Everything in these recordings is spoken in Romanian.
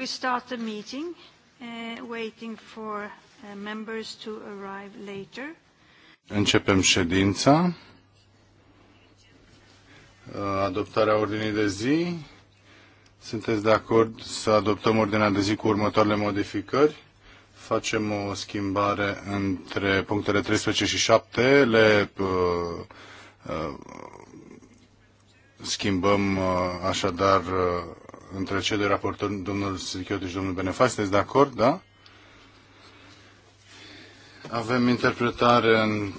We start the meeting, uh, waiting for uh, members to arrive later. Începem ședința. Uh, adoptarea ordinii de zi. Sunteți de acord să adoptăm ordinea de zi cu următoarele modificări? Facem o schimbare între punctele 13 și 7. Le schimbăm așadar între cei doi raportori, domnul Sirichiot și domnul Benefa. Sunteți de acord, da? Avem interpretare în, uh,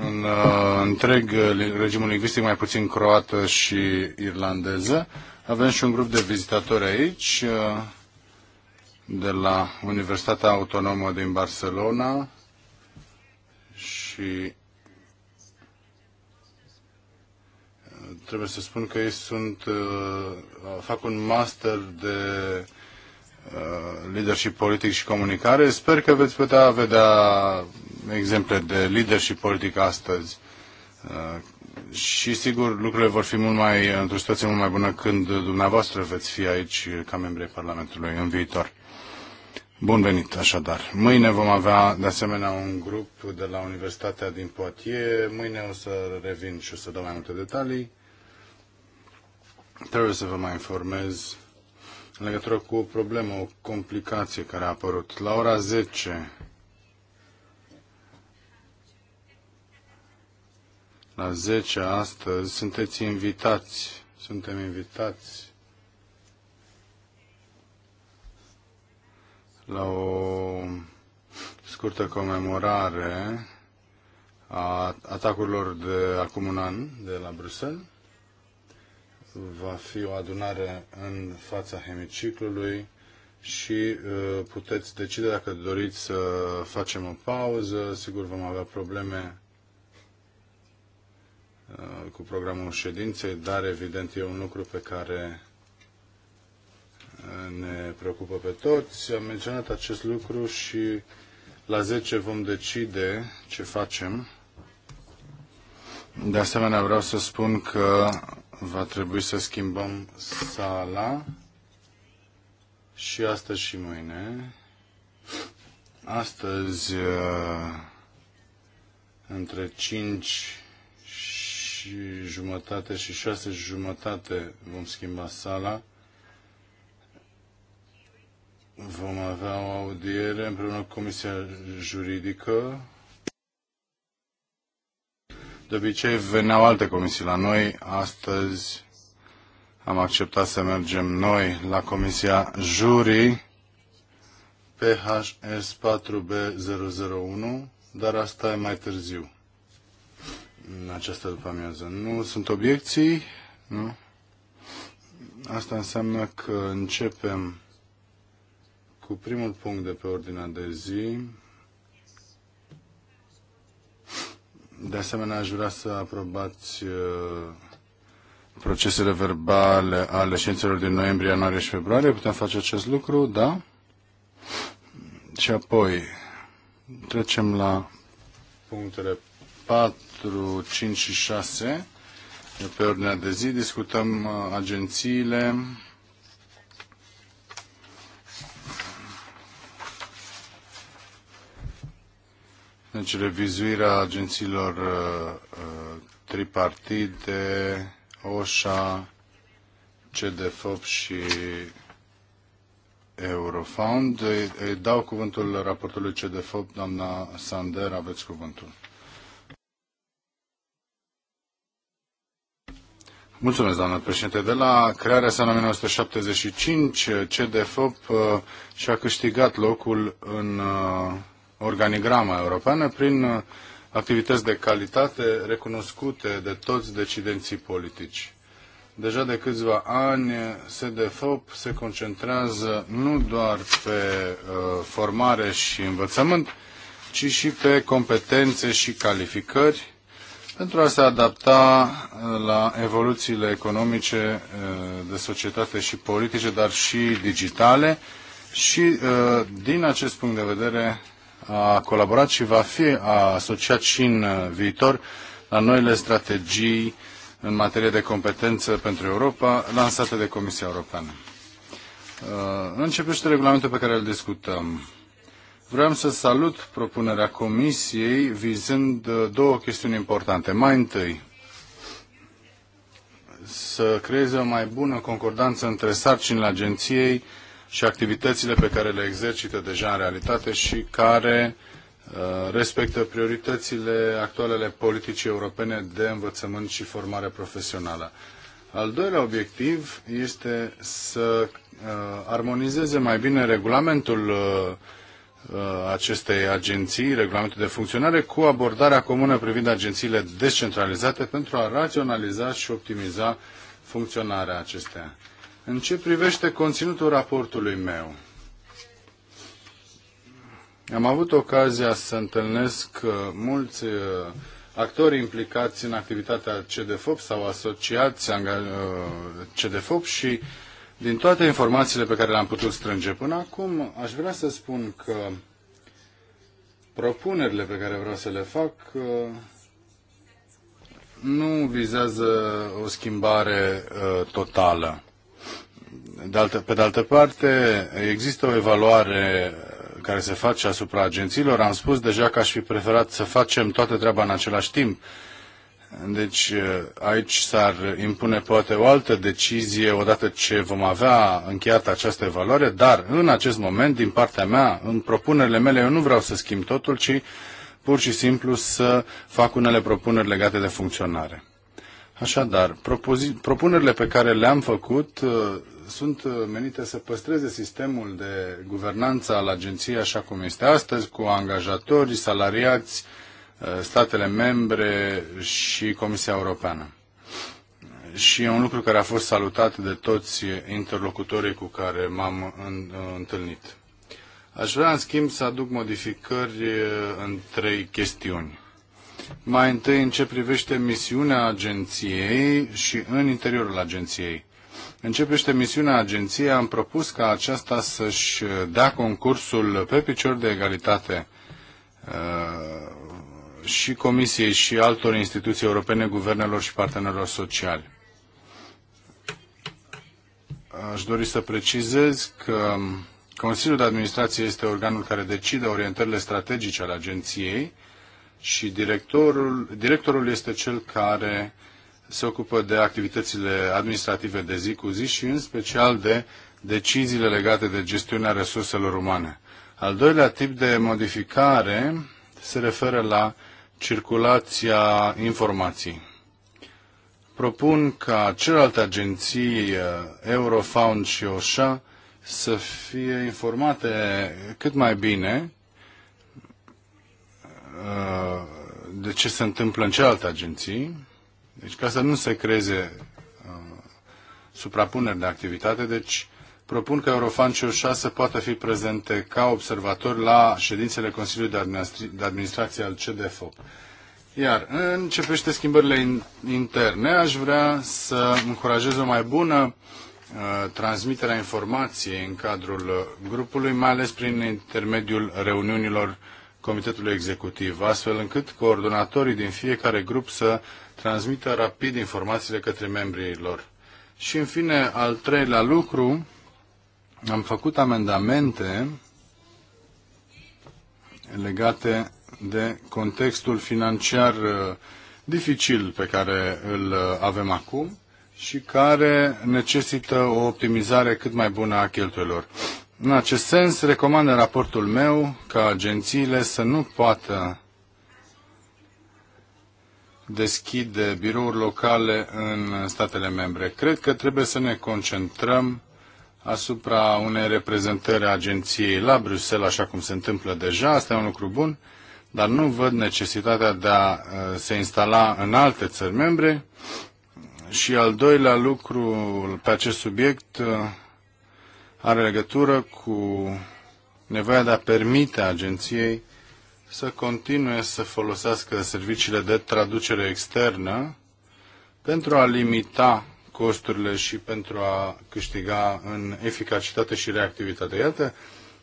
în, în uh, întreg regimul lingvistic, mai puțin croată și irlandeză. Avem și un grup de vizitatori aici, uh, de la Universitatea Autonomă din Barcelona și trebuie să spun că ei sunt, uh, uh, fac un master de uh, leadership politic și comunicare. Sper că veți putea vedea exemple de leadership politic astăzi. Și sigur, lucrurile vor fi mult mai, într-o situație mult mai bună când dumneavoastră veți fi aici ca membrii Parlamentului în viitor. Bun venit, așadar. Mâine vom avea, de asemenea, un grup de la Universitatea din Poitiers. Mâine o să revin și o să dau mai multe detalii. Trebuie să vă mai informez în legătură cu o problemă, o complicație care a apărut. La ora 10, la 10 astăzi, sunteți invitați, suntem invitați la o scurtă comemorare a atacurilor de acum un an de la Bruxelles va fi o adunare în fața hemiciclului și uh, puteți decide dacă doriți să facem o pauză. Sigur vom avea probleme uh, cu programul ședinței, dar evident e un lucru pe care uh, ne preocupă pe toți. Am menționat acest lucru și la 10 vom decide ce facem. De asemenea, vreau să spun că Va trebui să schimbăm sala și astăzi și mâine. Astăzi, uh, între 5 și jumătate și 6 și jumătate vom schimba sala. Vom avea o audiere împreună cu Comisia Juridică de obicei veneau alte comisii la noi. Astăzi am acceptat să mergem noi la comisia jurii PHS4B001, dar asta e mai târziu. În această după amiază. Nu sunt obiecții? Nu? Asta înseamnă că începem cu primul punct de pe ordinea de zi, De asemenea, aș vrea să aprobați uh, procesele verbale ale ședințelor din noiembrie, ianuarie și februarie. Putem face acest lucru, da? Și apoi trecem la punctele 4, 5 și 6. pe ordinea de zi discutăm uh, agențiile Deci revizuirea agențiilor uh, uh tripartite, OSHA, CDFOP și Eurofound. Îi, dau cuvântul raportului CDFOP, doamna Sander, aveți cuvântul. Mulțumesc, doamnă președinte. De la crearea sa în 1975, CDFOP uh, și-a câștigat locul în uh, organigrama europeană prin uh, activități de calitate recunoscute de toți decidenții politici. Deja de câțiva ani, SDFOP se concentrează nu doar pe uh, formare și învățământ, ci și pe competențe și calificări pentru a se adapta uh, la evoluțiile economice, de societate și politice, dar și digitale. Și din acest punct de vedere, a colaborat și va fi asociat și în uh, viitor la noile strategii în materie de competență pentru Europa lansate de Comisia Europeană. Uh, începește regulamentul pe care îl discutăm. Vreau să salut propunerea Comisiei vizând uh, două chestiuni importante. Mai întâi, să creeze o mai bună concordanță între sarcinile agenției și activitățile pe care le exercită deja în realitate și care uh, respectă prioritățile actualele politicii europene de învățământ și formare profesională. Al doilea obiectiv este să uh, armonizeze mai bine regulamentul uh, acestei agenții, regulamentul de funcționare, cu abordarea comună privind agențiile descentralizate pentru a raționaliza și optimiza funcționarea acesteia. În ce privește conținutul raportului meu, am avut ocazia să întâlnesc uh, mulți uh, actori implicați în activitatea CDFOP sau asociați uh, CDFOP și din toate informațiile pe care le-am putut strânge până acum, aș vrea să spun că propunerile pe care vreau să le fac nu vizează o schimbare totală. De altă, pe de altă parte, există o evaluare care se face asupra agențiilor. Am spus deja că aș fi preferat să facem toată treaba în același timp. Deci aici s-ar impune poate o altă decizie odată ce vom avea încheiată această evaluare, dar în acest moment, din partea mea, în propunerile mele, eu nu vreau să schimb totul, ci pur și simplu să fac unele propuneri legate de funcționare. Așadar, propunerile pe care le-am făcut sunt uh, menite să păstreze sistemul de guvernanță al agenției așa cum este astăzi, cu angajatori, salariați, uh, statele membre și Comisia Europeană. Și e un lucru care a fost salutat de toți interlocutorii cu care m-am uh, întâlnit. Aș vrea, în schimb, să aduc modificări în trei chestiuni. Mai întâi, în ce privește misiunea agenției și în interiorul agenției. Începește misiunea agenției. Am propus ca aceasta să-și dea concursul pe picior de egalitate uh, și Comisiei și altor instituții europene, guvernelor și partenerilor sociali. Aș dori să precizez că Consiliul de Administrație este organul care decide orientările strategice ale agenției și directorul, directorul este cel care se ocupă de activitățile administrative de zi cu zi și în special de deciziile legate de gestiunea resurselor umane. Al doilea tip de modificare se referă la circulația informației. Propun ca celelalte agenții, eh, Eurofound și OSHA, să fie informate cât mai bine eh, de ce se întâmplă în celelalte agenții deci ca să nu se creeze uh, suprapuneri de activitate, deci propun că Eurofan și 6 poată fi prezente ca observator la ședințele Consiliului de Administrație al CDFO. Iar în ce privește schimbările interne, aș vrea să încurajez o mai bună uh, transmiterea informației în cadrul uh, grupului, mai ales prin intermediul reuniunilor Comitetului Executiv, astfel încât coordonatorii din fiecare grup să uh, transmită rapid informațiile către membrii lor. Și în fine, al treilea lucru, am făcut amendamente legate de contextul financiar uh, dificil pe care îl uh, avem acum și care necesită o optimizare cât mai bună a cheltuielor. În acest sens, recomand în raportul meu ca agențiile să nu poată deschide birouri locale în statele membre. Cred că trebuie să ne concentrăm asupra unei reprezentări a agenției la Bruxelles, așa cum se întâmplă deja, asta e un lucru bun, dar nu văd necesitatea de a uh, se instala în alte țări membre. Și al doilea lucru pe acest subiect uh, are legătură cu nevoia de a permite agenției să continue să folosească serviciile de traducere externă pentru a limita costurile și pentru a câștiga în eficacitate și reactivitate. Iată,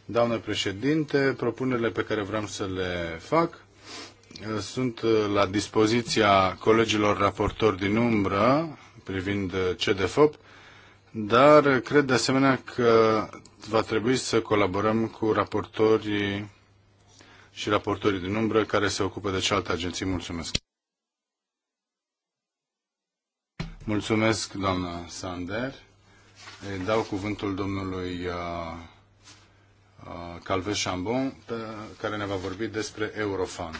doamnă președinte, propunerile pe care vreau să le fac uh, sunt uh, la dispoziția colegilor raportori din umbră privind uh, CDFOP, dar cred de asemenea că va trebui să colaborăm cu raportorii și raportorii din umbră care se ocupă de cealaltă agenție. Mulțumesc! Mulțumesc, doamna Sander. Îi dau cuvântul domnului uh, uh, Calvet Chambon, care ne va vorbi despre Eurofund.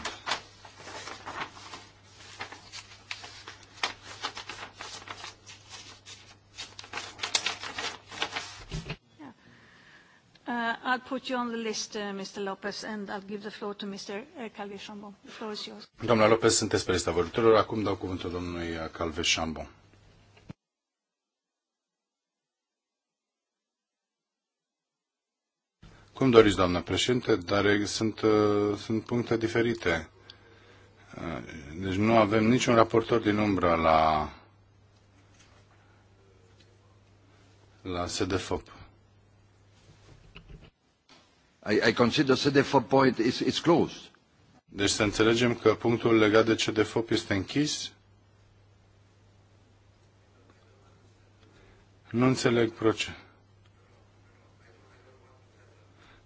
Uh, I'll put you on the list, uh, Mr. Lopez, and I'll give the floor to Mr. Uh, Calvé Chambon. The floor is yours. Doamna Lopez, sunteți pe lista vorbitorilor. Acum dau cuvântul domnului uh, Calvé Chambon. Cum doriți, doamnă președinte, dar sunt, sunt puncte diferite. Deci nu avem niciun raportor din umbră la, la SDFOP. I, I consider CDFOP point is, is closed. Deci să înțelegem că punctul legat de CDFOP este închis? Nu înțeleg proce.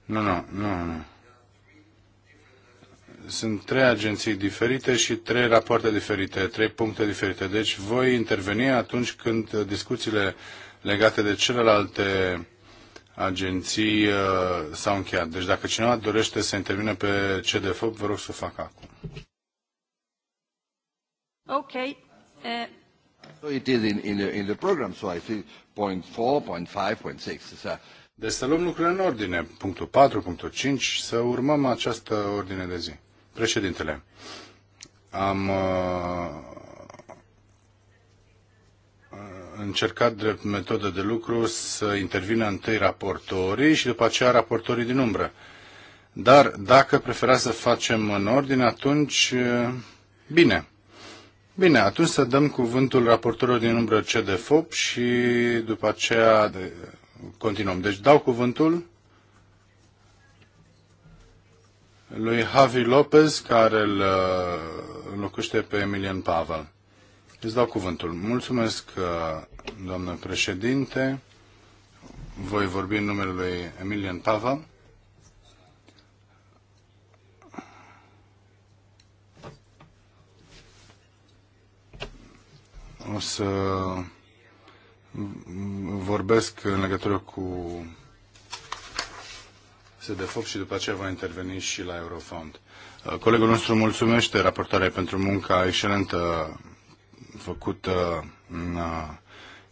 Nu, nu, nu, nu. Sunt trei agenții diferite și trei rapoarte diferite, trei puncte diferite. Deci voi interveni atunci când discuțiile legate de celelalte agenții uh, s-au încheiat. Deci dacă cineva dorește să intervine pe CDF, vă rog să o facă acum. Ok. Uh... So it is in, in, the, in the program, so I see point 4, point 5, point 6. Uh, deci să luăm lucrurile în ordine. Punctul 4, punctul 5, să urmăm această ordine de zi. Președintele, am uh, încercat drept metodă de lucru să intervină întâi raportorii și după aceea raportorii din umbră. Dar dacă prefera să facem în ordine, atunci eh, bine. Bine, atunci să dăm cuvântul raportorilor din umbră CDFOP și după aceea de... continuăm. Deci dau cuvântul lui Javi Lopez, care îl eh, înlocuiește pe Emilian Pavel. Îți dau cuvântul. Mulțumesc, uh, doamnă președinte. Voi vorbi în numele lui Emilian Pava. O să vorbesc în legătură cu SDFOP și după aceea va interveni și la Eurofond. Uh, colegul nostru mulțumește raportarea pentru munca excelentă făcută în uh,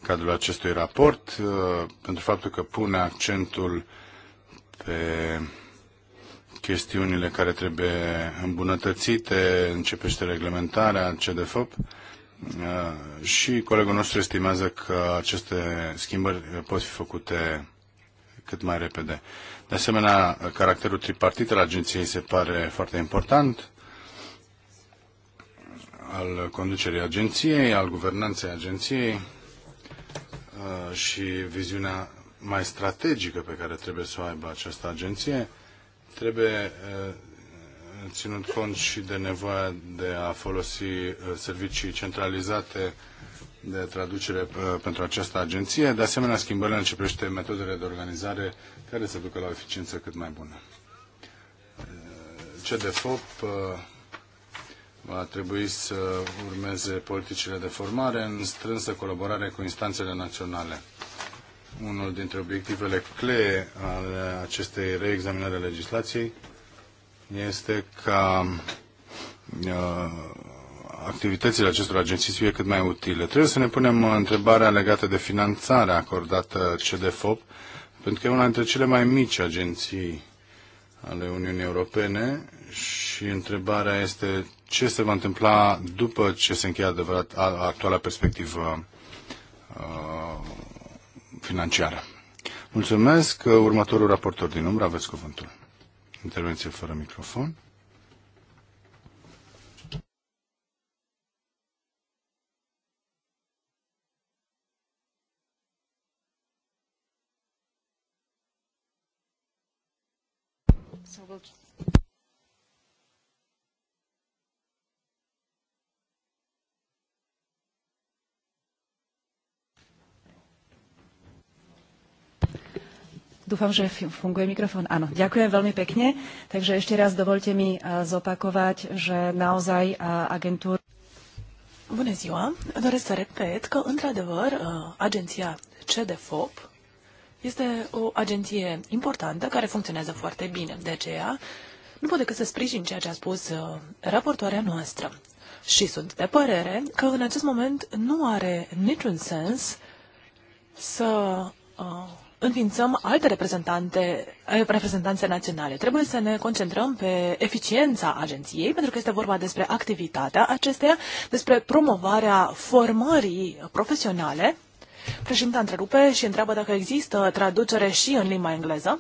cadrul acestui raport, uh, pentru faptul că pune accentul pe chestiunile care trebuie îmbunătățite, începește reglementarea CDFOP uh, și colegul nostru estimează că aceste schimbări pot fi făcute cât mai repede. De asemenea, caracterul tripartit al agenției se pare foarte important al conducerii agenției, al guvernanței agenției uh, și viziunea mai strategică pe care trebuie să o aibă această agenție, trebuie uh, ținut cont și de nevoia de a folosi uh, servicii centralizate de traducere pentru această agenție, de asemenea schimbările începește metodele de organizare care să ducă la o eficiență cât mai bună. CDFOP va trebui să urmeze politicile de formare în strânsă colaborare cu instanțele naționale. Unul dintre obiectivele cleie ale acestei reexaminări a legislației este ca uh, activitățile acestor agenții să fie cât mai utile. Trebuie să ne punem întrebarea legată de finanțarea acordată CDFOP, pentru că e una dintre cele mai mici agenții ale Uniunii Europene și întrebarea este ce se va întâmpla după ce se încheie adevărat actuala perspectivă uh, financiară. Mulțumesc. Uh, următorul raportor din umbră, aveți cuvântul. Intervenție fără microfon. Dúfam, že funguje mikrofón. Áno, ďakujem veľmi pekne. Takže ešte raz dovolte mi eh, zopakovať, že naozaj eh, agentúra. Bună ziua! Doresc să repet că, într-adevăr, eh, agenția CDFOP este o agenție importantă care funcționează foarte bine. De aceea, nu pot decât să sprijin ceea ce a spus raportoarea noastră. Și sunt de părere că în acest moment nu are niciun sens să uh, înființăm alte reprezentante, eh, reprezentanțe naționale. Trebuie să ne concentrăm pe eficiența agenției, pentru că este vorba despre activitatea acesteia, despre promovarea formării profesionale. Președinta întrerupe și întreabă dacă există traducere și în limba engleză.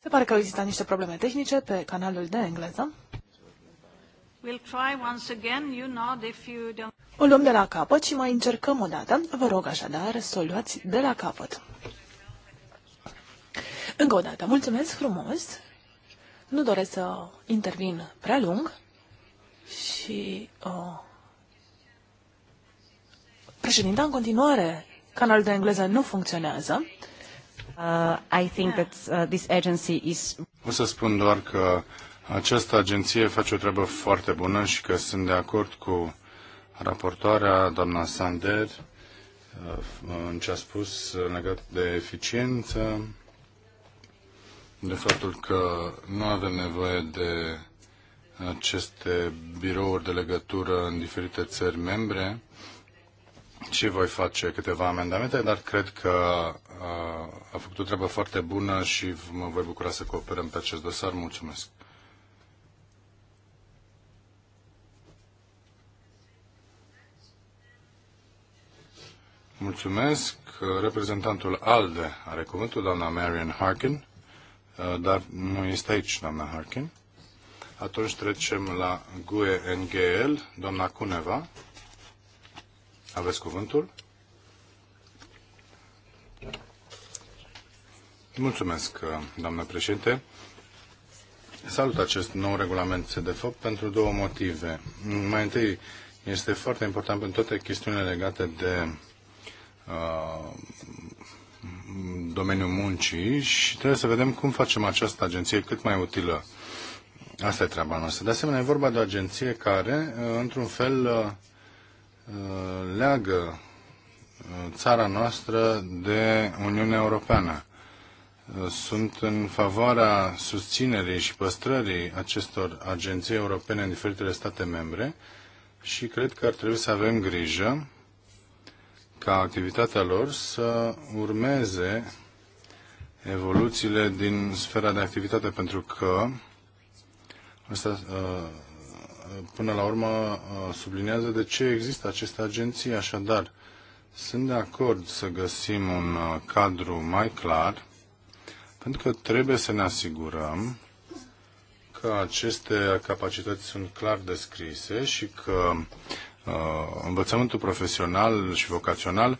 Se pare că au existat niște probleme tehnice pe canalul de engleză. O luăm de la capăt și mai încercăm o dată. Vă rog așadar să o luați de la capăt. Încă o dată, mulțumesc frumos. Nu doresc să intervin prea lung și uh, președinta în continuare, canalul de engleză nu funcționează. Uh, I think that uh, this agency is... O să spun doar că această agenție face o treabă foarte bună și că sunt de acord cu raportoarea, doamna Sander, în ce a spus legat de eficiență, de faptul că nu avem nevoie de aceste birouri de legătură în diferite țări membre și voi face câteva amendamente, dar cred că a, a făcut o treabă foarte bună și mă voi bucura să cooperăm pe acest dosar. Mulțumesc! Mulțumesc. Reprezentantul ALDE are cuvântul, doamna Marian Harkin, uh, dar nu este aici, doamna Harkin. Atunci trecem la GUE NGL. Doamna Cuneva, aveți cuvântul? Mulțumesc, uh, doamnă președinte. Salut acest nou regulament fapt pentru două motive. Mai întâi, este foarte important pentru toate chestiunile legate de Uh, domeniul muncii și trebuie să vedem cum facem această agenție cât mai utilă. Asta e treaba noastră. De asemenea, e vorba de o agenție care, uh, într-un fel, uh, leagă țara noastră de Uniunea Europeană. Sunt în favoarea susținerii și păstrării acestor agenții europene în diferitele state membre și cred că ar trebui să avem grijă ca activitatea lor să urmeze evoluțiile din sfera de activitate, pentru că asta, uh, până la urmă uh, sublinează de ce există aceste agenții. Așadar, sunt de acord să găsim un uh, cadru mai clar, pentru că trebuie să ne asigurăm că aceste capacități sunt clar descrise și că Uh, învățământul profesional și vocațional uh,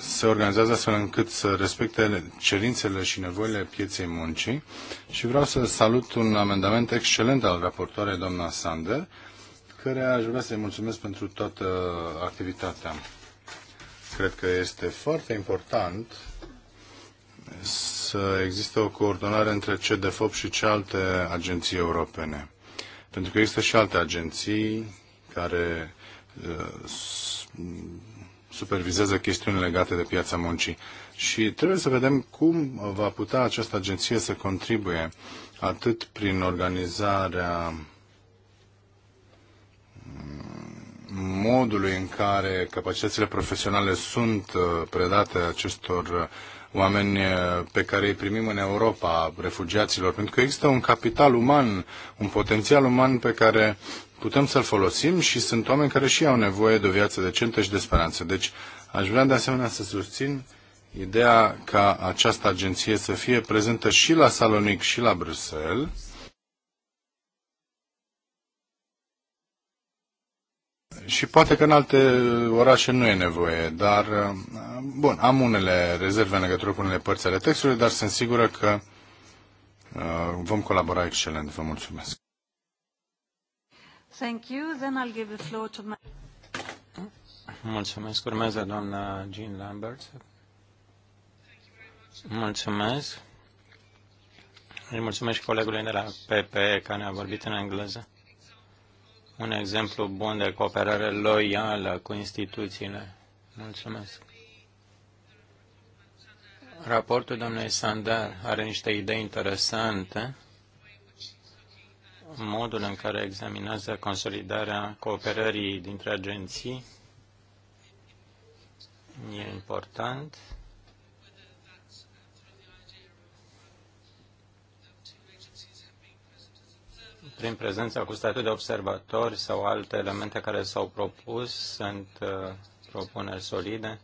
se organizează astfel încât să respecte cerințele și nevoile pieței muncii și vreau să salut un amendament excelent al raportoarei doamna Sander, care aș vrea să-i mulțumesc pentru toată activitatea. Cred că este foarte important să existe o coordonare între CDFOP și ce alte agenții europene. Pentru că există și alte agenții care uh, supervizează chestiuni legate de piața muncii. Și trebuie să vedem cum va putea această agenție să contribuie atât prin organizarea mm, modului în care capacitățile profesionale sunt uh, predate acestor uh, oameni pe care îi primim în Europa, refugiaților, pentru că există un capital uman, un potențial uman pe care putem să-l folosim și sunt oameni care și au nevoie de o viață decentă și de speranță. Deci aș vrea de asemenea să susțin ideea ca această agenție să fie prezentă și la Salonic și la Bruxelles. Și poate că în alte uh, orașe nu e nevoie, dar, uh, bun, am unele rezerve în legătură cu unele părți ale textului, dar sunt sigură că uh, vom colabora excelent. Vă mulțumesc. Thank you. Then Urmează doamna Jean Lambert. Mulțumesc. Îi mulțumesc și colegului de la PPE care a vorbit în engleză. Un exemplu bun de cooperare loială cu instituțiile. Mulțumesc. Raportul domnului Sandar are niște idei interesante modul în care examinează consolidarea cooperării dintre agenții e important. Prin prezența cu statut de observatori sau alte elemente care s-au propus, sunt uh, propuneri solide.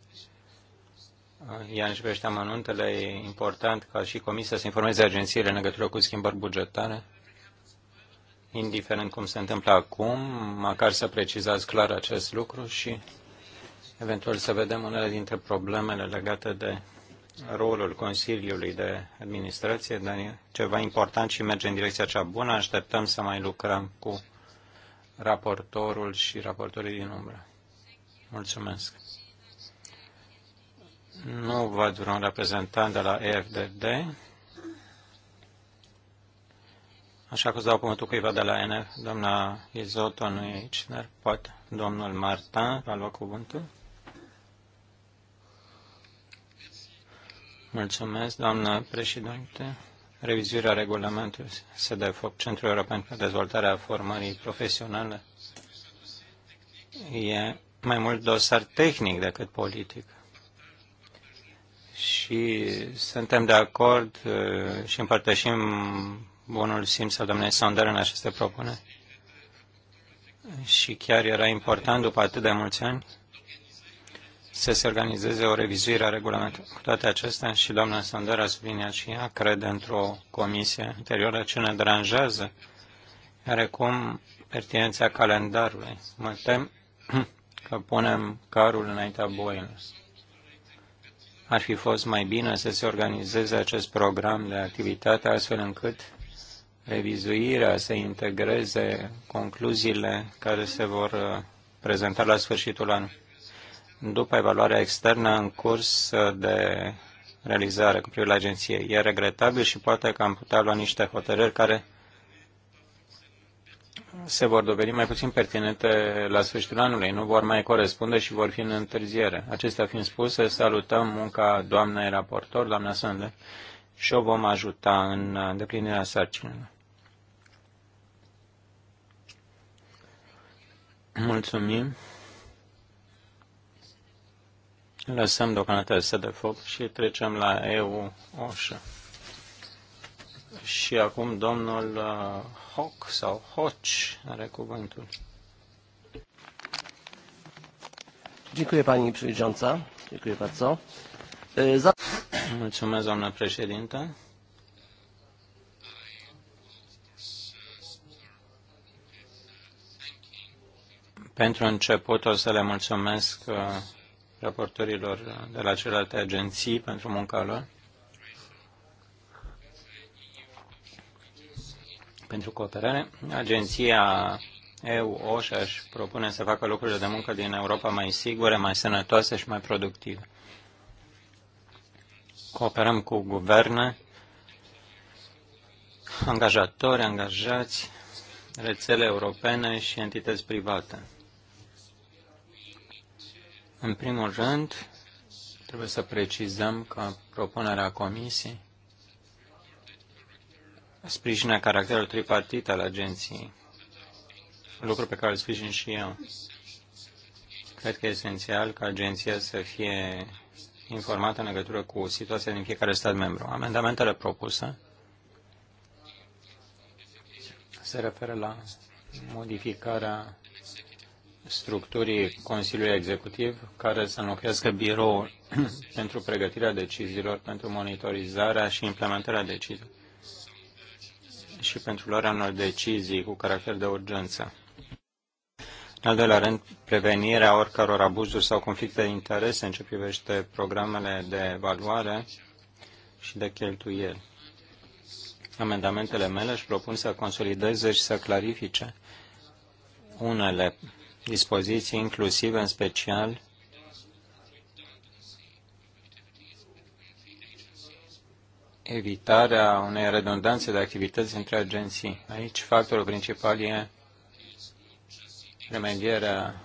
Iar și pe amănuntele, e important ca și Comisia să informeze agențiile în legătură cu schimbări bugetare indiferent cum se întâmplă acum, măcar să precizați clar acest lucru și eventual să vedem unele dintre problemele legate de rolul Consiliului de Administrație, dar e ceva important și merge în direcția cea bună. Așteptăm să mai lucrăm cu raportorul și raportorii din umbră. Mulțumesc. Nu văd vreun reprezentant de la EFDD. Așa că îți dau cuvântul cuiva de la NF. Doamna Izoto nu e aici, dar poate domnul Martin va lua cuvântul. Mulțumesc, doamnă președinte. Revizuirea regulamentului foc Centrul European pentru Dezvoltarea Formării Profesionale, e mai mult dosar tehnic decât politic. Și suntem de acord și împărtășim bunul simț al domnului Sander în aceste propuneri. Și chiar era important, după atât de mulți ani, să se organizeze o revizuire a regulamentului. Cu toate acestea, și doamna Sander a subliniat și ea, cred, într-o comisie anterioară ce ne deranjează, are cum pertinența calendarului. Mă tem că punem carul înaintea boilor. Ar fi fost mai bine să se organizeze acest program de activitate astfel încât revizuirea să integreze concluziile care se vor uh, prezenta la sfârșitul anului. După evaluarea externă în curs uh, de realizare cu privire la agenție, e regretabil și poate că am putea lua niște hotărâri care se vor dovedi mai puțin pertinente la sfârșitul anului, nu vor mai corespunde și vor fi în întârziere. Acestea fiind spuse, salutăm munca doamnei raportor, doamna Sande, și o vom ajuta în îndeplinirea sarcinilor. Mulțumim. Lăsăm deocamdată foc și trecem la EU Oșa. Și acum domnul uh, Hoc sau Hoci are cuvântul. Dziękuję pani przewodnicząca. Dziękuję bardzo. Mulțumesc, doamnă președintă. Pentru început o să le mulțumesc uh, raportorilor de la celelalte agenții pentru munca lor, pentru cooperare. Agenția EU OSHA își propune să facă lucrurile de muncă din Europa mai sigure, mai sănătoase și mai productive. Cooperăm cu guverne, angajatori, angajați, rețele europene și entități private. În primul rând, trebuie să precizăm că propunerea Comisiei sprijină caracterul tripartit al agenției, lucru pe care îl sprijin și eu. Cred că e esențial ca agenția să fie informată în legătură cu situația din fiecare stat membru. Amendamentele propuse se referă la modificarea structurii Consiliului Executiv care să înlocuiască biroul pentru pregătirea deciziilor, pentru monitorizarea și implementarea deciziilor și pentru luarea unor decizii cu caracter de urgență. În al doilea rând, prevenirea oricăror abuzuri sau conflicte de interese în ce privește programele de evaluare și de cheltuieli. Amendamentele mele își propun să consolideze și să clarifice unele dispoziții, inclusiv în special evitarea unei redundanțe de activități între agenții. Aici factorul principal e remedierea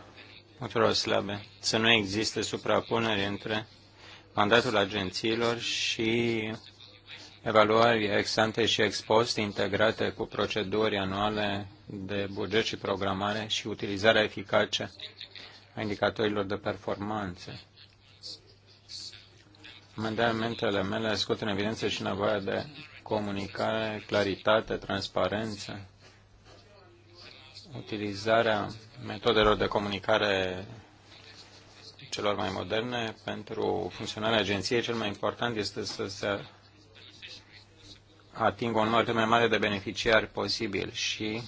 punctelor slabe, să nu existe suprapuneri între mandatul agențiilor și evaluări ex ante și ex post integrate cu proceduri anuale de buget și programare și utilizarea eficace a indicatorilor de performanță. Amendamentele mele scot în evidență și nevoia de comunicare, claritate, transparență, utilizarea metodelor de comunicare celor mai moderne pentru funcționarea agenției. Cel mai important este să se atingă un număr mai mare de beneficiari posibil și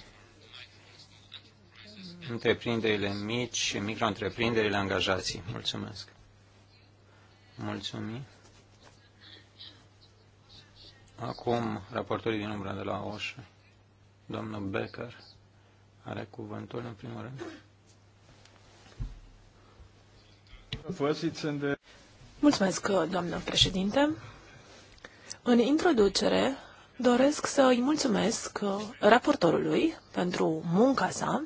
întreprinderile mici și micro-întreprinderile angajații. Mulțumesc. Mulțumim. Acum, raportorii din umbra de la OSHA. domnul Becker, are cuvântul în primul rând. Mulțumesc, doamnă președinte. În introducere, doresc să îi mulțumesc raportorului pentru munca sa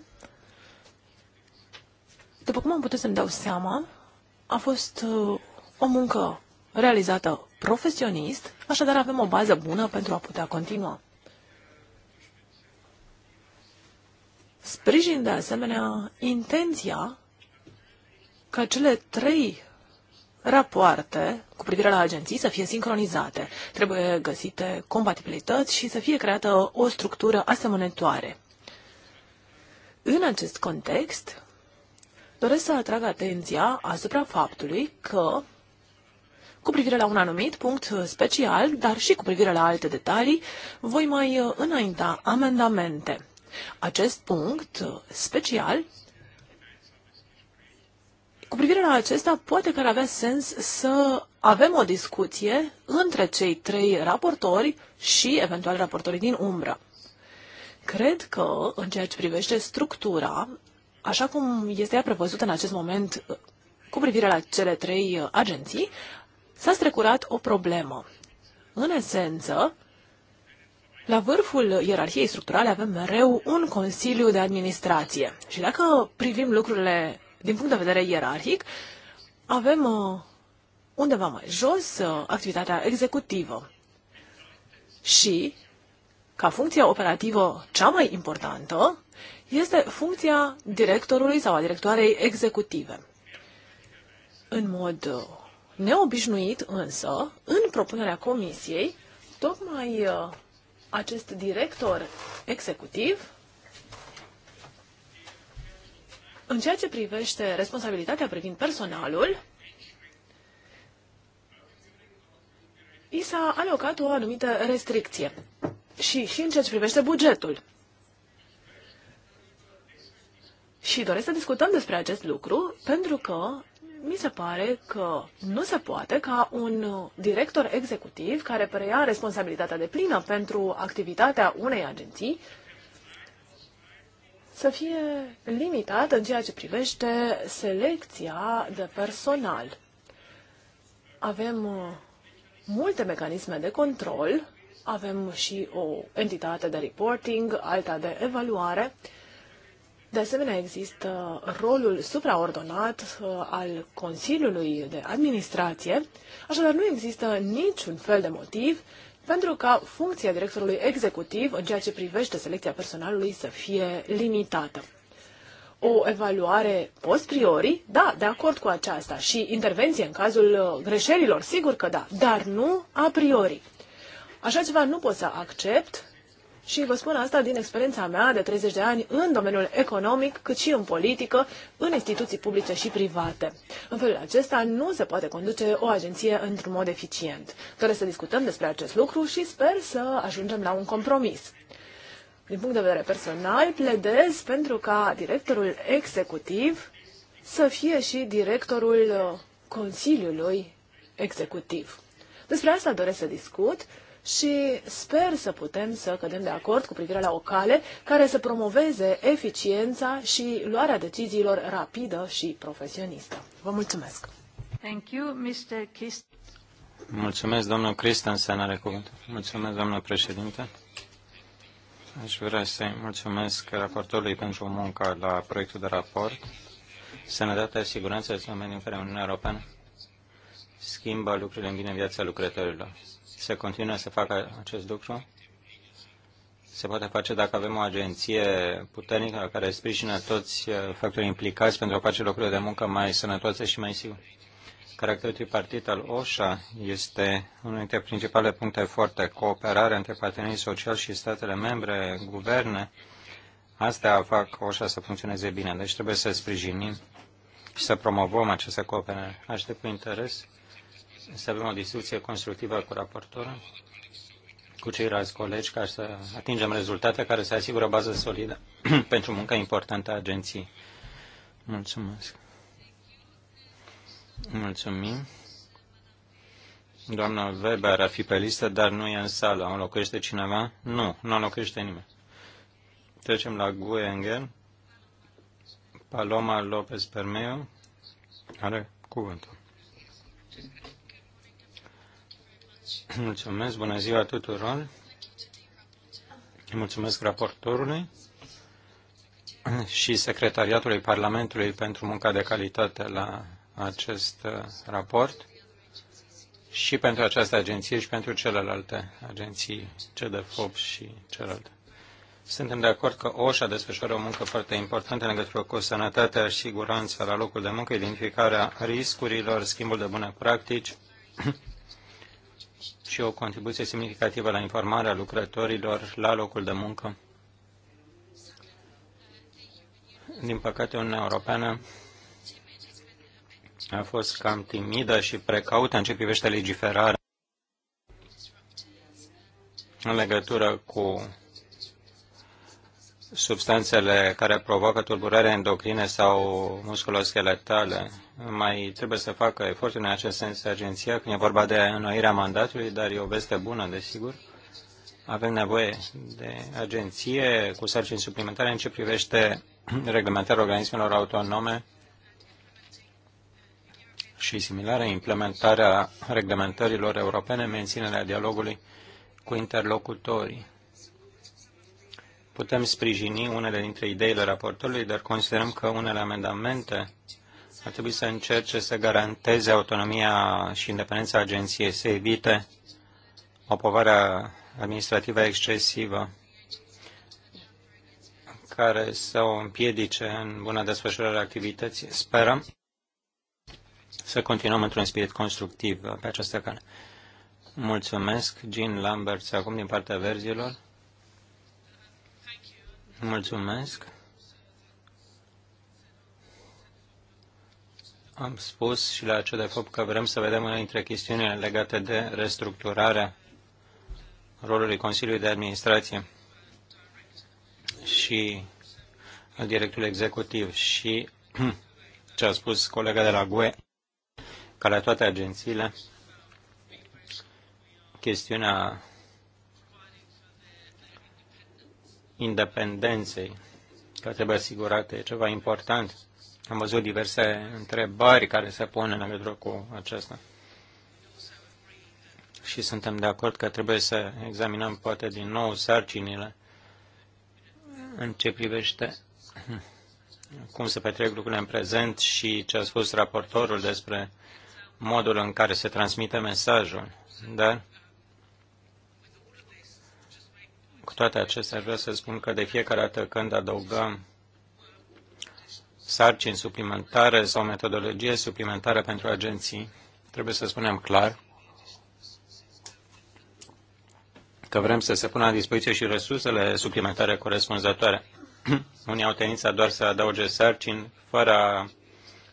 după cum am putut să-mi dau seama, a fost uh, o muncă realizată profesionist, așadar avem o bază bună pentru a putea continua. Sprijin de asemenea intenția ca cele trei rapoarte cu privire la agenții să fie sincronizate. Trebuie găsite compatibilități și să fie creată o structură asemănătoare. În acest context, doresc să atrag atenția asupra faptului că cu privire la un anumit punct special, dar și cu privire la alte detalii, voi mai înainta amendamente. Acest punct special, cu privire la acesta, poate că ar avea sens să avem o discuție între cei trei raportori și eventual raportorii din umbră. Cred că, în ceea ce privește structura așa cum este ea prevăzută în acest moment uh, cu privire la cele trei uh, agenții, s-a strecurat o problemă. În esență, la vârful ierarhiei structurale avem mereu un Consiliu de Administrație. Și dacă privim lucrurile din punct de vedere ierarhic, avem uh, undeva mai jos activitatea executivă. Și, ca funcție operativă cea mai importantă, este funcția directorului sau a directoarei executive. În mod uh, neobișnuit, însă, în propunerea comisiei, tocmai uh, acest director executiv, în ceea ce privește responsabilitatea privind personalul, i s-a alocat o anumită restricție. Și, și în ceea ce privește bugetul. Și doresc să discutăm despre acest lucru pentru că mi se pare că nu se poate ca un director executiv care preia responsabilitatea de plină pentru activitatea unei agenții să fie limitat în ceea ce privește selecția de personal. Avem uh, multe mecanisme de control, avem și o entitate de reporting, alta de evaluare de asemenea, există rolul supraordonat uh, al Consiliului de Administrație, așadar nu există niciun fel de motiv pentru ca funcția directorului executiv în ceea ce privește selecția personalului să fie limitată. O evaluare post priori, da, de acord cu aceasta, și intervenție în cazul uh, greșelilor, sigur că da, dar nu a priori. Așa ceva nu pot să accept și vă spun asta din experiența mea de 30 de ani în domeniul economic, cât și în politică, în instituții publice și private. În felul acesta nu se poate conduce o agenție într-un mod eficient. Doresc să discutăm despre acest lucru și sper să ajungem la un compromis. Din punct de vedere personal, pledez pentru ca directorul executiv să fie și directorul uh, Consiliului Executiv. Despre asta doresc să discut și sper să putem să cădem de acord cu privire la o cale care să promoveze eficiența și luarea deciziilor rapidă și profesionistă. Vă mulțumesc! Thank you, Mr. Mulțumesc, domnul Cristian are cuvânt. Mulțumesc, domnul președinte. Aș vrea să-i mulțumesc raportorului pentru munca la proiectul de raport. Sănătatea, siguranța, sunt în care Uniunea Europeană schimbă lucrurile în bine viața lucrătorilor să continue să facă acest lucru. Se poate face dacă avem o agenție puternică care sprijină toți uh, factorii implicați pentru a face locurile de muncă mai sănătoase și mai sigure. Caracterul tripartit al OSHA este unul dintre principalele puncte forte, cooperare între partenerii sociali și statele membre, guverne. Astea fac OSHA să funcționeze bine, deci trebuie să sprijinim și să promovăm această cooperare. Aștept cu interes să avem o discuție constructivă cu raportorul, cu ceilalți colegi, ca să atingem rezultate care să asigură o bază solidă pentru munca importantă a agenției. Mulțumesc. Mulțumim. Doamna Weber ar fi pe listă, dar nu e în sală. O locuiește cineva? Nu, nu locuiește nimeni. Trecem la Guengen. Paloma López Permeo are cuvântul. Mulțumesc, bună ziua tuturor. Mulțumesc raportorului și Secretariatului Parlamentului pentru munca de calitate la acest uh, raport și pentru această agenție și pentru celelalte agenții, CEDEFOP și celelalte. Suntem de acord că OSHA desfășoară o muncă foarte importantă în legătură cu sănătatea și siguranța la locul de muncă, identificarea riscurilor, schimbul de bune practici și o contribuție semnificativă la informarea lucrătorilor la locul de muncă. Din păcate, Uniunea Europeană a fost cam timidă și precaută în ce privește legiferarea în legătură cu substanțele care provoacă tulburare endocrine sau musculoscheletale. Mai trebuie să facă eforturi în acest sens agenția când e vorba de înnoirea mandatului, dar e o veste bună, desigur. Avem nevoie de agenție cu sarcini suplimentare în ce privește reglementarea organismelor autonome și similare, implementarea reglementărilor europene, menținerea dialogului cu interlocutorii Putem sprijini unele dintre ideile raportorului, dar considerăm că unele amendamente ar trebui să încerce să garanteze autonomia și independența agenției, să evite o povară administrativă excesivă care să o împiedice în bună desfășurare a activității. Sperăm să continuăm într-un spirit constructiv pe această cale. Mulțumesc, Jean Lambert, acum din partea verzilor. Mulțumesc. Am spus și la ce de fapt că vrem să vedem una dintre chestiunile legate de restructurarea rolului Consiliului de Administrație și al directorului executiv și ce a spus colega de la GUE, ca la toate agențiile, chestiunea independenței, care trebuie asigurate, e ceva important. Am văzut diverse întrebări care se pun în legătură cu acesta. Și suntem de acord că trebuie să examinăm poate din nou sarcinile în ce privește cum se petrec lucrurile în prezent și ce a spus raportorul despre modul în care se transmite mesajul. Dar Cu toate acestea, aș vrea să spun că de fiecare dată când adăugăm sarcini suplimentare sau metodologie suplimentară pentru agenții, trebuie să spunem clar că vrem să se pună la dispoziție și resursele suplimentare corespunzătoare. Unii au tendința doar să adauge sarcini fără a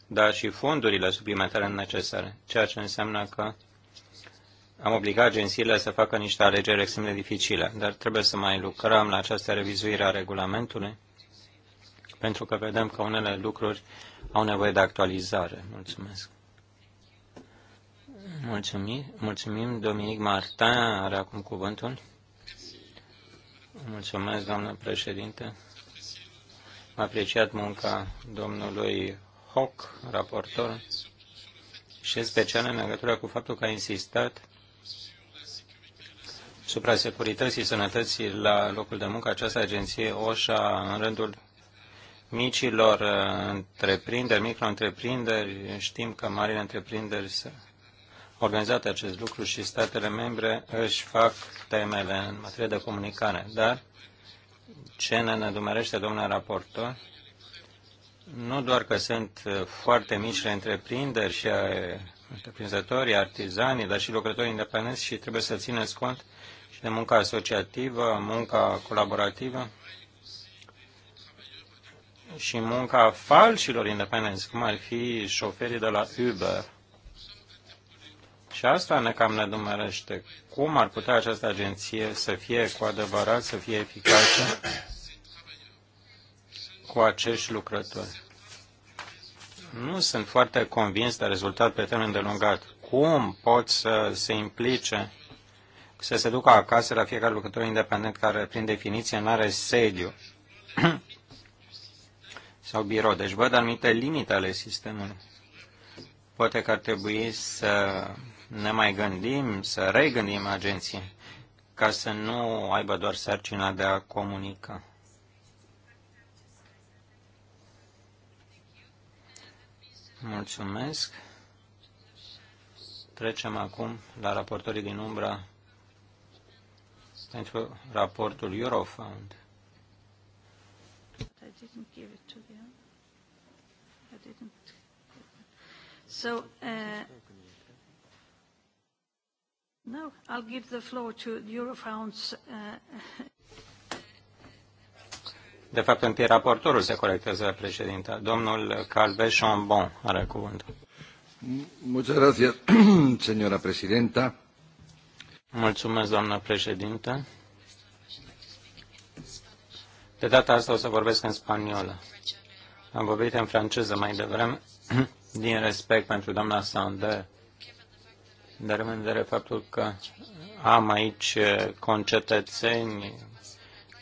da și fondurile suplimentare necesare, ceea ce înseamnă că am obligat agențiile să facă niște alegeri extrem de dificile, dar trebuie să mai lucrăm la această revizuire a regulamentului, pentru că vedem că unele lucruri au nevoie de actualizare. Mulțumesc. Mulțumim, mulțumim Dominic Martin are acum cuvântul. Mulțumesc, doamnă președinte. Am apreciat munca domnului Hoc, raportor, și în special în legătură cu faptul că a insistat supra securității sănătății la locul de muncă, această agenție OSHA, în rândul micilor uh, întreprinderi, micro-întreprinderi, știm că marile întreprinderi sunt organizate acest lucru și statele membre își fac temele în materie de comunicare. Dar ce ne nedumerește, domnule raportor, nu doar că sunt foarte mici întreprinderi și întreprinzătorii, artizanii, dar și lucrătorii independenți și trebuie să țineți cont și de munca asociativă, munca colaborativă și munca falșilor independenți, cum ar fi șoferii de la Uber. Și asta ne cam nedumerește. Cum ar putea această agenție să fie cu adevărat, să fie eficace cu acești lucrători? Nu sunt foarte convins de rezultat pe termen de lungat. Cum pot să se implice să se ducă acasă la fiecare lucrător independent care, prin definiție, nu are sediu sau birou. Deci văd anumite limite ale sistemului. Poate că ar trebui să ne mai gândim, să regândim agenții, ca să nu aibă doar sarcina de a comunica. Mulțumesc. Trecem acum la raportorii din umbra pentru deci, raportul Eurofund. So, uh, no, I'll give the floor to Uh, De fapt, întâi raportorul se corectează, președinte. Domnul Calve Chambon are cuvântul. Muchas gracias, señora presidenta. Mulțumesc, doamnă președintă. De data asta o să vorbesc în spaniolă. Am vorbit în franceză mai devreme, din respect pentru doamna Sander, dar în vedere faptul că am aici eh, concetățeni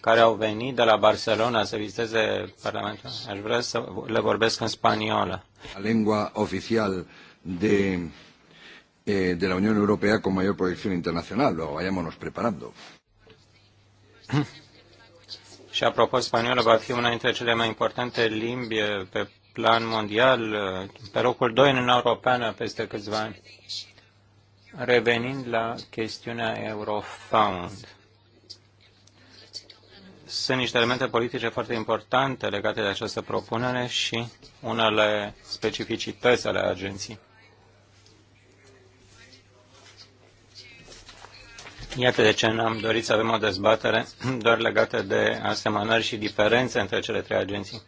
care au venit de la Barcelona să viziteze Parlamentul. Aș vrea să le vorbesc în spaniolă. Lingua oficial de eh, de la Unión Europea con mayor proyección internacional. Luego vayámonos preparando. Și apropo, spaniola va fi una dintre cele mai importante limbi eh, pe plan mondial, eh, pe locul 2 în Europeană peste câțiva ani. Revenind la chestiunea Eurofound, sunt niște elemente politice foarte importante legate de această propunere și unele specificități ale agenției. Iată de ce ne-am dorit să avem o dezbatere doar legată de asemănări și diferențe între cele trei agenții.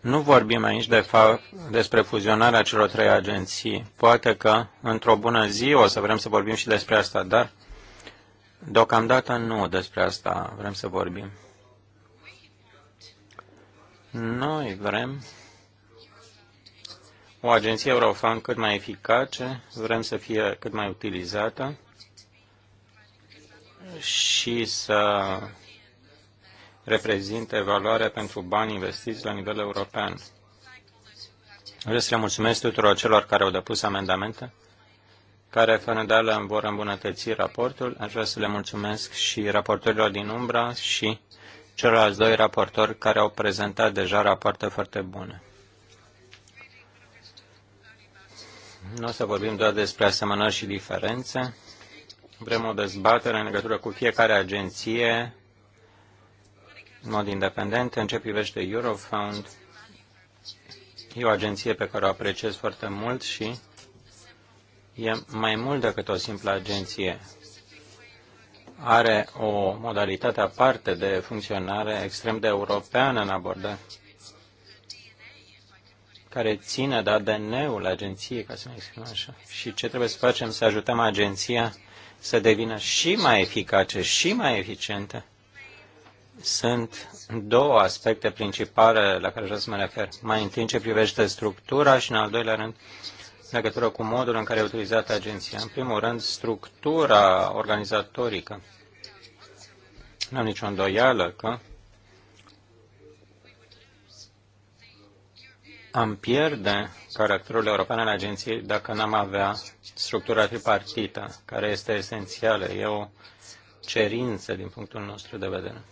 Nu vorbim aici de fapt despre fuzionarea celor trei agenții. Poate că într-o bună zi o să vrem să vorbim și despre asta, dar deocamdată nu despre asta vrem să vorbim. Noi vrem o agenție Eurofan cât mai eficace, vrem să fie cât mai utilizată și să reprezinte valoare pentru bani investiți la nivel european. Vreau să le mulțumesc tuturor celor care au depus amendamente, care fără îndeală îmi vor îmbunătăți raportul. Aș vrea să le mulțumesc și raportorilor din umbra și celorlalți doi raportori care au prezentat deja rapoarte foarte bune. Nu o să vorbim doar despre asemănări și diferențe. Vrem o dezbatere în legătură cu fiecare agenție, în mod independent, în ce privește Eurofound. E o agenție pe care o apreciez foarte mult și e mai mult decât o simplă agenție. Are o modalitate aparte de funcționare extrem de europeană în abordare care ține de ADN-ul agenției, ca să ne exprim așa, și ce trebuie să facem să ajutăm agenția să devină și mai eficace și mai eficientă. Sunt două aspecte principale la care vreau să mă refer. Mai întâi ce privește structura și în al doilea rând în legătură cu modul în care e utilizată agenția. În primul rând, structura organizatorică. Nu am nicio îndoială că am pierde caracterul european al agenției dacă n-am avea structura tripartită, care este esențială. E o cerință din punctul nostru de vedere.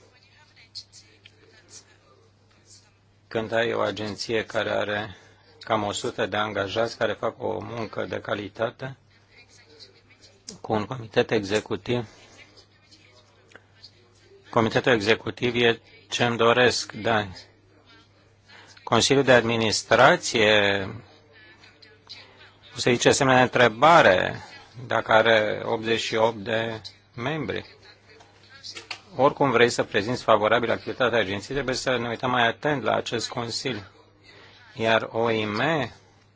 Când ai o agenție care are cam 100 de angajați care fac o muncă de calitate, cu un comitet executiv, comitetul executiv e ce mi doresc de Consiliul de Administrație o să zice asemenea întrebare dacă are 88 de membri. Oricum vrei să prezinți favorabil activitatea agenției, trebuie să ne uităm mai atent la acest Consiliu. Iar OIM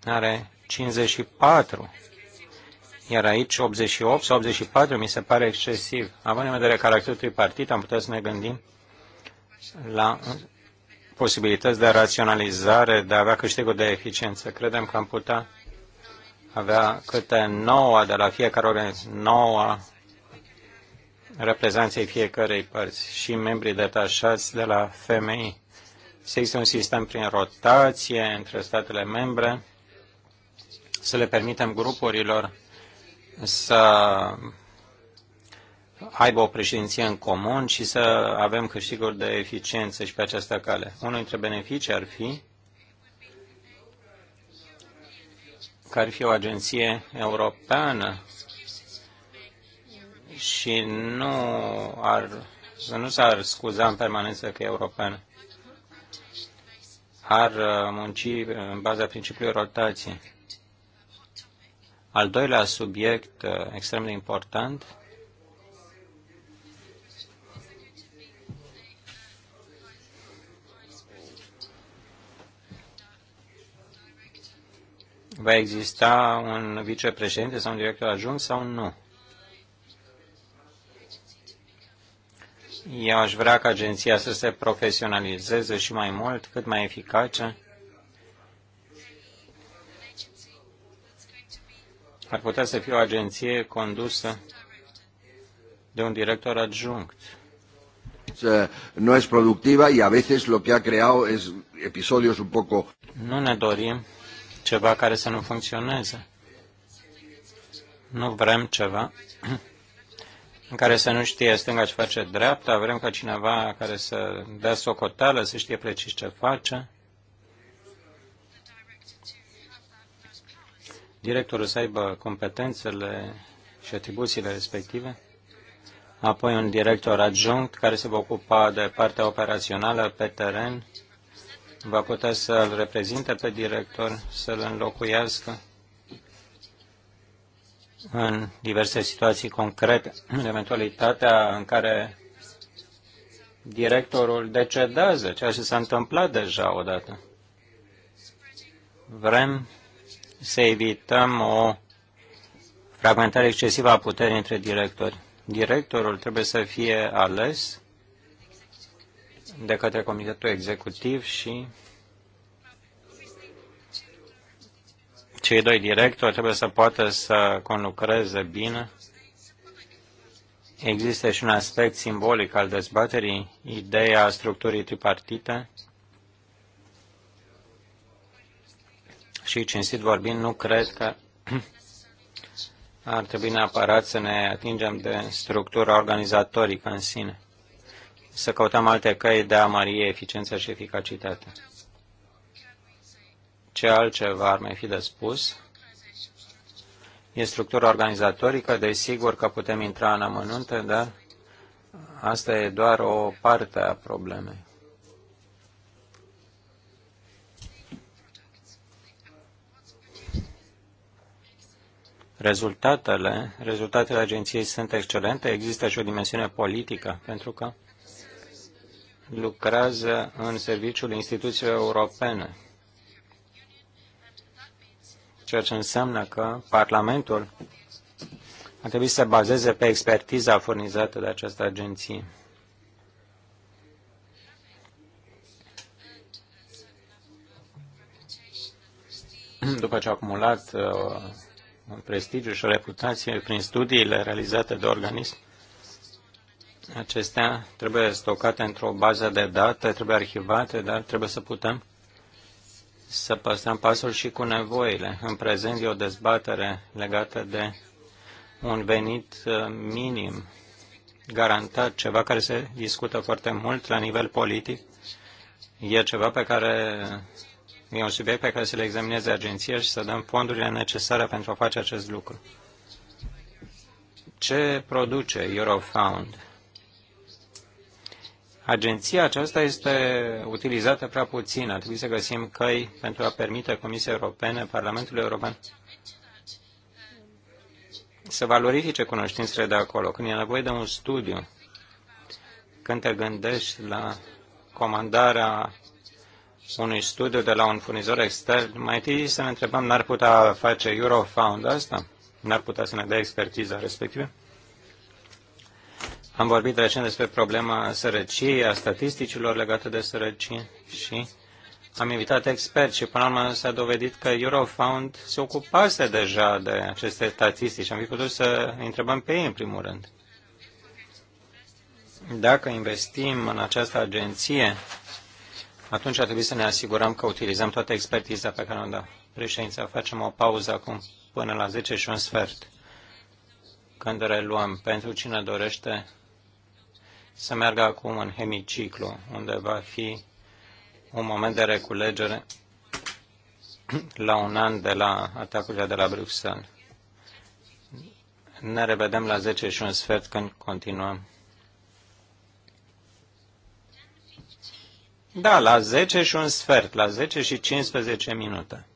are 54. Iar aici 88 sau 84 mi se pare excesiv. Având în vedere caracterul tripartit, am putea să ne gândim la posibilități de raționalizare, de a avea câștiguri de eficiență. Credem că am putea avea câte nouă de la fiecare ori, nouă reprezentanții fiecarei părți și membrii detașați de la femei. Să există un sistem prin rotație între statele membre, să le permitem grupurilor să aibă o președinție în comun și să avem câștiguri de eficiență și pe această cale. Unul dintre beneficii ar fi că ar fi o agenție europeană și nu ar, nu s-ar scuza în permanență că e europeană. Ar uh, munci în baza principiului rotației. Al doilea subiect uh, extrem de important va exista un vicepreședinte sau un director adjunct sau nu. Eu aș vrea ca agenția să se profesionalizeze și mai mult, cât mai eficace. Ar putea să fie o agenție condusă de un director adjunct. Eh, nu este productivă și a veces lo que ha creado es episodios un poco. Nu ne dorim ceva care să nu funcționeze. Nu vrem ceva în care să nu știe stânga ce face dreapta, vrem ca cineva care să dea socoteală, să știe precis ce face. Directorul să aibă competențele și atribuțiile respective, apoi un director adjunct care se va ocupa de partea operațională pe teren, va putea să-l reprezinte pe director, să-l înlocuiască în diverse situații concrete, în eventualitatea în care directorul decedează, ceea ce s-a întâmplat deja odată. Vrem să evităm o fragmentare excesivă a puterii între directori. Directorul trebuie să fie ales de către Comitetul Executiv și cei doi directori trebuie să poată să conlucreze bine. Există și un aspect simbolic al dezbaterii, ideea structurii tripartite. Și, cinstit vorbind, nu cred că ar trebui neapărat să ne atingem de structura organizatorică în sine să căutăm alte căi de a mări eficiența și eficacitatea. Ce altceva ar mai fi de spus? E structura organizatorică, desigur că putem intra în amănunte, dar asta e doar o parte a problemei. Rezultatele, rezultatele agenției sunt excelente, există și o dimensiune politică, pentru că lucrează în serviciul instituțiilor europene, ceea ce înseamnă că Parlamentul ar trebui să se bazeze pe expertiza furnizată de această agenție. După ce a acumulat uh, un prestigiu și o reputație prin studiile realizate de organism, Acestea trebuie stocate într-o bază de date, trebuie arhivate, dar trebuie să putem să păstrăm pasul și cu nevoile. În prezent e o dezbatere legată de un venit uh, minim garantat, ceva care se discută foarte mult la nivel politic. E ceva pe care e un subiect pe care să le examineze agenția și să dăm fondurile necesare pentru a face acest lucru. Ce produce Eurofound? Agenția aceasta este utilizată prea puțin. Ar trebui să găsim căi pentru a permite Comisiei Europene, Parlamentului European, să valorifice cunoștințele de acolo. Când e nevoie de un studiu, când te gândești la comandarea unui studiu de la un furnizor extern, mai întâi să ne întrebăm, n-ar putea face Eurofound asta? N-ar putea să ne dea expertiza respectivă? Am vorbit recent despre problema sărăciei, a statisticilor legate de sărăcie și am invitat experți și până la urmă s-a dovedit că Eurofound se ocupase deja de aceste statistici. Am fi putut să întrebăm pe ei în primul rând. Dacă investim în această agenție, atunci ar trebui să ne asigurăm că utilizăm toată expertiza pe care o dă. Președința, facem o pauză acum până la 10 și un sfert când reluăm pentru cine dorește să meargă acum în hemiciclu, unde va fi un moment de reculegere la un an de la atacurile de la Bruxelles. Ne revedem la 10 și un sfert când continuăm. Da, la 10 și un sfert, la 10 și 15 minute.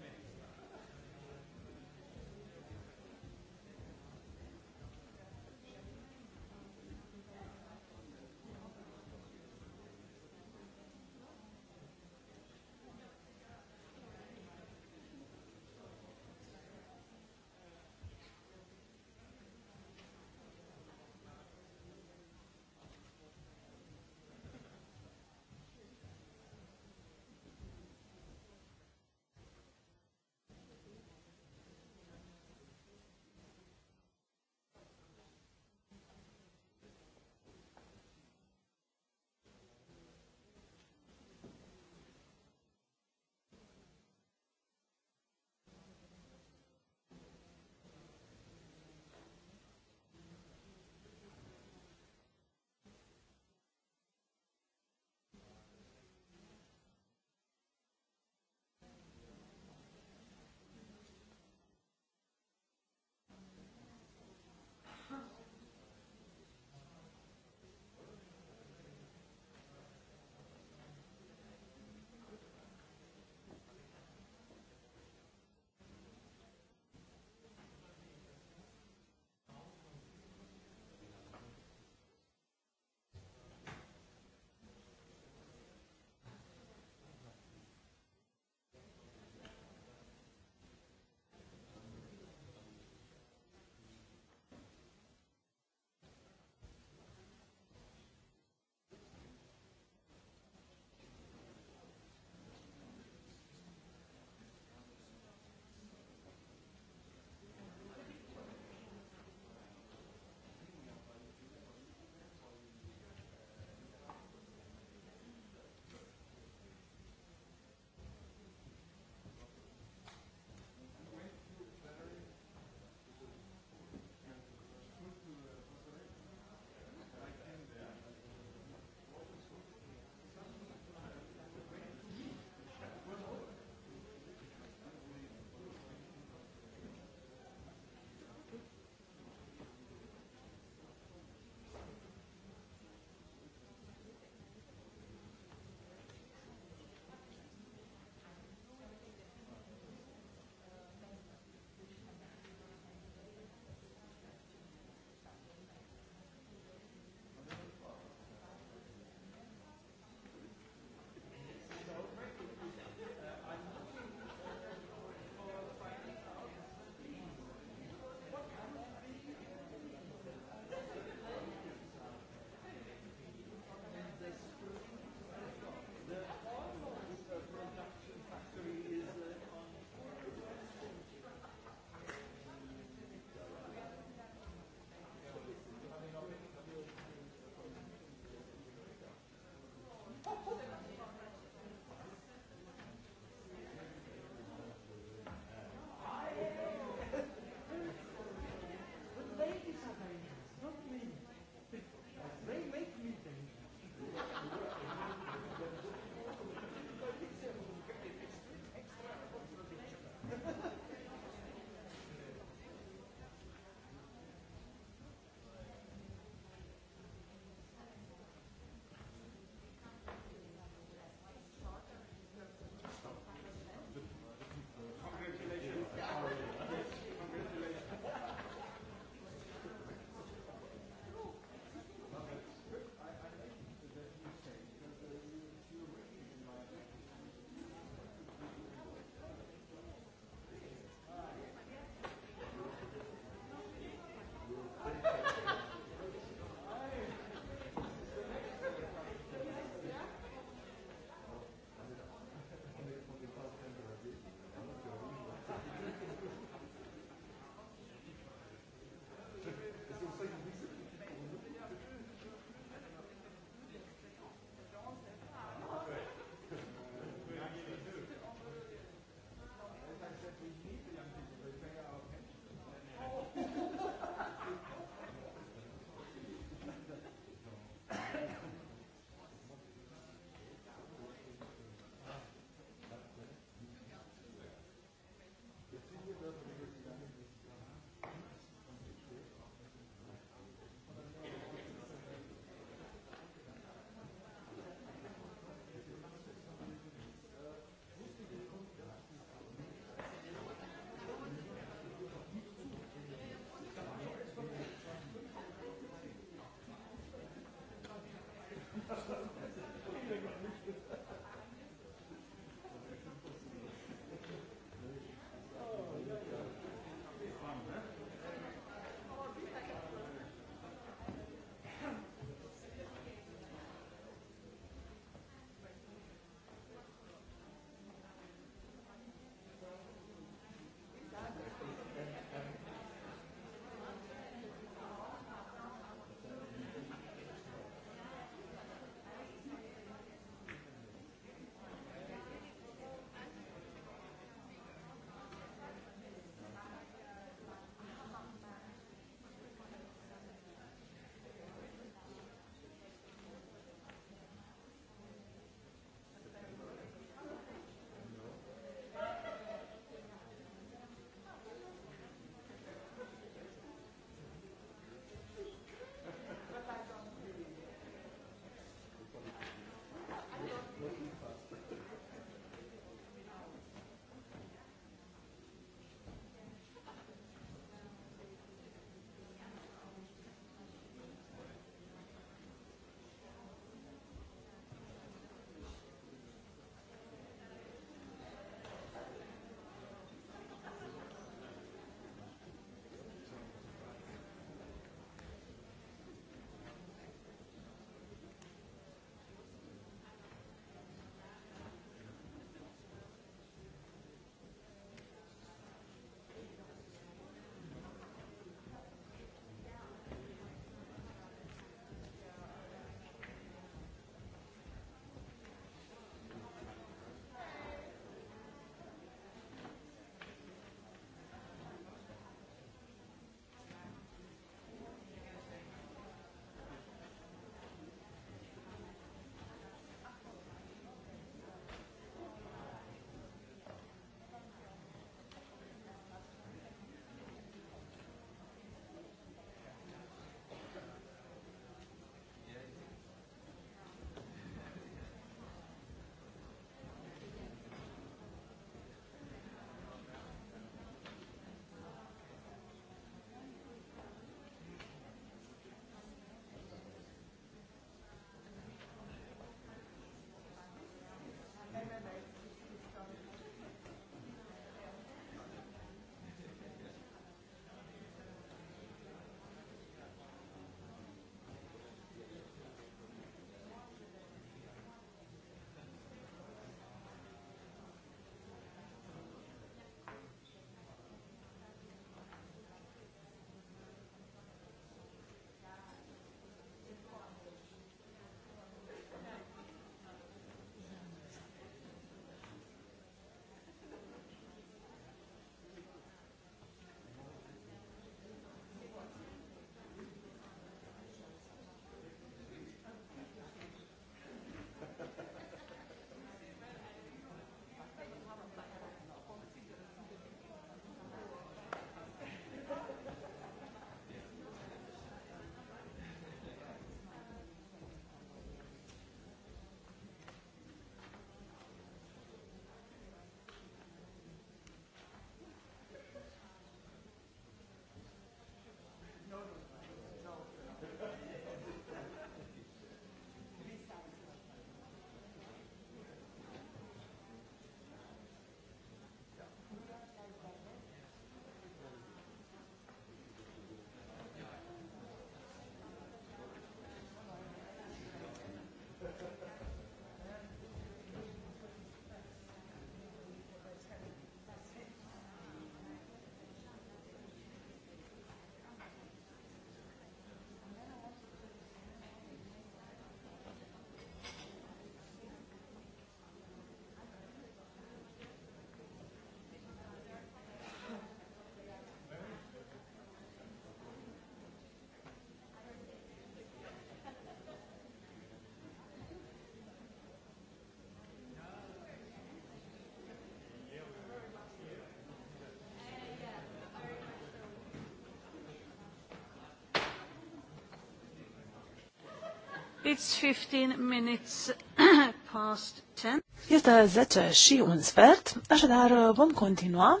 It's 15 minutes past 10. Este 10 și un sfert, așadar uh, vom continua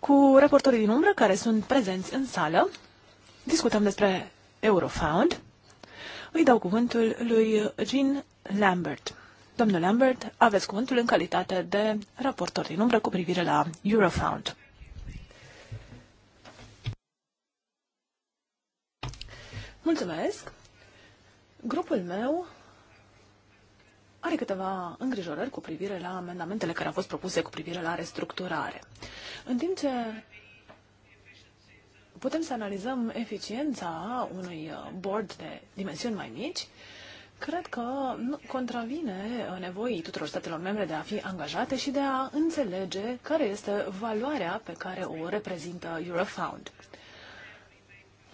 cu reportorii din umbră care sunt prezenți în sală. Discutăm despre Eurofound. Îi dau cuvântul lui Jean Lambert. Domnul Lambert, aveți cuvântul în calitate de raportor din umbră cu privire la Eurofound. Mulțumesc! Grupul meu are câteva îngrijorări cu privire la amendamentele care au fost propuse cu privire la restructurare. În timp ce putem să analizăm eficiența unui uh, board de dimensiuni mai mici, cred că contravine uh, nevoii tuturor statelor membre de a fi angajate și de a înțelege care este valoarea pe care o reprezintă Eurofound.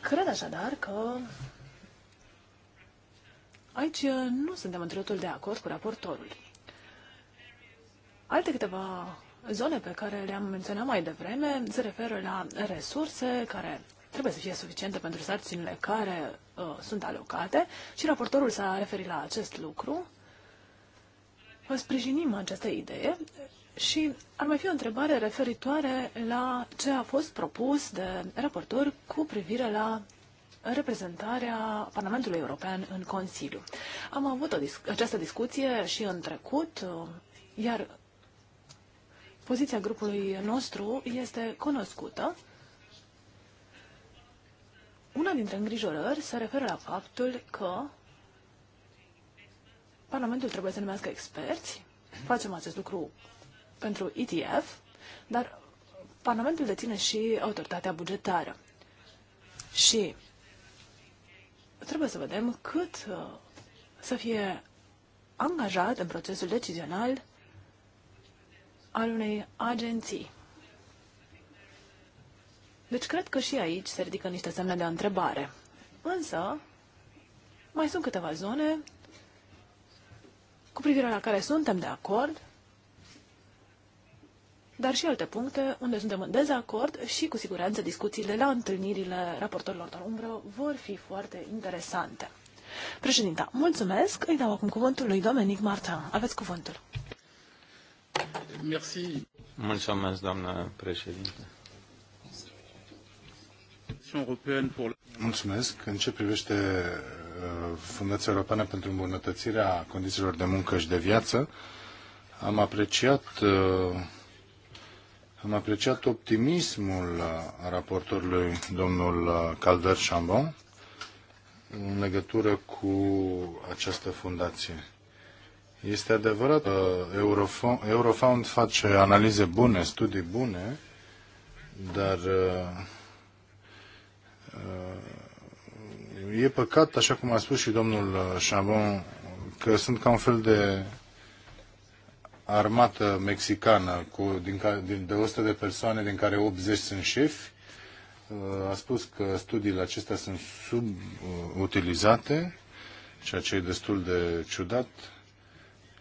Cred așadar că aici uh, nu suntem într totul de acord cu raportorul. Alte câteva zone pe care le-am menționat mai devreme se referă la resurse care trebuie să fie suficiente pentru sarcinile care uh, sunt alocate și raportorul s-a referit la acest lucru. Vă sprijinim această idee și ar mai fi o întrebare referitoare la ce a fost propus de raportor cu privire la reprezentarea Parlamentului European în Consiliu. Am avut o dis- această discuție și în trecut, iar poziția grupului nostru este cunoscută. Una dintre îngrijorări se referă la faptul că Parlamentul trebuie să numească experți. Facem acest lucru pentru ETF, dar Parlamentul deține și autoritatea bugetară. Și trebuie să vedem cât uh, să fie angajat în procesul decizional al unei agenții. Deci cred că și aici se ridică niște semne de întrebare. Însă, mai sunt câteva zone cu privire la care suntem de acord dar și alte puncte unde suntem în dezacord și cu siguranță discuțiile la întâlnirile raportorilor de umbră vor fi foarte interesante. Președinta, mulțumesc. Îi dau acum cuvântul lui Domenic Martin. Aveți cuvântul. Merci. Mulțumesc, doamnă președinte. Mulțumesc. În ce privește uh, Fundația Europeană pentru îmbunătățirea condițiilor de muncă și de viață, am apreciat uh, am apreciat optimismul uh, raportorului domnul uh, Calder Chambon în legătură cu această fundație. Este adevărat că uh, Eurofound face analize bune, studii bune, dar e păcat, așa cum a spus și domnul Chambon, că sunt ca un fel de armată mexicană cu, din, din, de 100 de persoane, din care 80 sunt șefi. Uh, a spus că studiile acestea sunt subutilizate, ceea ce e destul de ciudat.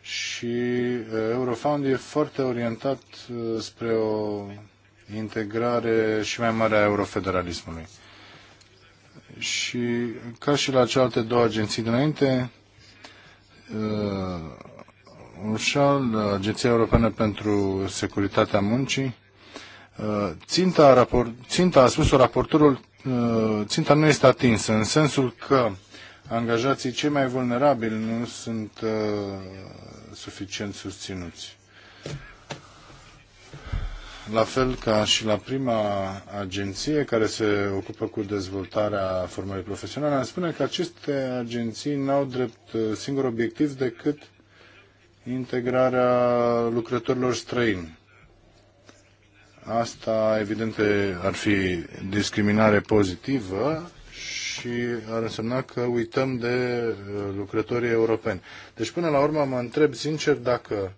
Și uh, Eurofound e foarte orientat uh, spre o integrare și mai mare a eurofederalismului. Și ca și la cealaltă două agenții dinainte, Urșal, Agenția Europeană pentru Securitatea Muncii. Uh, ținta, raport, ținta a spus-o raportorul, uh, ținta nu este atinsă, în sensul că angajații cei mai vulnerabili nu sunt uh, suficient susținuți. La fel ca și la prima agenție care se ocupă cu dezvoltarea formării profesionale, am spune că aceste agenții n-au drept uh, singur obiectiv decât integrarea lucrătorilor străini. Asta, evident, ar fi discriminare pozitivă și ar însemna că uităm de uh, lucrătorii europeni. Deci, până la urmă, mă întreb sincer dacă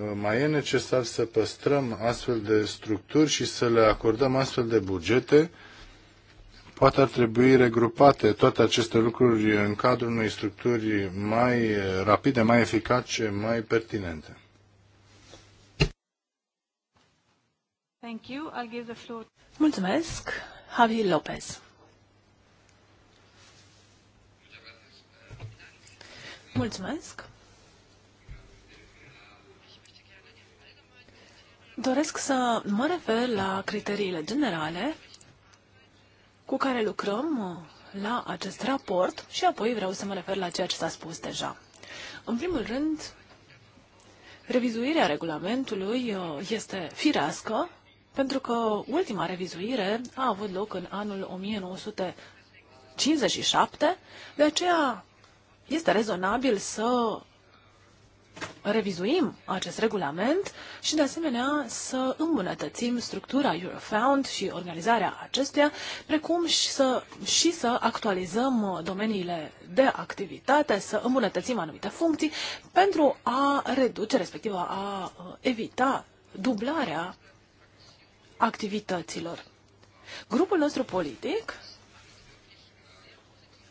uh, mai e necesar să păstrăm astfel de structuri și să le acordăm astfel de bugete Poate ar trebui regrupate toate aceste lucruri în cadrul unei structuri mai rapide, mai eficace, mai pertinente. Thank you. I'll give the floor. Mulțumesc. Javier Lopez. Mulțumesc. Doresc să mă refer la criteriile generale cu care lucrăm uh, la acest raport și apoi vreau să mă refer la ceea ce s-a spus deja. În primul rând, revizuirea regulamentului uh, este firească, pentru că ultima revizuire a avut loc în anul 1957, de aceea este rezonabil să revizuim acest regulament și, de asemenea, să îmbunătățim structura Eurofound și organizarea acestuia, precum și să, și să actualizăm domeniile de activitate, să îmbunătățim anumite funcții pentru a reduce, respectiv a evita dublarea activităților. Grupul nostru politic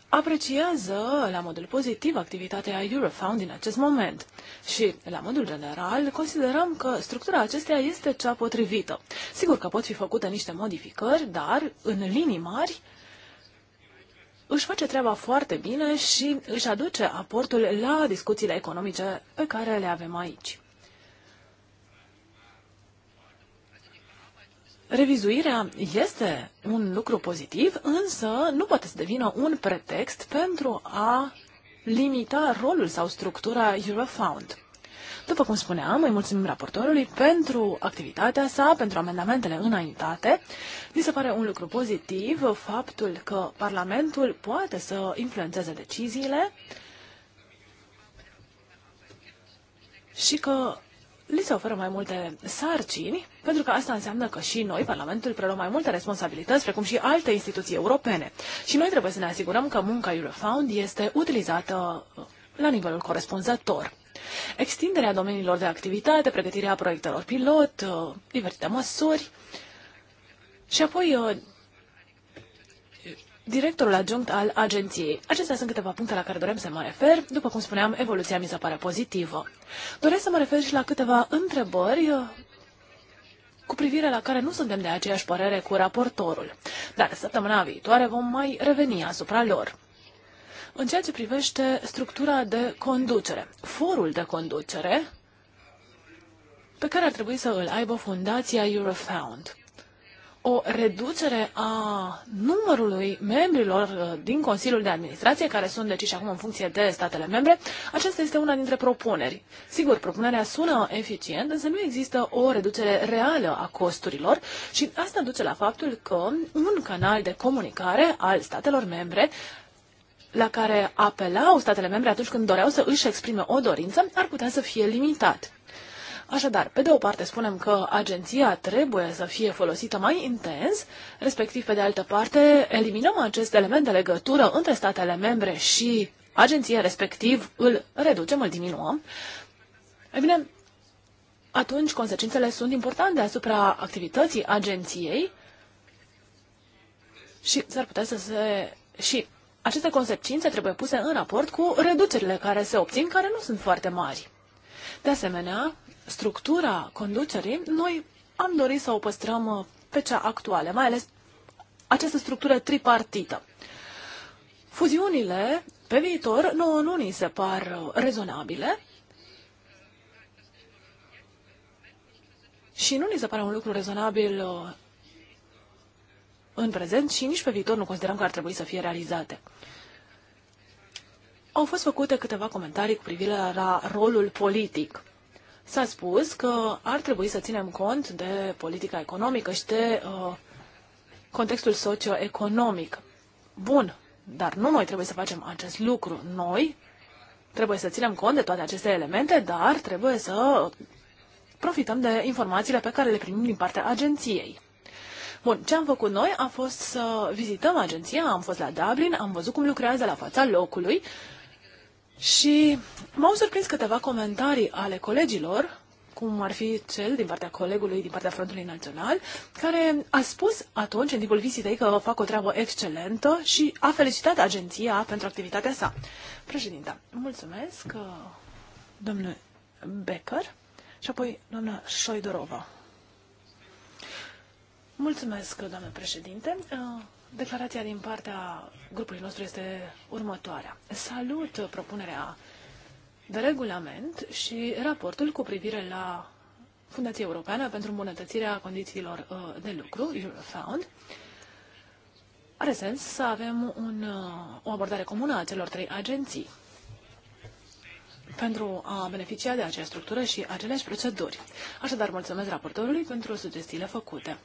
apreciază la modul pozitiv activitatea Eurofound din acest moment și, la modul general, considerăm că structura acesteia este cea potrivită. Sigur că pot fi făcute niște modificări, dar, în linii mari, își face treaba foarte bine și își aduce aportul la discuțiile economice pe care le avem aici. Revizuirea este un lucru pozitiv, însă nu poate să devină un pretext pentru a limita rolul sau structura Eurofound. După cum spuneam, îi mulțumim raportorului pentru activitatea sa, pentru amendamentele înaintate. Mi se pare un lucru pozitiv faptul că Parlamentul poate să influențeze deciziile și că li se oferă mai multe sarcini, pentru că asta înseamnă că și noi, Parlamentul, preluăm mai multe responsabilități, precum și alte instituții europene. Și noi trebuie să ne asigurăm că munca Eurofound este utilizată uh, la nivelul corespunzător. Extinderea domeniilor de activitate, pregătirea proiectelor pilot, uh, diverse măsuri și apoi uh, directorul adjunct al agenției. Acestea sunt câteva puncte la care dorem să mă refer. După cum spuneam, evoluția mi se pare pozitivă. Doresc să mă refer și la câteva întrebări uh, cu privire la care nu suntem de aceeași părere cu raportorul. Dar săptămâna viitoare vom mai reveni asupra lor. În ceea ce privește structura de conducere, forul de conducere pe care ar trebui să îl aibă Fundația Eurofound o reducere a numărului membrilor uh, din Consiliul de Administrație, care sunt deciși acum în funcție de statele membre. Aceasta este una dintre propuneri. Sigur, propunerea sună eficient, însă nu există o reducere reală a costurilor și asta duce la faptul că un canal de comunicare al statelor membre la care apelau statele membre atunci când doreau să își exprime o dorință, ar putea să fie limitat. Așadar, pe de o parte spunem că agenția trebuie să fie folosită mai intens, respectiv pe de altă parte eliminăm acest element de legătură între statele membre și agenția respectiv îl reducem, îl diminuăm. Ei bine, atunci consecințele sunt importante asupra activității agenției și s-ar putea să se... și aceste consecințe trebuie puse în raport cu reducerile care se obțin, care nu sunt foarte mari. De asemenea, structura conducerii, noi am dorit să o păstrăm uh, pe cea actuală, mai ales această structură tripartită. Fuziunile pe viitor nouă nu ni se par uh, rezonabile și nu ni se pare un lucru rezonabil uh, în prezent și nici pe viitor nu considerăm că ar trebui să fie realizate. Au fost făcute câteva comentarii cu privire la rolul politic. S-a spus că ar trebui să ținem cont de politica economică și de uh, contextul socioeconomic. Bun, dar nu noi trebuie să facem acest lucru. Noi trebuie să ținem cont de toate aceste elemente, dar trebuie să profităm de informațiile pe care le primim din partea agenției. Bun, ce am făcut noi a fost să vizităm agenția, am fost la Dublin, am văzut cum lucrează la fața locului, uh, și m-au surprins câteva comentarii ale colegilor, cum ar fi cel din partea colegului din partea Frontului Național, care a spus atunci, în timpul vizitei, că fac o treabă excelentă și a felicitat agenția pentru activitatea sa. Președinta, mulțumesc, uh, domnule Becker și apoi doamna Șoidorova. Mulțumesc, doamnă președinte. Uh, Declarația din partea grupului nostru este următoarea. Salut propunerea de regulament și raportul cu privire la Fundația Europeană pentru îmbunătățirea condițiilor uh, de lucru, Eurofound. Are sens să avem un, uh, o abordare comună a celor trei agenții pentru a beneficia de acea structură și aceleași proceduri. Așadar, mulțumesc raportorului pentru sugestiile făcute.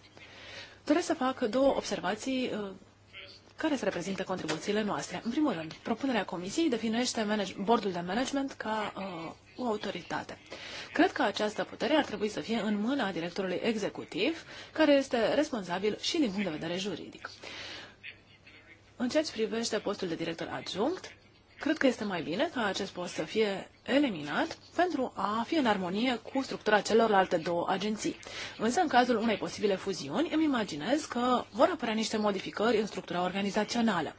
Doresc să fac două observații uh, care se reprezintă contribuțiile noastre. În primul rând, propunerea comisiei definește manage- bordul de management ca uh, o autoritate. Cred că această putere ar trebui să fie în mâna directorului executiv, care este responsabil și din punct de vedere juridic. În ceea ce privește postul de director adjunct, Cred că este mai bine ca acest post să fie eliminat pentru a fi în armonie cu structura celorlalte două agenții. Însă, în cazul unei posibile fuziuni, îmi imaginez că vor apărea niște modificări în structura organizațională.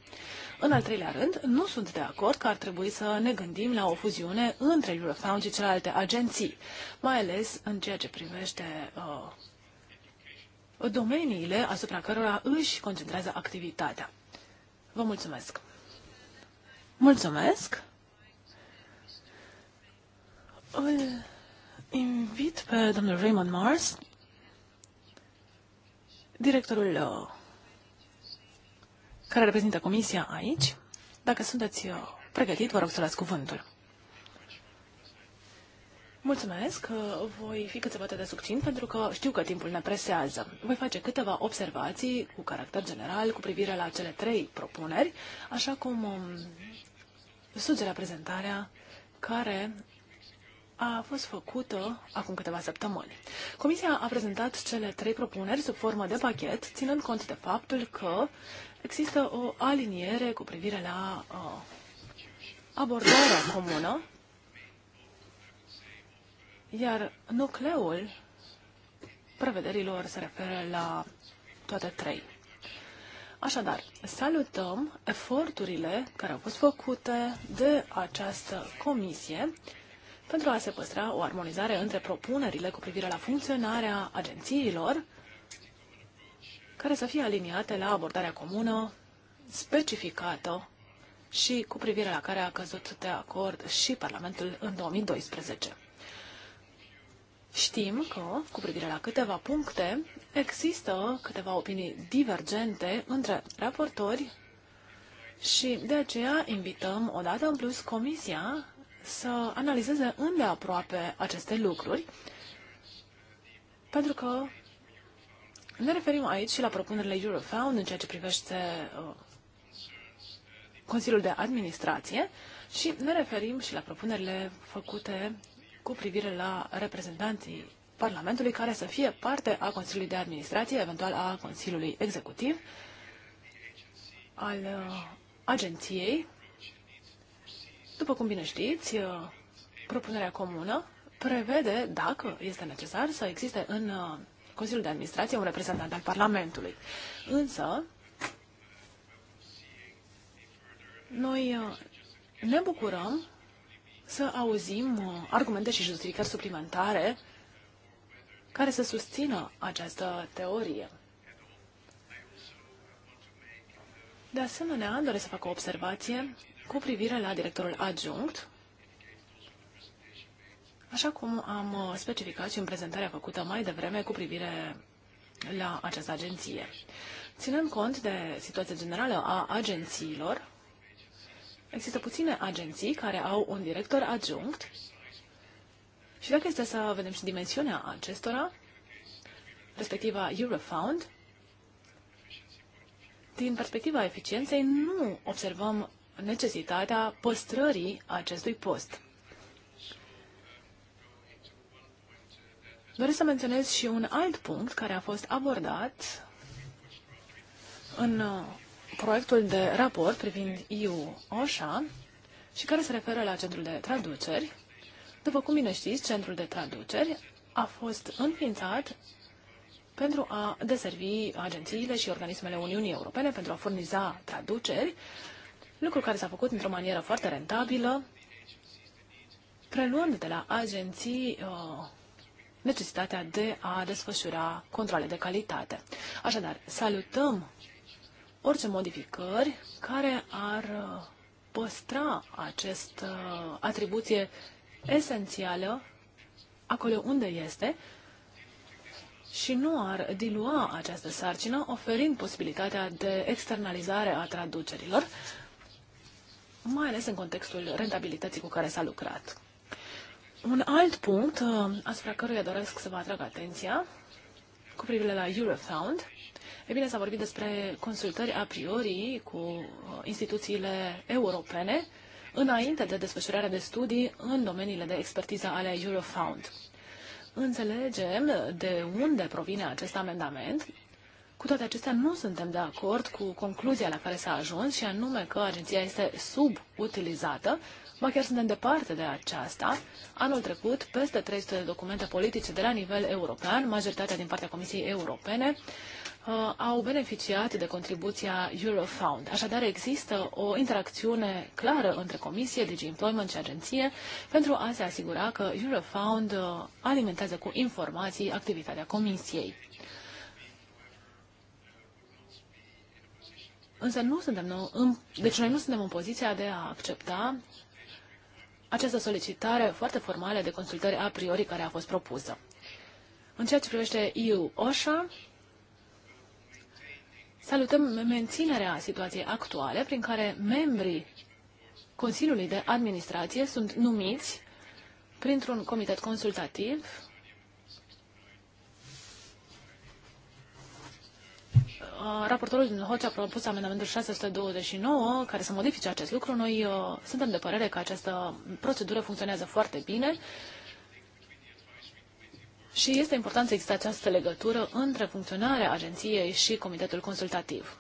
În al treilea rând, nu sunt de acord că ar trebui să ne gândim la o fuziune între Eurofound și celelalte agenții, mai ales în ceea ce privește uh, domeniile asupra cărora își concentrează activitatea. Vă mulțumesc! Mulțumesc! Îl invit pe domnul Raymond Mars, directorul uh, care reprezintă comisia aici. Dacă sunteți uh, pregătit, vă rog să luați cuvântul. Mulțumesc, uh, voi fi câteva poate de succint pentru că știu că timpul ne presează. Voi face câteva observații cu caracter general cu privire la cele trei propuneri, așa cum um, sugeră prezentarea care a fost făcută acum câteva săptămâni. Comisia a prezentat cele trei propuneri sub formă de pachet, ținând cont de faptul că există o aliniere cu privire la uh, abordarea comună, iar nucleul prevederilor se referă la toate trei. Așadar, salutăm eforturile care au fost făcute de această comisie pentru a se păstra o armonizare între propunerile cu privire la funcționarea agențiilor, care să fie aliniate la abordarea comună specificată și cu privire la care a căzut de acord și Parlamentul în 2012. Știm că, cu privire la câteva puncte, există câteva opinii divergente între raportori și de aceea invităm odată în plus Comisia să analizeze îndeaproape aceste lucruri, pentru că ne referim aici și la propunerile Eurofound în ceea ce privește uh, Consiliul de Administrație și ne referim și la propunerile făcute cu privire la reprezentanții Parlamentului care să fie parte a Consiliului de Administrație, eventual a Consiliului Executiv, al uh, agenției. După cum bine știți, uh, propunerea comună prevede, dacă este necesar, să existe în uh, Consiliul de Administrație un reprezentant al Parlamentului. Însă, noi ne bucurăm să auzim uh, argumente și justificări suplimentare care să susțină această teorie. De asemenea, doresc să fac o observație cu privire la directorul adjunct, așa cum am uh, specificat și în prezentarea făcută mai devreme cu privire la această agenție. Ținând cont de situația generală a agențiilor, Există puține agenții care au un director adjunct și dacă este să vedem și dimensiunea acestora, perspectiva Eurofound, din perspectiva eficienței nu observăm necesitatea păstrării acestui post. Doresc să menționez și un alt punct care a fost abordat în uh, proiectul de raport privind EU OSHA și care se referă la centrul de traduceri. După cum bine știți, centrul de traduceri a fost înființat pentru a deservi agențiile și organismele Uniunii Europene pentru a furniza traduceri, lucru care s-a făcut într-o manieră foarte rentabilă, preluând de la agenții uh, necesitatea de a desfășura controle de calitate. Așadar, salutăm orice modificări care ar uh, păstra această uh, atribuție esențială acolo unde este și nu ar dilua această sarcină, oferind posibilitatea de externalizare a traducerilor, mai ales în contextul rentabilității cu care s-a lucrat. Un alt punct uh, asupra căruia doresc să vă atrag atenția cu privire la Eurofound E bine, s-a vorbit despre consultări a priori cu instituțiile europene înainte de desfășurarea de studii în domeniile de expertiză ale Eurofound. Înțelegem de unde provine acest amendament. Cu toate acestea, nu suntem de acord cu concluzia la care s-a ajuns și anume că agenția este subutilizată Ba chiar suntem departe de aceasta. Anul trecut, peste 300 de documente politice de la nivel european, majoritatea din partea Comisiei Europene, Uh, au beneficiat de contribuția Eurofound. Așadar, există o interacțiune clară între Comisie, Digi Employment și Agenție pentru a se asigura că Eurofound uh, alimentează cu informații activitatea Comisiei. Însă nu suntem nou, în, deci noi nu suntem în poziția de a accepta această solicitare foarte formală de consultări a priori care a fost propusă. În ceea ce privește EU-OSHA, Salutăm menținerea situației actuale prin care membrii Consiliului de Administrație sunt numiți printr-un comitet consultativ raportorul din Hoce a propus amendamentul 629 care să modifice acest lucru. Noi uh, suntem de părere că această procedură funcționează foarte bine și este important să există această legătură între funcționarea agenției și comitetul consultativ.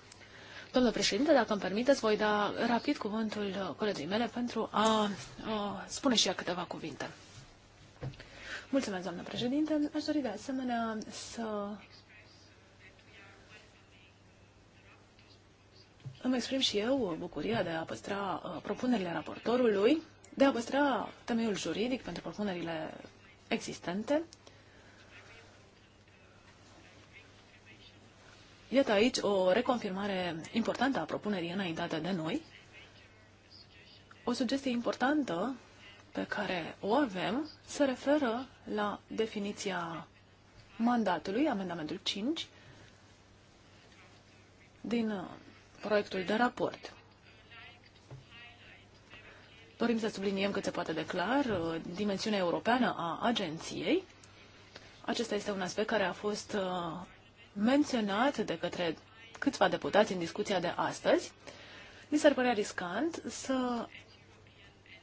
Domnule președinte, dacă îmi permiteți, voi da rapid cuvântul uh, colegii mele pentru a, a uh, spune și ea câteva cuvinte. Mulțumesc, doamnă președinte. Aș dori de asemenea să îmi exprim și eu bucuria de a păstra uh, propunerile raportorului, de a păstra temeiul juridic pentru propunerile existente Iată aici o reconfirmare importantă a propunerii înaintate de noi. O sugestie importantă pe care o avem se referă la definiția mandatului, amendamentul 5, din uh, proiectul de raport. Dorim să subliniem cât se poate de clar uh, dimensiunea europeană a agenției. Acesta este un aspect care a fost uh, menționat de către câțiva deputați în discuția de astăzi, mi s-ar părea riscant să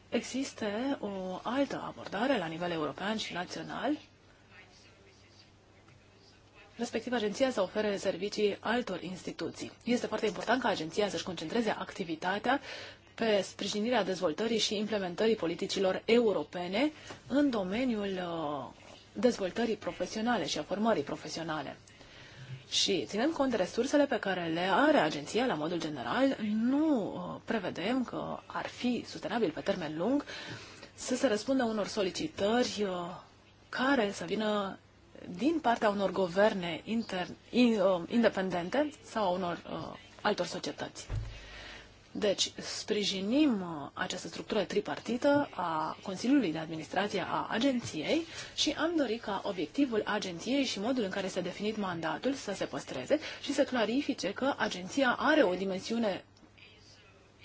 existe o altă abordare la nivel european și național, respectiv agenția să ofere servicii altor instituții. Este foarte important ca agenția să-și concentreze activitatea pe sprijinirea dezvoltării și implementării politicilor europene în domeniul uh, dezvoltării profesionale și a formării profesionale. Și ținând cont de resursele pe care le are agenția la modul general, nu uh, prevedem că ar fi sustenabil pe termen lung să se răspundă unor solicitări uh, care să vină din partea unor guverne inter, in, uh, independente sau a unor uh, altor societăți. Deci, sprijinim uh, această structură tripartită a Consiliului de Administrație a Agenției și am dorit ca obiectivul agenției și modul în care s-a definit mandatul să se păstreze și să clarifice că agenția are o dimensiune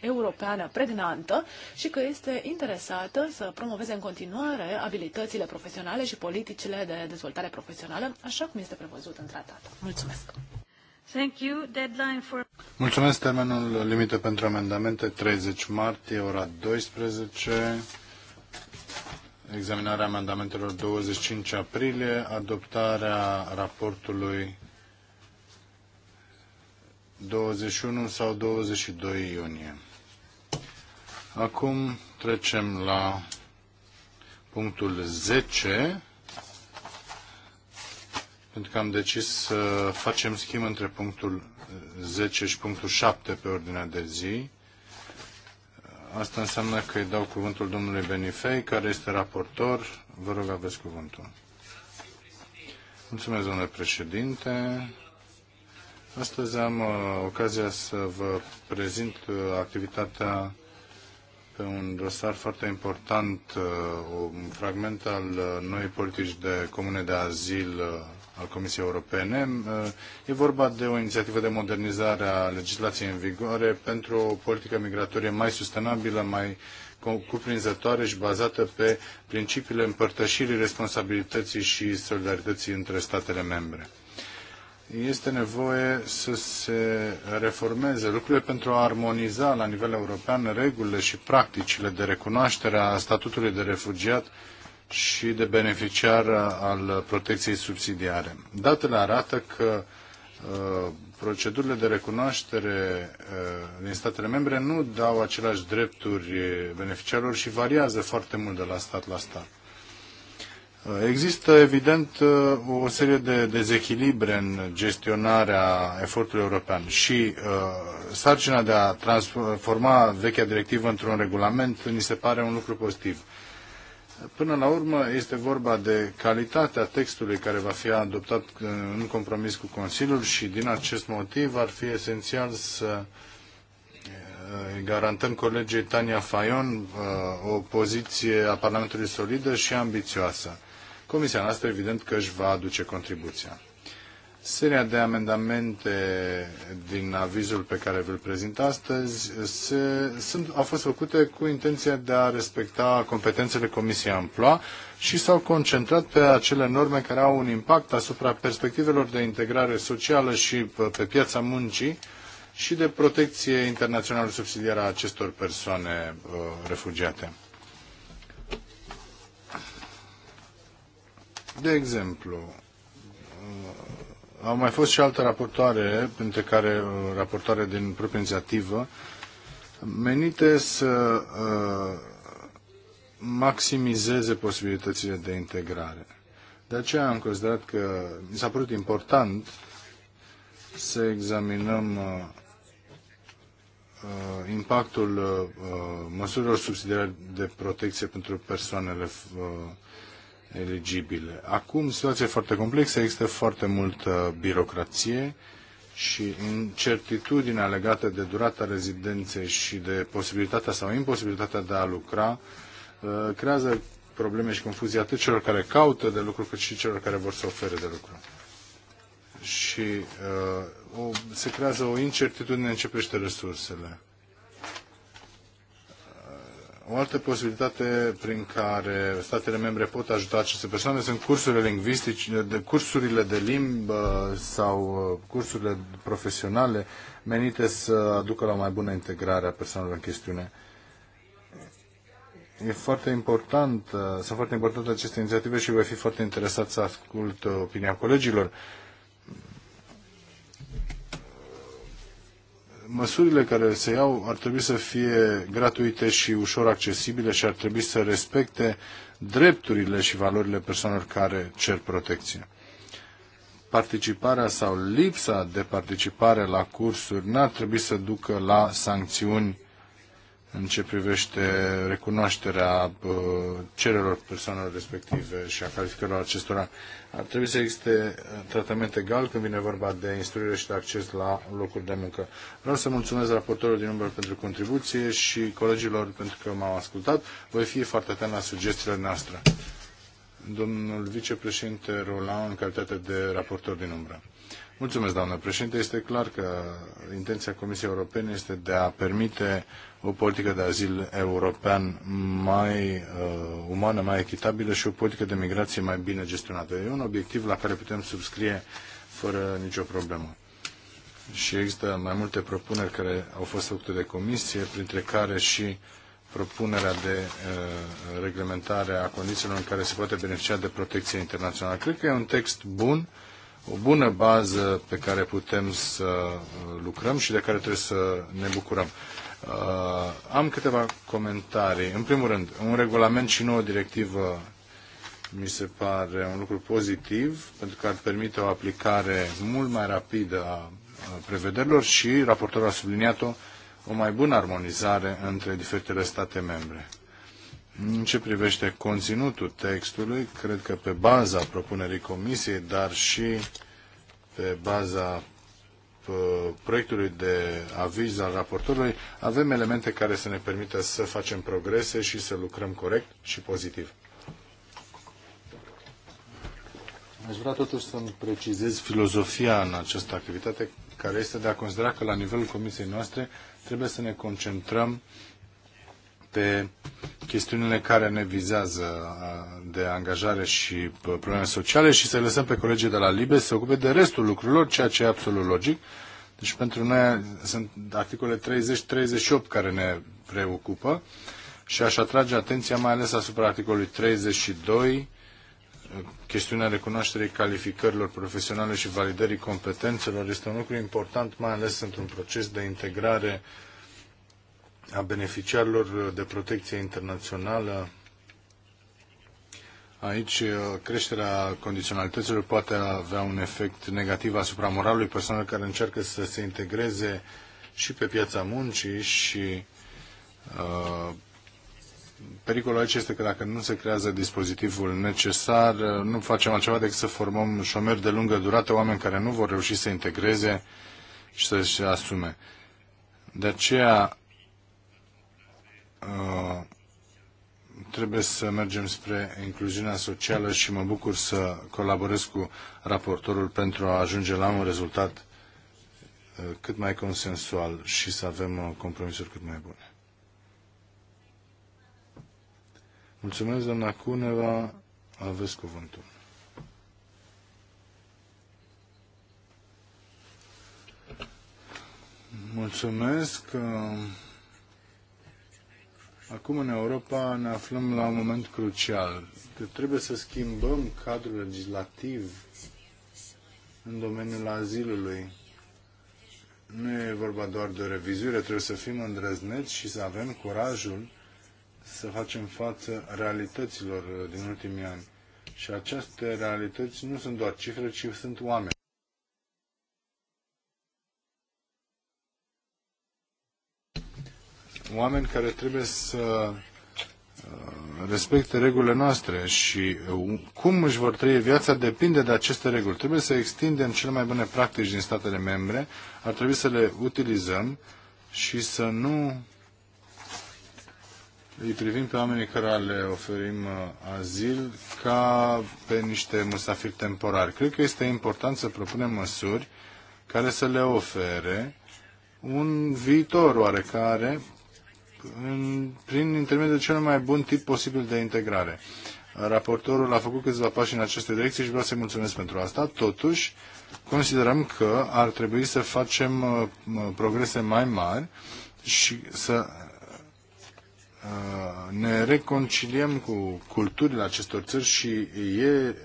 europeană pregnantă și că este interesată să promoveze în continuare abilitățile profesionale și politicile de dezvoltare profesională, așa cum este prevăzut în tratat. Mulțumesc! Mulțumesc. Termenul limită pentru amendamente 30 martie, ora 12. Examinarea amendamentelor 25 aprilie, adoptarea raportului 21 sau 22 iunie. Acum trecem la punctul 10, pentru că am decis să facem schimb între punctul 10 uh, și punctul 7 pe ordinea de zi. Asta înseamnă că îi dau cuvântul domnului Benifei, care este raportor. Vă rog, aveți cuvântul. Mulțumesc, domnule președinte. Astăzi am uh, ocazia să vă prezint uh, activitatea pe un dosar foarte important, uh, un fragment al uh, noii politici de comune de azil uh, al Comisiei Europene. Uh, e vorba de o inițiativă de modernizare a legislației în vigoare pentru o politică migratorie mai sustenabilă, mai cuprinzătoare și bazată pe principiile împărtășirii responsabilității și solidarității între statele membre. Este nevoie să se reformeze lucrurile pentru a armoniza la nivel european regulile și practicile de recunoaștere a statutului de refugiat și de beneficiar al protecției subsidiare. Datele arată că uh, procedurile de recunoaștere uh, din statele membre nu dau aceleași drepturi beneficiarilor și variază foarte mult de la stat la stat. Uh, există, evident, o serie de dezechilibre în gestionarea efortului european și sarcina de a transforma vechea directivă într-un regulament ni se pare un lucru pozitiv. Până la urmă este vorba de calitatea textului care va fi adoptat în compromis cu Consiliul și din acest motiv ar fi esențial să eh, garantăm colegii Tania Fayon eh, o poziție a Parlamentului solidă și ambițioasă. Comisia noastră evident că își va aduce contribuția. Seria de amendamente din avizul pe care vi-l prezint astăzi se, sunt, au fost făcute cu intenția de a respecta competențele Comisiei Amploa și s-au concentrat pe acele norme care au un impact asupra perspectivelor de integrare socială și pe piața muncii și de protecție internațională subsidiară a acestor persoane uh, refugiate. De exemplu, au mai fost și alte raportoare, printre care uh, raportoare din proprie inițiativă, menite să uh, maximizeze posibilitățile de integrare. De aceea am considerat că mi s-a părut important să examinăm uh, uh impactul uh, uh, măsurilor subsidiare de protecție pentru persoanele uh, eligibile. Acum situația e foarte complexă, există foarte multă birocrație și incertitudinea legată de durata rezidenței și de posibilitatea sau imposibilitatea de a lucra uh, creează probleme și confuzii atât celor care caută de lucru cât și celor care vor să ofere de lucru. Și uh, o, se creează o incertitudine în ce privește resursele. O altă posibilitate prin care statele membre pot ajuta aceste persoane sunt cursurile lingvistice, de cursurile de limbă sau uh, cursurile profesionale menite să aducă la o mai bună integrare a persoanelor în chestiune. E foarte important, uh, sunt foarte importante aceste inițiative și voi fi foarte interesat să ascult opinia colegilor. măsurile care se iau ar trebui să fie gratuite și ușor accesibile și ar trebui să respecte drepturile și valorile persoanelor care cer protecție. Participarea sau lipsa de participare la cursuri n-ar trebui să ducă la sancțiuni în ce privește recunoașterea uh, cererilor persoanelor respective și a calificărilor acestora. Ar trebui să existe uh, tratament egal când vine vorba de instruire și de acces la locuri de muncă. Vreau să mulțumesc raportorul din număr pentru contribuție și colegilor pentru că m-au ascultat. Voi fi foarte atent la sugestiile noastre. Domnul vicepreședinte Roland, în calitate de raportor din umbră. Mulțumesc, doamnă președinte. Este clar că intenția Comisiei Europene este de a permite o politică de azil european mai uh, umană, mai echitabilă și o politică de migrație mai bine gestionată. E un obiectiv la care putem subscrie fără nicio problemă. Și există mai multe propuneri care au fost făcute de comisie, printre care și propunerea de uh, reglementare a condițiilor în care se poate beneficia de protecție internațională. Cred că e un text bun, o bună bază pe care putem să uh, lucrăm și de care trebuie să ne bucurăm. Uh, am câteva comentarii. În primul rând, un regulament și nouă directivă mi se pare un lucru pozitiv, pentru că ar permite o aplicare mult mai rapidă a prevederilor și, raportorul a subliniat-o, o mai bună armonizare între diferitele state membre. În ce privește conținutul textului, cred că pe baza propunerii comisiei, dar și pe baza Uh, proiectului de aviz al raportorului, avem elemente care să ne permită să facem progrese și să lucrăm corect și pozitiv. Aș vrea totuși să-mi precizez filozofia în această activitate, care este de a considera că la nivelul comisiei noastre trebuie să ne concentrăm pe chestiunile care ne vizează de angajare și probleme sociale și să lăsăm pe colegii de la LIBE să se ocupe de restul lucrurilor, ceea ce e absolut logic. Deci pentru noi sunt articole 30-38 care ne preocupă și aș atrage atenția mai ales asupra articolului 32, chestiunea recunoașterii calificărilor profesionale și validării competențelor este un lucru important, mai ales într-un proces de integrare uh, a beneficiarilor de protecție internațională. Aici uh, creșterea condiționalităților poate avea un efect negativ asupra moralului persoanelor care încearcă să se integreze și pe piața muncii și uh, pericolul aici este că dacă nu se creează dispozitivul necesar, uh, nu facem altceva decât să formăm șomeri de lungă durată, oameni care nu vor reuși să integreze și să-și asume. De aceea Uh, trebuie să mergem spre incluziunea socială și mă bucur să colaborez cu raportorul pentru a ajunge la un rezultat uh, cât mai consensual și să avem uh, compromisuri cât mai bune. Mulțumesc, doamna Cuneva. Aveți cuvântul. Mulțumesc. Uh... Acum în Europa ne aflăm la un moment crucial, că trebuie să schimbăm cadrul legislativ în domeniul azilului. Nu e vorba doar de o revizuire, trebuie să fim îndrăzneți și să avem curajul să facem față realităților din ultimii ani. Și aceste realități nu sunt doar cifre, ci sunt oameni. oameni care trebuie să uh, respecte regulile noastre și uh, cum își vor trăi viața depinde de aceste reguli. Trebuie să extindem cele mai bune practici din statele membre, ar trebui să le utilizăm și să nu îi privim pe oamenii care le oferim uh, azil ca pe niște musafiri temporari. Cred că este important să propunem măsuri care să le ofere un viitor oarecare în, prin intermediul cel mai bun tip posibil de integrare. Raportorul a făcut câțiva pași în aceste direcții și vreau să-i mulțumesc pentru asta. Totuși, considerăm că ar trebui să facem uh, uh, progrese mai mari și să uh, ne reconciliem cu culturile acestor țări și e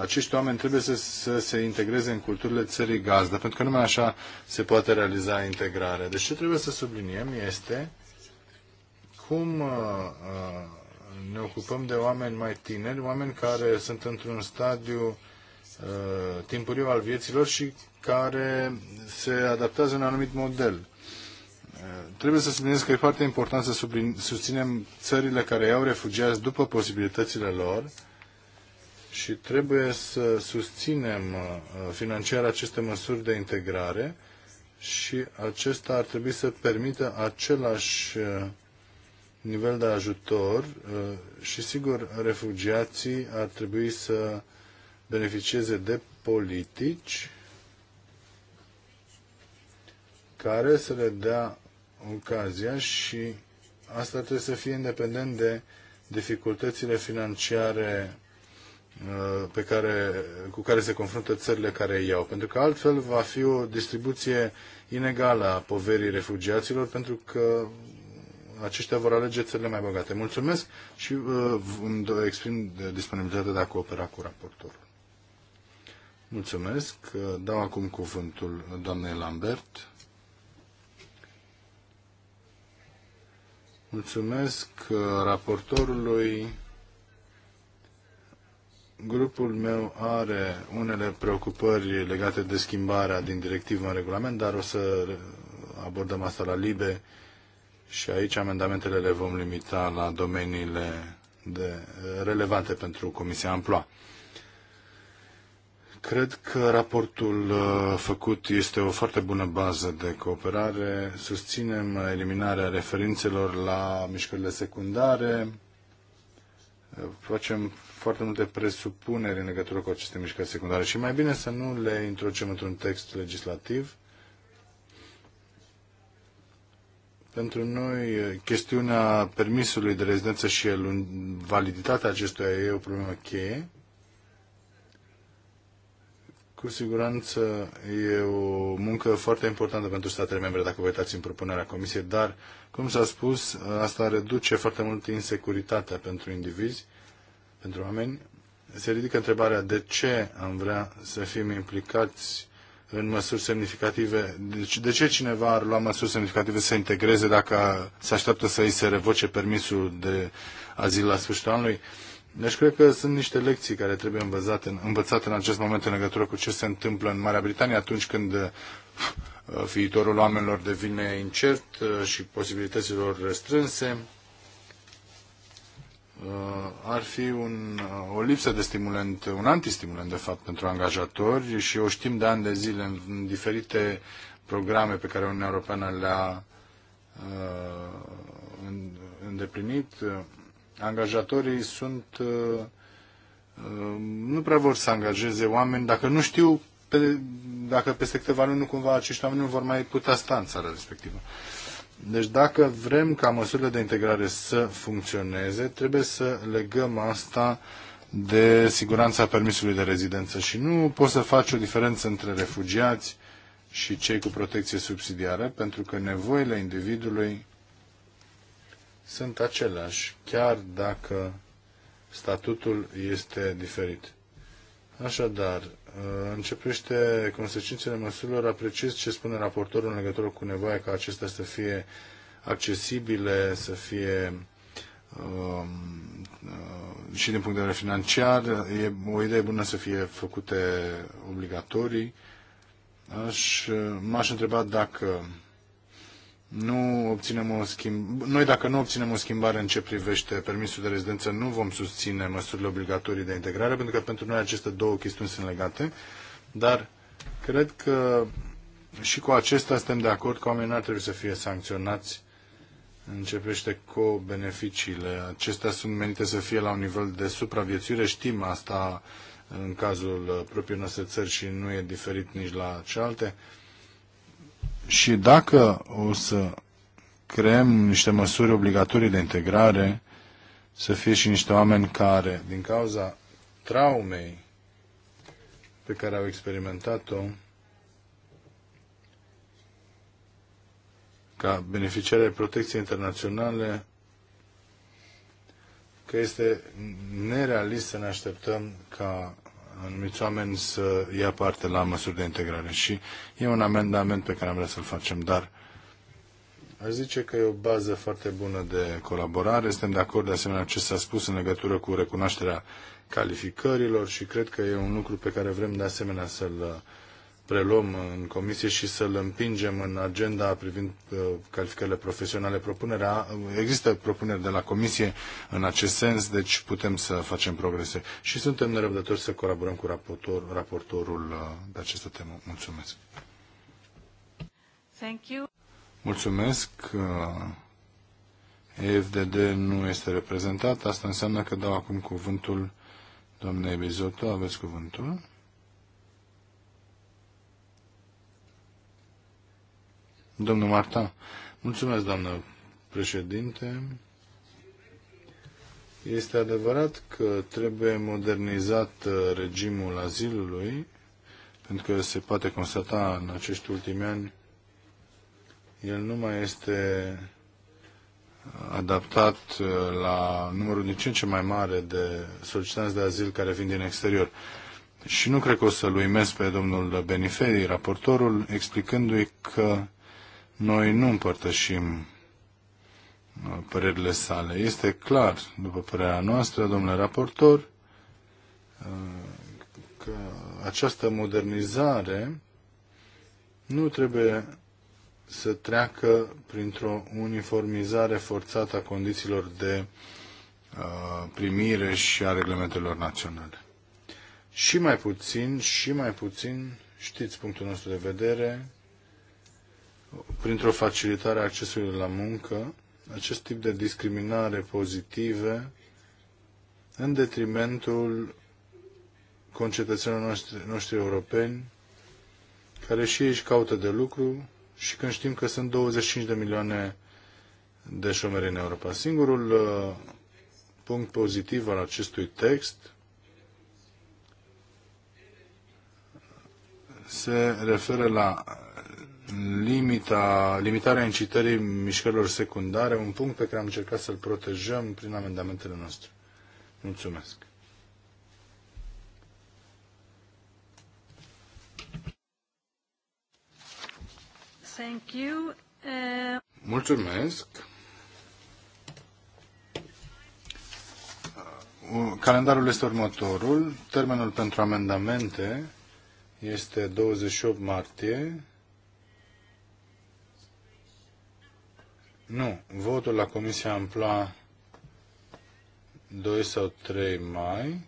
acești oameni trebuie să, să se integreze în culturile țării gazdă, pentru că numai așa se poate realiza integrarea. Deci ce trebuie să subliniem este cum uh, uh, ne ocupăm de oameni mai tineri, oameni care sunt într-un stadiu uh, timpuriu al vieților și care se adaptează în un anumit model. Trebuie să subliniez că e foarte important să susținem țările care iau refugiați după posibilitățile lor, și trebuie să susținem uh, financiar aceste măsuri de integrare și acesta ar trebui să permită același uh, nivel de ajutor uh, și, sigur, refugiații ar trebui să beneficieze de politici care să le dea ocazia și asta trebuie să fie independent de dificultățile financiare Uh, pe care, cu care se confruntă țările care iau. Pentru că altfel va fi o distribuție inegală a poverii refugiaților, pentru că aceștia vor alege țările mai bogate. Mulțumesc și uh, îmi exprim disponibilitatea de a coopera cu raportorul. Mulțumesc. Dau acum cuvântul doamnei Lambert. Mulțumesc uh, raportorului Grupul meu are unele preocupări legate de schimbarea din directivă în regulament, dar o să abordăm asta la libe și aici amendamentele le vom limita la domeniile de, relevante pentru Comisia Amploa. Cred că raportul uh, făcut este o foarte bună bază de cooperare. Susținem eliminarea referințelor la mișcările secundare. Uh, facem foarte multe presupuneri în legătură cu aceste mișcări secundare și mai bine să nu le introducem într-un text legislativ. Pentru noi, chestiunea permisului de rezidență și validitatea acestuia e o problemă cheie. Cu siguranță e o muncă foarte importantă pentru statele membre, dacă vă uitați în propunerea Comisiei, dar, cum s-a spus, asta reduce foarte mult insecuritatea pentru indivizi pentru oameni, se ridică întrebarea de ce am vrea să fim implicați în măsuri semnificative. Deci, de ce cineva ar lua măsuri semnificative să integreze dacă se așteaptă să îi se revoce permisul de azil la sfârșitul anului? Deci cred că sunt niște lecții care trebuie învățate, învățate în acest moment în legătură cu ce se întâmplă în Marea Britanie atunci când uh, viitorul oamenilor devine incert uh, și posibilităților restrânse. Uh, ar fi un, uh, o lipsă de stimulant, un antistimulant, de fapt, pentru angajatori și o știm de ani de zile în, în diferite programe pe care Uniunea Europeană le-a uh, îndeplinit. Angajatorii sunt nu prea vor să angajeze oameni dacă nu știu pe, dacă peste câteva luni nu cumva acești oameni nu vor mai putea sta în țara respectivă. Uh, deci dacă vrem ca măsurile de integrare să funcționeze, trebuie să legăm asta de siguranța permisului de rezidență și nu poți să faci o diferență între refugiați și cei cu protecție subsidiară, pentru că nevoile individului sunt aceleași, chiar dacă statutul este diferit. Așadar, Uh, începește consecințele măsurilor, apreciez ce spune raportorul în legătură cu nevoia ca acestea să fie accesibile, să fie um, uh, și din punct de vedere financiar. E o idee bună să fie făcute obligatorii. Aș, m-aș întreba dacă nu obținem o schimb... Noi, dacă nu obținem o schimbare în ce privește permisul de rezidență, nu vom susține măsurile obligatorii de integrare, pentru că pentru noi aceste două chestiuni sunt legate, dar cred că și cu acesta suntem de acord că oamenii nu ar trebui să fie sancționați Începește cu beneficiile. Acestea sunt menite să fie la un nivel de supraviețuire. Știm asta în cazul propriei noastre țări și nu e diferit nici la cealaltă. Și dacă o să creăm niște măsuri obligatorii de integrare, să fie și niște oameni care, din cauza traumei pe care au experimentat-o, ca beneficiare ai protecției internaționale, că este nerealist să ne așteptăm ca anumiți oameni să ia parte la măsuri de integrare. Și e un amendament pe care am vrea să-l facem, dar aș zice că e o bază foarte bună de colaborare. Suntem de acord de asemenea ce s-a spus în legătură cu recunoașterea calificărilor și cred că e un lucru pe care vrem de asemenea să-l preluăm în comisie și să-l împingem în agenda privind uh, calificările profesionale. Propunerea, uh, există propuneri de la comisie în acest sens, deci putem să facem progrese. Și suntem nerăbdători să colaborăm cu raportor, raportorul uh, de această temă. Mulțumesc. Thank you. Mulțumesc. EFDD nu este reprezentat. Asta înseamnă că dau acum cuvântul doamnei Bizotto. Aveți cuvântul. Domnul Marta. Mulțumesc, doamnă președinte. Este adevărat că trebuie modernizat uh, regimul azilului, pentru că se poate constata în acești ultimi ani, el nu mai este uh, adaptat uh, la numărul din ce în ce mai mare de solicitanți de azil care vin din exterior. Și nu cred că o să-l uimesc pe domnul Beniferi, raportorul, explicându-i că noi nu împărtășim uh, părerile sale. Este clar, după părerea noastră, domnule raportor, uh, că această modernizare nu trebuie să treacă printr-o uniformizare forțată a condițiilor de uh, primire și a reglementelor naționale. Și mai puțin, și mai puțin, știți punctul nostru de vedere, printr-o facilitare a accesului la muncă, acest tip de discriminare pozitive în detrimentul concetățenilor noștri, noștri europeni, care și ei își caută de lucru și când știm că sunt 25 de milioane de șomeri în Europa. Singurul uh, punct pozitiv al acestui text se referă la limita, limitarea incitării mișcărilor secundare, un punct pe care am încercat să-l protejăm prin amendamentele noastre. Mulțumesc. Thank you. Uh... Mulțumesc. Uh, calendarul este următorul. Termenul pentru amendamente este 28 martie Nu, votul la Comisia Ampla 2 sau 3 mai.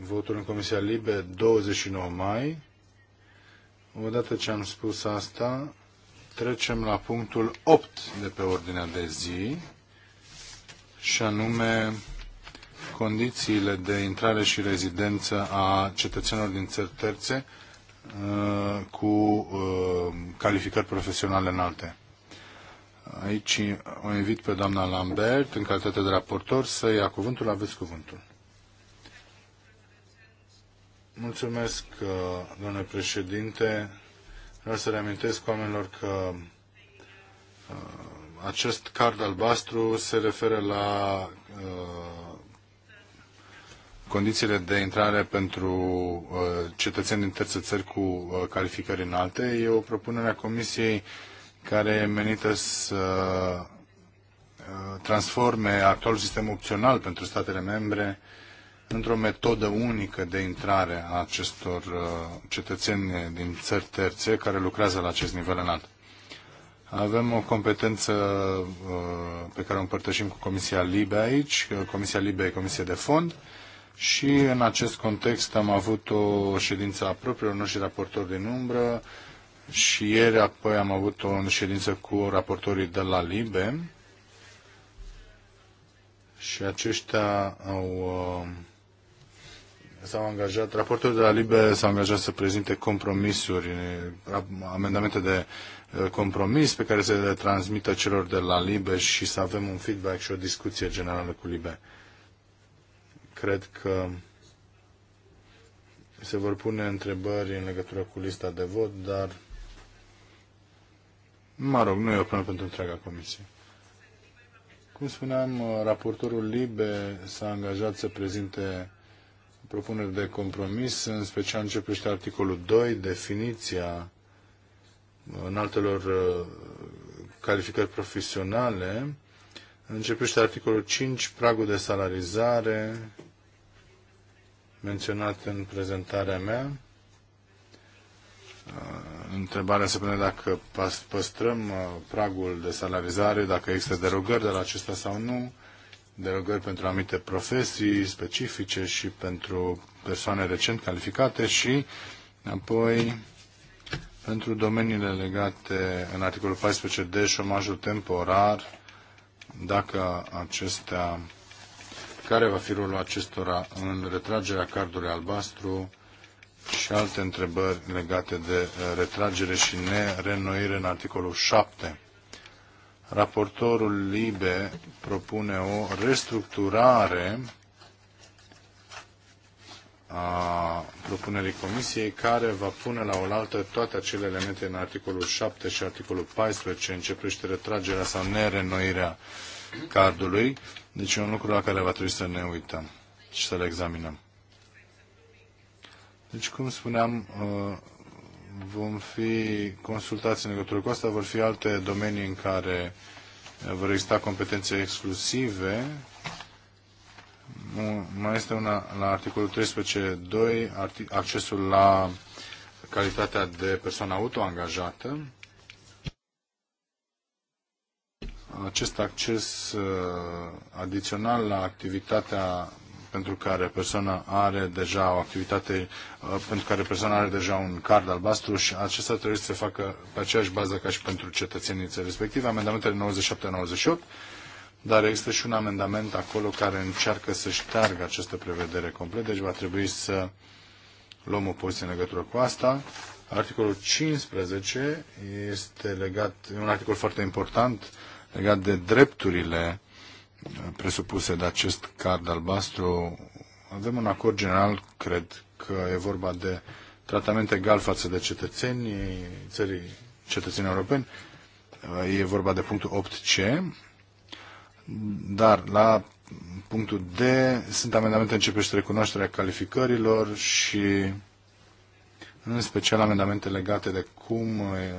Votul în Comisia Libe 29 mai. Odată ce am spus asta, trecem la punctul 8 de pe ordinea de zi și anume condițiile de intrare și rezidență a cetățenilor din țări terțe Uh, cu uh, calificări profesionale înalte. Aici o invit pe doamna Lambert, în calitate de raportor, să ia cuvântul. Aveți cuvântul. Mulțumesc, uh, domnule președinte. Vreau să reamintesc oamenilor că acest card albastru se referă la uh, condițiile de intrare pentru uh, cetățeni din terțe țări cu uh, calificări înalte. E o propunere a Comisiei care e menită să uh, transforme actualul sistem opțional pentru statele membre într-o metodă unică de intrare a acestor cetățeni din țări terțe care lucrează la acest nivel înalt. Avem o competență pe care o împărtășim cu Comisia Libe aici. Comisia Libe e Comisia de Fond și în acest context am avut o ședință a propriilor noștri raportori din umbră și ieri apoi am avut o ședință cu raportorii de la LIBE și aceștia au uh, s-au angajat, raportorii de la LIBE s-au angajat să prezinte compromisuri, amendamente de uh, compromis pe care să le transmită celor de la LIBE și să avem un feedback și o discuție generală cu LIBE cred că se vor pune întrebări în legătură cu lista de vot, dar mă rog, nu e o problemă pentru întreaga comisie. Cum spuneam, raportorul Libe s-a angajat să prezinte propuneri de compromis, în special privește articolul 2, definiția altelor uh, calificări profesionale, privește articolul 5, pragul de salarizare, menționat în prezentarea mea. Întrebarea se pune dacă păstrăm pragul de salarizare, dacă există derogări de la acesta sau nu, derogări pentru anumite profesii specifice și pentru persoane recent calificate și apoi pentru domeniile legate în articolul 14 de șomajul temporar, dacă acestea care va fi rolul acestora în retragerea cardului albastru și alte întrebări legate de uh, retragere și nerenoire în articolul 7. Raportorul LIBE propune o restructurare a propunerii comisiei care va pune la oaltă toate acele elemente în articolul 7 și articolul 14 ce începește retragerea sau nerenoirea uh, cardului. Deci e un lucru la care va trebui să ne uităm și să-l examinăm. Deci, cum spuneam, uh, vom fi consultați în legătură cu asta, vor fi alte domenii în care vor exista competențe exclusive. Mai este una la articolul 13.2, accesul la calitatea de persoană autoangajată. acest acces uh, adițional la activitatea pentru care persoana are deja o activitate, uh, pentru care persoana are deja un card albastru și acesta trebuie să se facă pe aceeași bază ca și pentru cetățenii țării respective, amendamentele 97-98, dar există și un amendament acolo care încearcă să șteargă această prevedere complet, deci va trebui să luăm o poziție în legătură cu asta. Articolul 15 este legat, e un articol foarte important, uh, legat de drepturile presupuse de acest card albastru, avem un acord general, cred că e vorba de tratament egal față de cetățenii țării cetățenii europeni. E vorba de punctul 8C, dar la punctul D sunt amendamente începește recunoașterea calificărilor și în special amendamente legate de cum eh,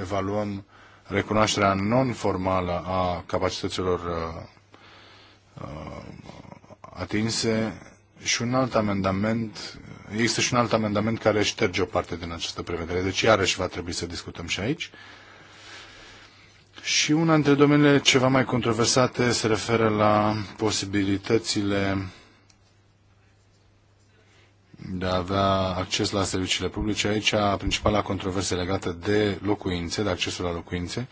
evaluăm recunoașterea non-formală a capacităților uh, uh, atinse și un alt amendament, există și un alt amendament care șterge o parte din această prevedere, deci iarăși va trebui să discutăm și aici. Și una dintre domeniile ceva mai controversate se referă la posibilitățile de a avea acces la serviciile publice. Aici principala controversă legată de locuințe, de accesul la locuințe,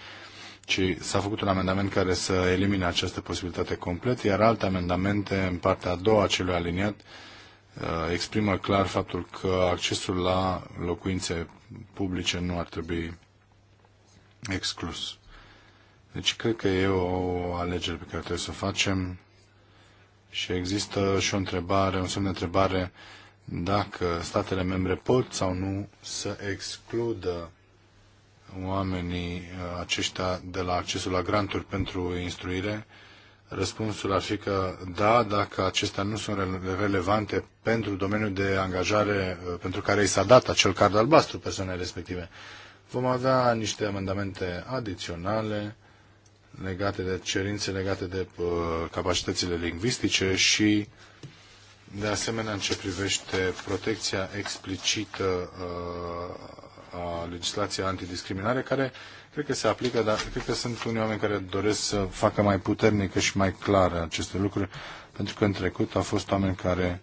ci s-a făcut un amendament care să elimine această posibilitate complet, iar alte amendamente în partea a doua celui aliniat uh, exprimă clar faptul că accesul la locuințe publice nu ar trebui exclus. Deci cred că e o alegere pe care trebuie să o facem și există și o întrebare, un semn de întrebare dacă statele membre pot sau nu să excludă oamenii uh, aceștia de la accesul la granturi pentru instruire, răspunsul ar fi că da, dacă acestea nu sunt relevante pentru domeniul de angajare uh, pentru care i s-a dat acel card albastru persoanei respective. Vom avea niște amendamente adiționale legate de cerințe legate de uh, capacitățile lingvistice și uh, de asemenea, în ce privește protecția explicită uh, a legislației antidiscriminare, care cred că se aplică, dar cred că sunt unii oameni care doresc să facă mai puternică și mai clară aceste lucruri, pentru că în trecut au fost oameni care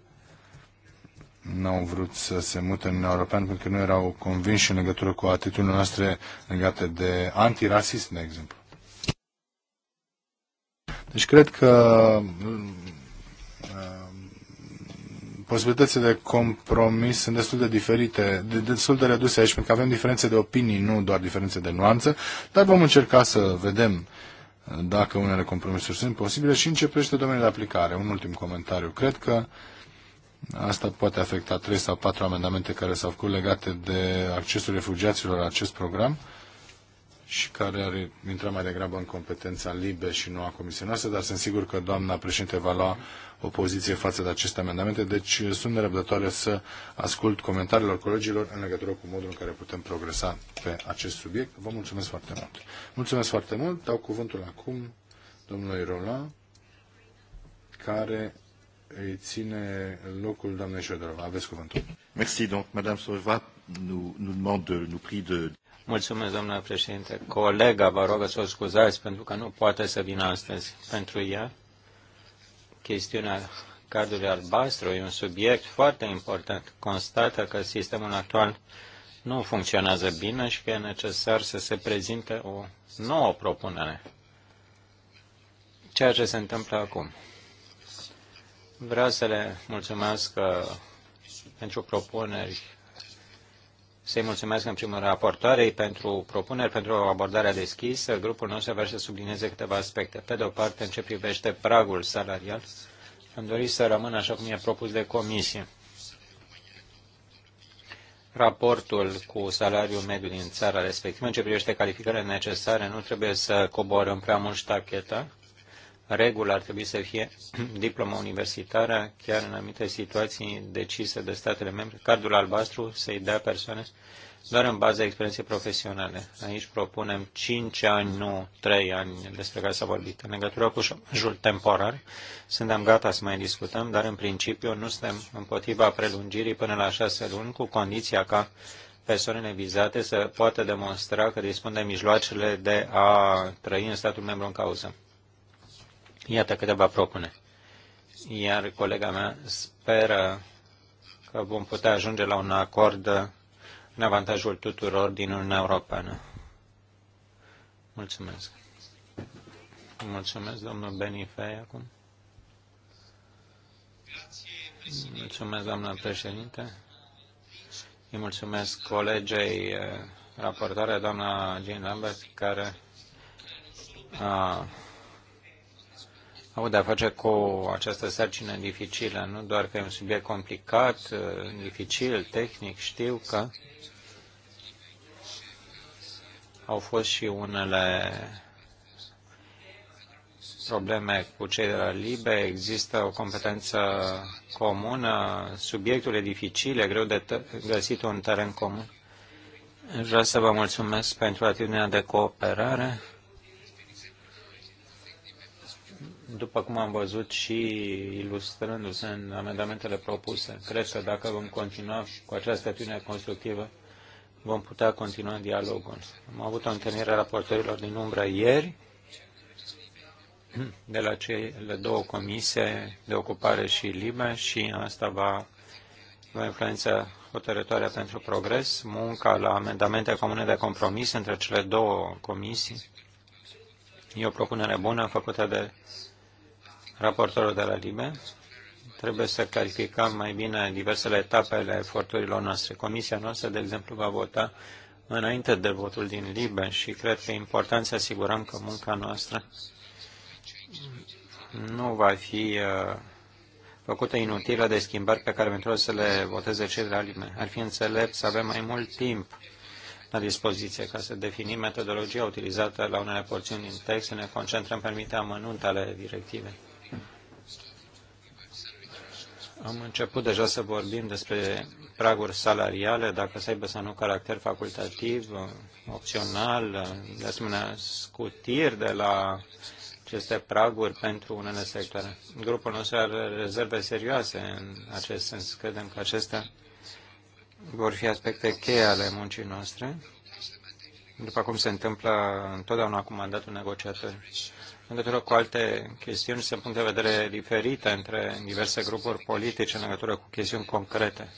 n-au vrut să se mute în Uniunea Europeană pentru că nu erau convinși în legătură cu atitudinile noastre legate de antirasism, de exemplu. Deci cred că posibilitățile de compromis sunt destul de diferite, de, destul de reduse aici, pentru că avem diferențe de opinii, nu doar diferențe de nuanță, dar vom încerca să vedem uh, dacă unele compromisuri sunt posibile și începește domeniul de aplicare. Un ultim comentariu. Cred că asta poate afecta trei sau patru amendamente care s-au făcut legate de accesul refugiaților la acest program și care ar intra mai degrabă în competența LIBE și nu a comisiei noastre, dar sunt sigur că doamna președinte va lua opoziție față de aceste amendamente, deci uh, sunt nerăbdătoare să ascult comentariilor colegilor în legătură cu modul în care putem progresa pe acest subiect. Vă mulțumesc foarte mult. Mulțumesc foarte mult. Dau cuvântul acum domnului Rola, care îi ține locul doamnei Șoderova. Aveți cuvântul. Merci. Donc, Madame Sorva nous, nous demande, nous prie de... Mulțumesc, domnule președinte. Colega, vă rog să o scuzați pentru că nu poate să vină astăzi. Pentru ea, chestiunea cardului albastru e un subiect foarte important. Constată că sistemul actual nu funcționează bine și că e necesar să se prezinte o nouă propunere. Ceea ce se întâmplă acum. Vreau să le mulțumesc uh, pentru propuneri să-i mulțumesc în primul rând raportoarei pentru propuneri, pentru abordarea deschisă. Grupul nostru vrea să sublinieze câteva aspecte. Pe de o parte, în ce privește pragul salarial, am dorit să rămână așa cum e propus de comisie. Raportul cu salariul mediu din țara respectivă, în ce privește calificările necesare, nu trebuie să coborăm prea mult ștacheta regulă ar trebui să fie diploma universitară, chiar în anumite situații decise de statele membre, cardul albastru să-i dea persoane doar în baza experienței profesionale. Aici propunem 5 ani, nu 3 ani despre care s-a vorbit. În legătură cu șomajul temporar, suntem gata să mai discutăm, dar în principiu nu suntem împotriva prelungirii până la 6 luni, cu condiția ca persoanele vizate să poată demonstra că dispun de mijloacele de a trăi în statul membru în cauză. Iată câteva propuneri. Iar colega mea speră că vom putea ajunge la un acord în avantajul tuturor din Uniunea Europeană. Mulțumesc. Mulțumesc, domnul Benifei, acum. Mulțumesc, doamnă președinte. Îi mulțumesc colegei eh, raportoare, doamna Jean Lambert, care a au de-a face cu această sarcină dificilă. Nu doar că e un subiect complicat, uh, dificil, tehnic, știu că au fost și unele probleme cu cei de la LIBE, există o competență comună, subiectul e dificil, e greu de găsit un teren comun. Vreau să vă mulțumesc pentru atitudinea de cooperare. după cum am văzut și ilustrându-se în amendamentele propuse, cred că dacă vom continua cu această atitudine constructivă, vom putea continua dialogul. Am avut o întâlnire a raportorilor din umbră ieri, de la cele două comise de ocupare și limbă și asta va, o influență hotărătoare pentru progres, munca la amendamente comune de compromis între cele două comisii. E o propunere bună făcută de raportorul de la Libe. Trebuie să clarificăm mai bine diversele etape ale eforturilor noastre. Comisia noastră, de exemplu, va vota înainte de votul din Libe și cred că e important să asigurăm că munca noastră nu va fi uh, făcută inutilă de schimbări pe care pentru să le voteze cei de la Libe. Ar fi înțelept să avem mai mult timp la dispoziție ca să definim metodologia utilizată la unele porțiuni din text, să ne concentrăm pe anumite amănunte ale directivei. Am început deja să vorbim despre praguri salariale, dacă să aibă să nu caracter facultativ, opțional, de asemenea scutiri de la aceste praguri pentru unele sectoare. Grupul nostru are rezerve serioase în acest sens. Credem că acestea vor fi aspecte cheie ale muncii noastre, după cum se întâmplă întotdeauna cu mandatul negociatorului în legătură cu alte chestiuni sunt puncte de vedere diferite între diverse grupuri politice în legătură cu chestiuni concrete.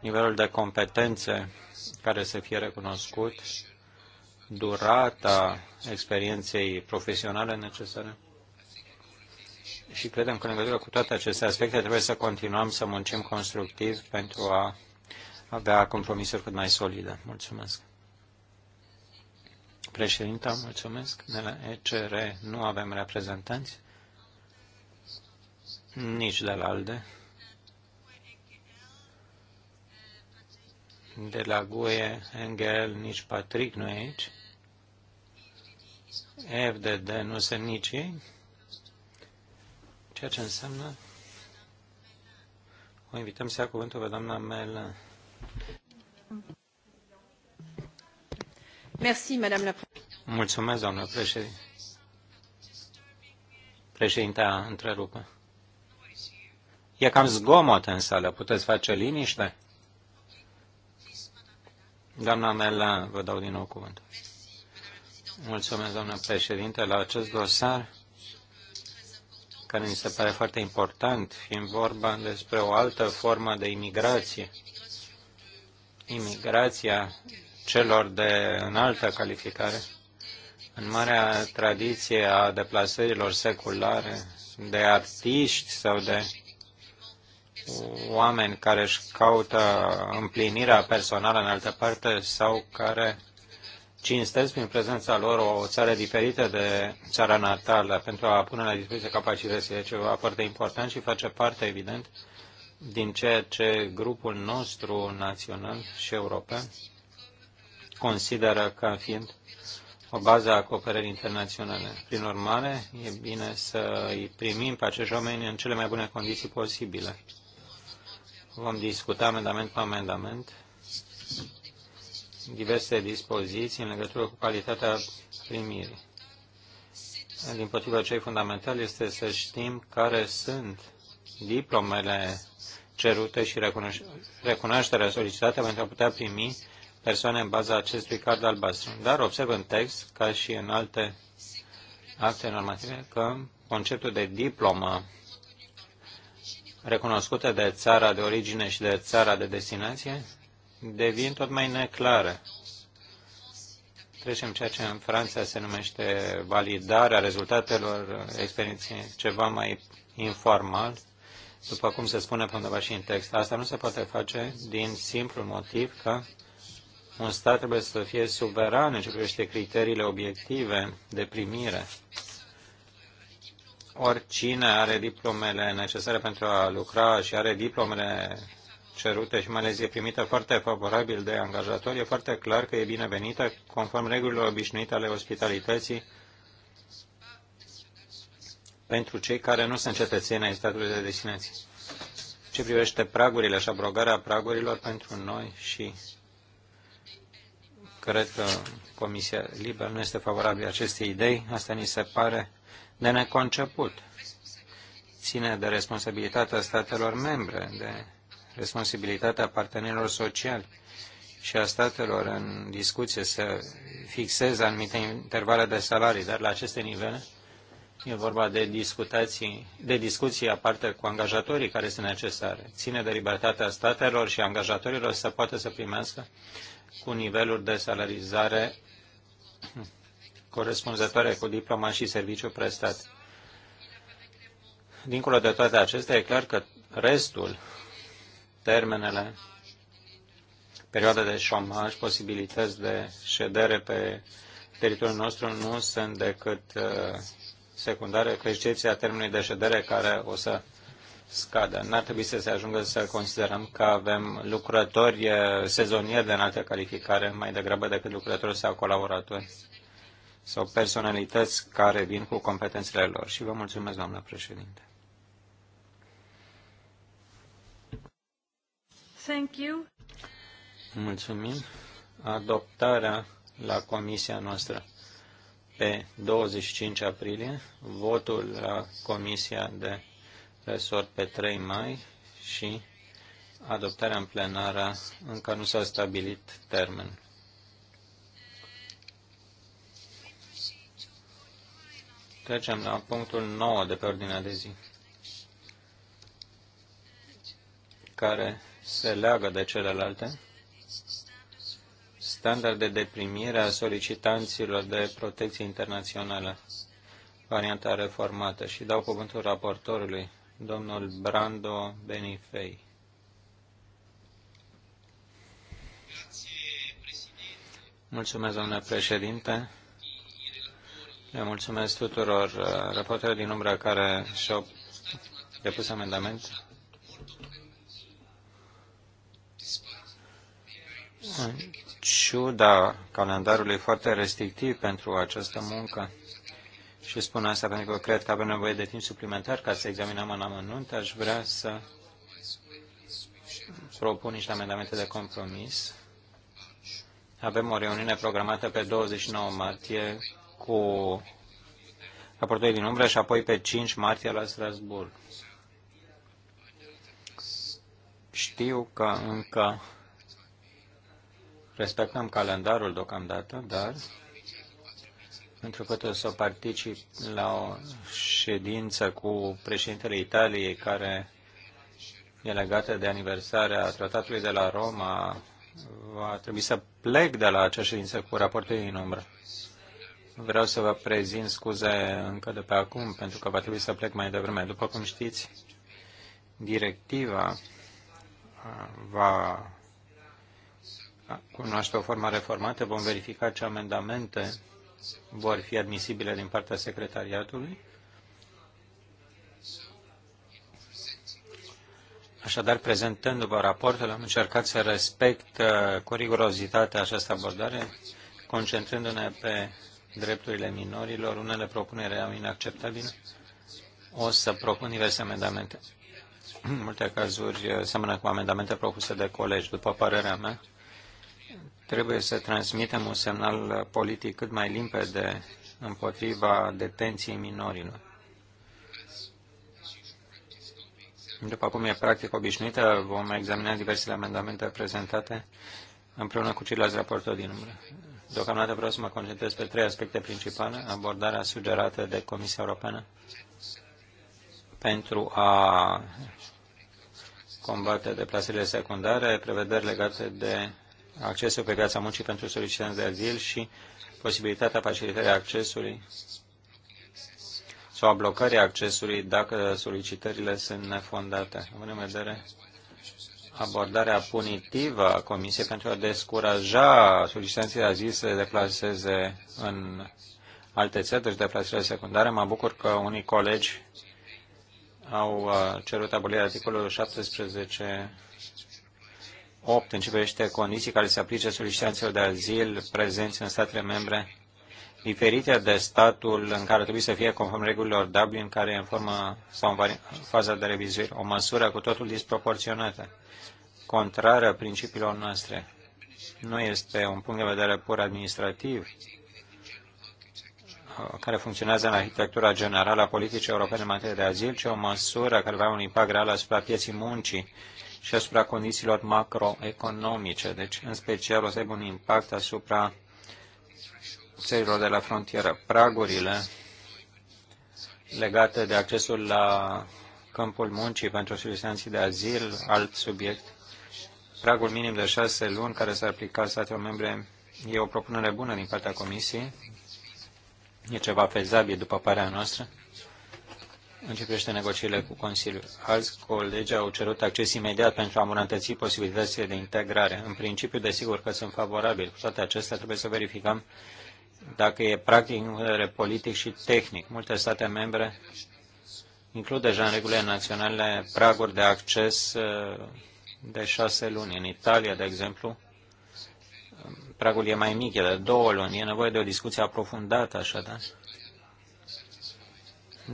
Nivelul de competențe care să fie recunoscut, durata experienței profesionale necesare. Și credem că în legătură cu toate aceste aspecte trebuie să continuăm să muncim constructiv pentru a avea compromisuri cât mai solide. Mulțumesc. Președinte, mulțumesc. De la ECR nu avem reprezentanți, nici de la ALDE. De la GUE, Engel, nici Patrick nu e aici. FDD nu sunt nici ei. Ceea ce înseamnă o invităm să ia cuvântul pe doamna Mel. Mulțumesc, doamnă președinte. Președinta întrerupă. E cam zgomot în sală. Puteți face liniște? Doamna Mela, vă dau din nou cuvântul. Mulțumesc, doamnă președinte, la acest dosar care mi se pare foarte important, fiind vorba despre o altă formă de imigrație. Imigrația celor de înaltă calificare, în marea tradiție a deplasărilor seculare, de artiști sau de oameni care își caută împlinirea personală în altă parte sau care cinstesc prin prezența lor o țară diferită de țara natală pentru a pune la dispoziție capacitățile, deci ceva foarte important și face parte, evident, din ceea ce grupul nostru național și european consideră ca fiind o bază a cooperării internaționale. Prin urmare, e bine să îi primim pe acești oameni în cele mai bune condiții posibile. Vom discuta amendament pe amendament diverse dispoziții în legătură cu calitatea primirii. Din potriva cei fundamental este să știm care sunt diplomele cerute și recunoașterea solicitată pentru a putea primi persoane în baza acestui card albastru. Dar observ în text, ca și în alte acte normative, că conceptul de diplomă recunoscută de țara de origine și de țara de destinație devin tot mai neclare. Trecem ceea ce în Franța se numește validarea rezultatelor experienței, ceva mai informal, după cum se spune pe undeva și în text. Asta nu se poate face din simplul motiv că un stat trebuie să fie suveran în ce privește criteriile obiective de primire. Oricine are diplomele necesare pentru a lucra și are diplomele cerute și mai ales e primită foarte favorabil de angajatori, e foarte clar că e binevenită conform regulilor obișnuite ale ospitalității pentru cei care nu sunt cetățeni ai statului de destinație. Ce privește pragurile și abrogarea pragurilor pentru noi și Cred că Comisia Liberă nu este favorabilă acestei idei. Asta ni se pare de neconceput. Ține de responsabilitatea statelor membre, de responsabilitatea partenerilor sociali și a statelor în discuție să fixeze anumite intervale de salarii, dar la aceste nivele e vorba de, discuții, de discuții aparte cu angajatorii care sunt necesare. Ține de libertatea statelor și angajatorilor să poată să primească cu niveluri de salarizare corespunzătoare cu diploma și serviciu prestat. Dincolo de toate acestea, e clar că restul, termenele, perioada de șomaj, posibilități de ședere pe teritoriul nostru nu sunt decât uh, secundare, cu excepția termenului de ședere care o să scadă. N-ar trebui să se ajungă să considerăm că avem lucrători eh, sezonieri de înaltă calificare mai degrabă decât lucrători sau colaboratori sau personalități care vin cu competențele lor. Și vă mulțumesc, doamnă președinte. Thank you. Mulțumim. Adoptarea la comisia noastră pe 25 aprilie, votul la comisia de resort pe 3 mai și adoptarea în plenară încă nu s-a stabilit termen. Trecem la punctul 9 de pe ordinea de zi, care se leagă de celelalte standarde de primire a solicitanților de protecție internațională, varianta reformată. Și dau cuvântul raportorului, domnul Brando Benifei. Mulțumesc, domnule președinte. Le mulțumesc tuturor uh, raportelor din umbră care și-au depus amendament. În ciuda calendarului foarte restrictiv pentru această muncă, și spun asta pentru că cred că avem nevoie de timp suplimentar ca să examinăm în amănunt, aș vrea să propun niște amendamente de compromis. Avem o reuniune programată pe 29 martie cu raportorii din umbră și apoi pe 5 martie la Strasburg. Știu că încă respectăm calendarul deocamdată, dar pentru că o să particip la o ședință cu președintele Italiei, care e legată de aniversarea tratatului de la Roma. Va trebui să plec de la acea ședință cu raportul în umbră. Vreau să vă prezint scuze încă de pe acum, pentru că va trebui să plec mai devreme. După cum știți, directiva uh, va cunoaște o formă reformată. Vom verifica ce amendamente vor fi admisibile din partea secretariatului. Așadar, prezentându-vă raportul, am încercat să respect uh, cu rigurozitate această abordare, concentrându-ne pe drepturile minorilor. Unele propuneri au inacceptabile. O să propun diverse amendamente. În multe cazuri uh, seamănă cu amendamente propuse de colegi, după părerea mea Trebuie să transmitem un semnal politic cât mai limpede împotriva detenției minorilor. După cum e practic obișnuită, vom examina diversele amendamente prezentate împreună cu ceilalți raportori din umbră. Deocamdată vreau să mă concentrez pe trei aspecte principale. Abordarea sugerată de Comisia Europeană pentru a combate deplasările secundare, prevederi legate de accesul pe piața muncii pentru solicitanți de azil și posibilitatea facilitării accesului sau a blocării accesului dacă solicitările sunt nefondate. Având în vedere abordarea punitivă a Comisiei pentru a descuraja solicitanții de azil să se deplaseze în alte țări, deci deplasările secundare. Mă bucur că unii colegi au uh, cerut abolirea articolului 17 8 în ce privește condiții care se aplice solicitanților de azil prezenți în statele membre diferite de statul în care trebuie să fie conform regulilor Dublin, care e în formă sau în faza de revizuire, o măsură cu totul disproporționată, contrară principiilor noastre. Nu este un punct de vedere pur administrativ uh, care funcționează în arhitectura generală a politicii europene în materie de azil, ci o măsură care va avea un impact real asupra pieții muncii și asupra condițiilor macroeconomice. Deci, în special, o să aibă un impact asupra țărilor de la frontieră. Pragurile legate de accesul la câmpul muncii pentru solicitanții de azil, alt subiect, pragul minim de șase luni care s-ar aplica statelor membre e o propunere bună din partea Comisiei. E ceva fezabil, după părerea noastră începește negocierile cu Consiliul. Alți colegi au cerut acces imediat pentru a îmbunătăți posibilitățile de integrare. În principiu, desigur că sunt favorabil. Cu toate acestea, trebuie să verificăm dacă e practic în vedere politic și tehnic. Multe state membre includ deja în regulile naționale praguri de acces uh, de șase luni. În Italia, de exemplu, pragul e mai mic, e de două luni. E nevoie de o discuție aprofundată, așadar. Da?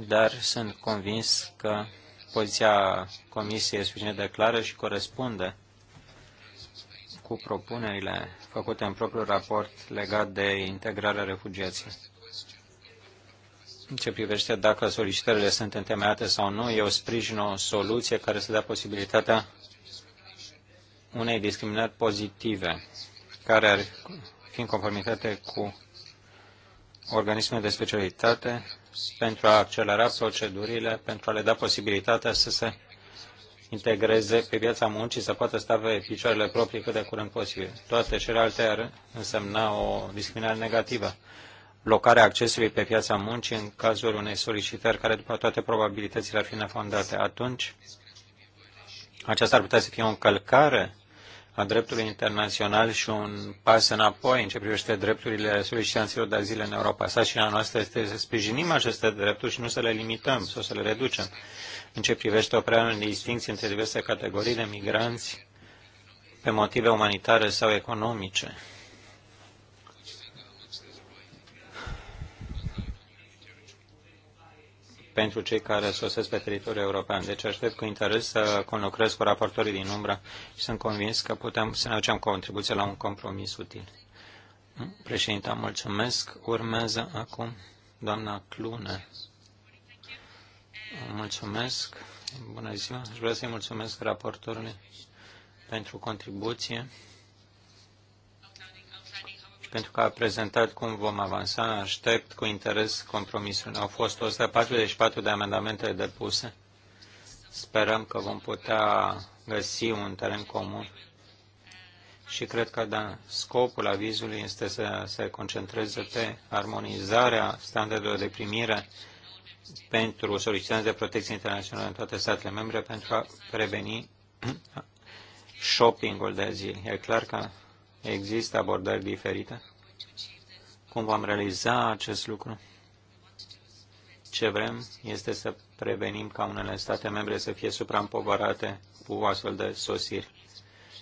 dar sunt convins că poziția Comisiei este suficient de clară și corespunde cu propunerile făcute în propriul raport legat de integrarea refugiaților. În ce privește dacă solicitările sunt întemeiate sau nu, eu sprijin o soluție care să dea posibilitatea unei discriminări pozitive, care ar fi în conformitate cu organismele de specialitate, pentru a accelera procedurile, pentru a le da posibilitatea să se integreze pe viața muncii, să poată sta pe picioarele proprii cât de curând posibil. Toate celelalte ar însemna o discriminare negativă. Blocarea accesului pe piața muncii în cazul unei solicitări care, după toate probabilitățile, ar fi nefondate. Atunci, aceasta ar putea să fie o încălcare a dreptului internațional și un pas înapoi în ce privește drepturile solicitanților de azil în Europa. Sarcina noastră este să sprijinim aceste drepturi și nu să le limităm sau să le reducem. În ce privește operarea în distinție între diverse categorii de migranți pe motive umanitare sau economice. pentru cei care sosesc pe teritoriul european. Deci aștept cu interes să conlucrez cu raportorii din umbră și sunt convins că putem să ne aducem contribuție la un compromis util. Președinte, mulțumesc. Urmează acum doamna Clune. Mulțumesc. Bună ziua. Aș vrea să-i mulțumesc raportorului pentru contribuție pentru că a prezentat cum vom avansa. Aștept cu interes compromisul. Au fost 144 de amendamente depuse. Sperăm că vom putea găsi un teren comun. Și cred că da, scopul avizului este să se concentreze pe armonizarea standardelor de primire pentru solicitanți de protecție internațională în toate statele membre pentru a preveni shoppingul de zi. E clar că Există abordări diferite? Cum vom realiza acest lucru? Ce vrem este să prevenim ca unele state membre să fie supraîmpovărate cu astfel de sosiri.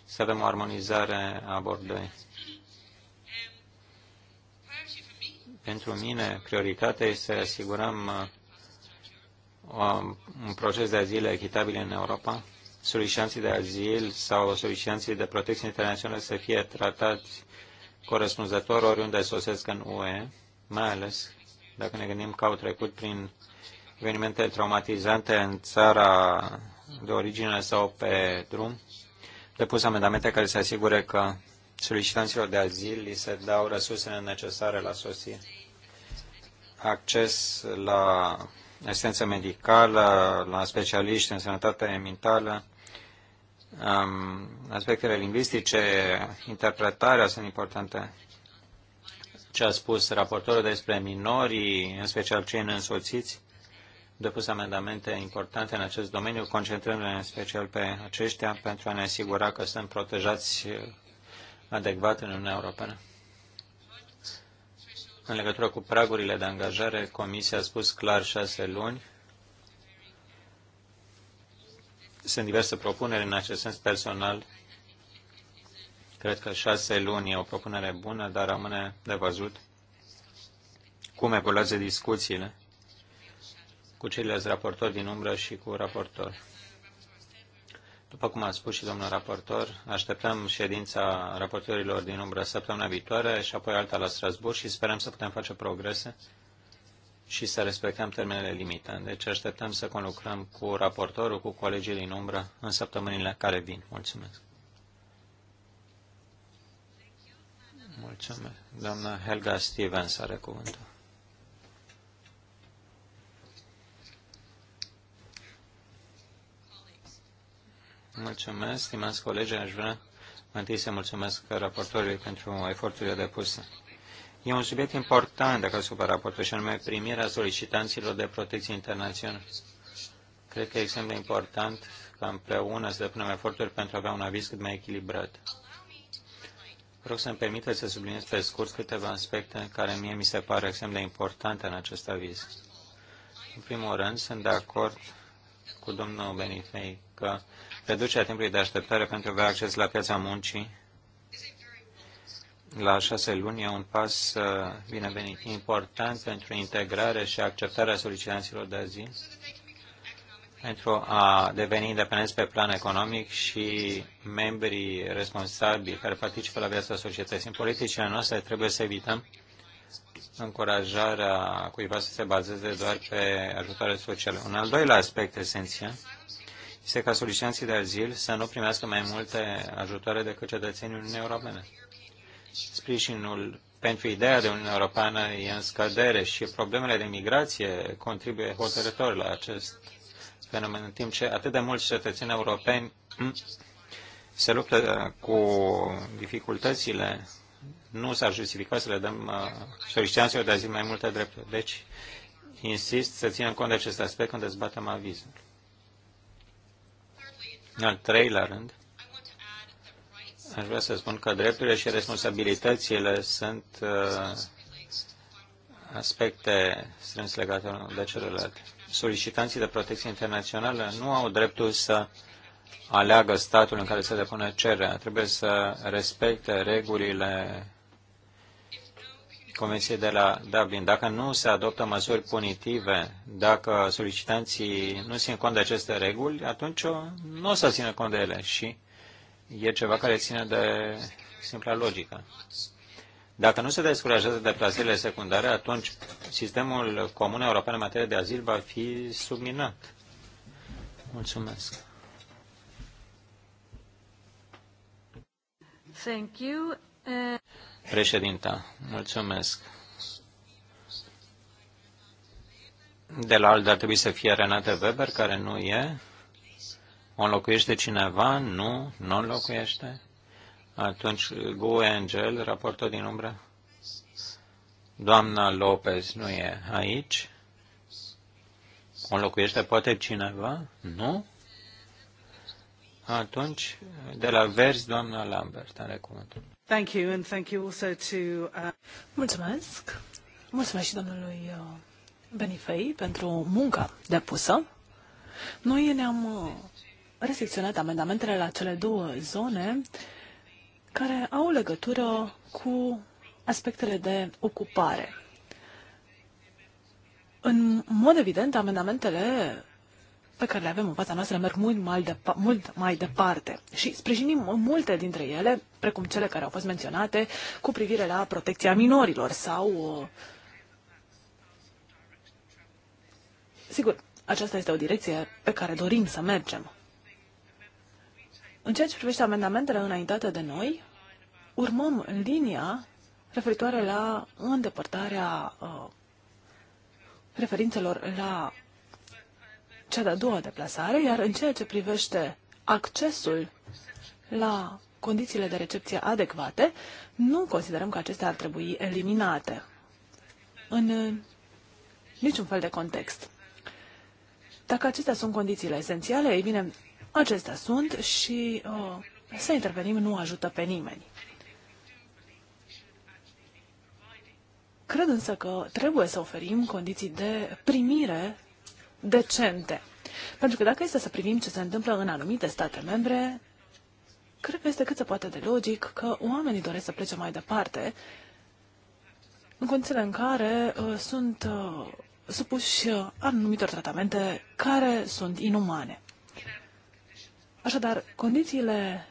Să avem o armonizare a abordării. Pentru mine, prioritatea este să asigurăm uh, un proces de azil echitabil în Europa solicitanții de azil sau solicitanții de protecție internațională să fie tratați corespunzător oriunde sosesc în UE, mai ales dacă ne gândim că au trecut prin evenimente traumatizante în țara de origine sau pe drum, depus amendamente care se asigure că solicitanților de azil li se dau resursele necesare la sosie. Acces la asistență medicală, la specialiști în sănătate mentală, aspectele lingvistice, interpretarea sunt importante. Ce a spus raportorul despre minorii, în special cei însoțiți, depus amendamente importante în acest domeniu, concentrându-ne în special pe aceștia pentru a ne asigura că sunt protejați adecvat în Uniunea Europeană. În legătură cu pragurile de angajare, Comisia a spus clar șase luni, Sunt diverse propuneri în acest sens personal. Cred că șase luni e o propunere bună, dar rămâne de văzut cum evoluează discuțiile cu ceilalți raportori din umbră și cu raportor. După cum a spus și domnul raportor, așteptăm ședința raportorilor din umbră săptămâna viitoare și apoi alta la Strasburg și sperăm să putem face progrese și să respectăm termenele limită. Deci așteptăm să conlucrăm cu raportorul, cu colegii din umbră în săptămânile care vin. Mulțumesc. Mulțumesc. Doamna Helga Stevens are cuvântul. Mulțumesc, stimați colegi, aș vrea întâi să mulțumesc raportorului pentru eforturile depuse. E un subiect important dacă supă raportul și anume primirea solicitanților de protecție internațională. Cred că e exemplu important ca împreună să depunem eforturi pentru a avea un aviz cât mai echilibrat. Vreau să-mi permite să subliniez pe scurt câteva aspecte care mie mi se pare extrem de importante în acest aviz. În primul rând, sunt de acord cu domnul Benifei că reducerea timpului de așteptare pentru a avea acces la piața muncii la șase luni e un pas uh, binevenit, important pentru integrare și acceptarea solicitanților de azil, pentru a deveni independenți pe plan economic și membrii responsabili care participă la viața societății. În politicile noastre trebuie să evităm încurajarea cuiva să se bazeze doar pe ajutoare sociale. Un al doilea aspect esențial este ca solicitanții de azil să nu primească mai multe ajutoare decât cetățenii Uniunii Europene sprijinul pentru ideea de Uniune Europeană e în scădere și problemele de migrație contribuie hotărător la acest fenomen, în timp ce atât de mulți cetățeni europeni se luptă cu dificultățile, nu s-ar justifica să le dăm uh, solicitanților de azi mai multe drepturi. Deci, insist să ținem cont de acest aspect când dezbatem avizul. În al treilea rând, Aș vrea să spun că drepturile și responsabilitățile sunt uh, aspecte strâns legate de celălalt. Solicitanții de protecție internațională nu au dreptul să aleagă statul în care se depune cererea. Trebuie să respecte regulile Convenției de la Dublin. Dacă nu se adoptă măsuri punitive, dacă solicitanții nu țin cont de aceste reguli, atunci nu o să țină cont de ele și e ceva care ține de simpla logică. Dacă nu se descurajează deplasările secundare, atunci sistemul comun european în materie de azil va fi subminat. Mulțumesc. Thank you. Uh, Președinta, mulțumesc. De la alt ar trebui să fie Renate Weber, care nu e. O înlocuiește cineva? Nu, nu înlocuiește. Atunci, Gu Angel, raportă din umbră. Doamna Lopez nu e aici. O înlocuiește poate cineva? Nu? Atunci, de la vers doamna Lambert, are cuvântul. Thank you and thank you also to, uh... Mulțumesc. Mulțumesc și domnului uh, Benifei pentru munca depusă. Noi ne-am uh, restricționat amendamentele la cele două zone care au legătură cu aspectele de ocupare. În mod evident, amendamentele pe care le avem în fața noastră merg mult mai, depa- mult mai departe și sprijinim multe dintre ele, precum cele care au fost menționate, cu privire la protecția minorilor sau. Uh, sigur, aceasta este o direcție pe care dorim să mergem. În ceea ce privește amendamentele înaintate de noi, urmăm linia referitoare la îndepărtarea uh, referințelor la cea de-a doua deplasare, iar în ceea ce privește accesul la condițiile de recepție adecvate, nu considerăm că acestea ar trebui eliminate în niciun fel de context. Dacă acestea sunt condițiile esențiale, ei bine, Acestea sunt și uh, să intervenim nu ajută pe nimeni. Cred însă că trebuie să oferim condiții de primire decente. Pentru că dacă este să privim ce se întâmplă în anumite state membre, cred că este cât se poate de logic că oamenii doresc să plece mai departe în condițiile în care uh, sunt uh, supuși uh, anumitor tratamente care sunt inumane. Așadar, condițiile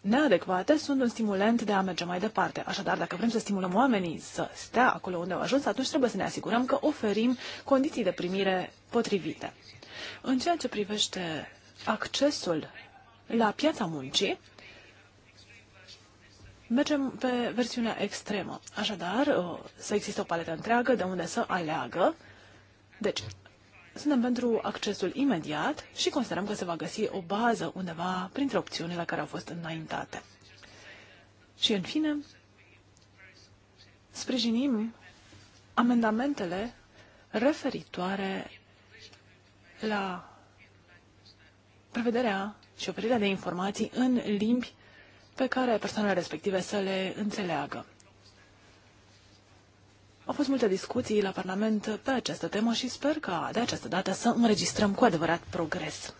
neadecvate sunt un stimulant de a merge mai departe. Așadar, dacă vrem să stimulăm oamenii să stea acolo unde au ajuns, atunci trebuie să ne asigurăm că oferim condiții de primire potrivite. În ceea ce privește accesul la piața muncii, mergem pe versiunea extremă. Așadar, să existe o paletă întreagă de unde să aleagă. Deci, suntem pentru accesul imediat și considerăm că se va găsi o bază undeva printre opțiunile care au fost înaintate. Și în fine, sprijinim amendamentele referitoare la prevederea și oferirea de informații în limbi pe care persoanele respective să le înțeleagă. Au fost multe discuții la Parlament pe această temă și sper că de această dată să înregistrăm cu adevărat progres.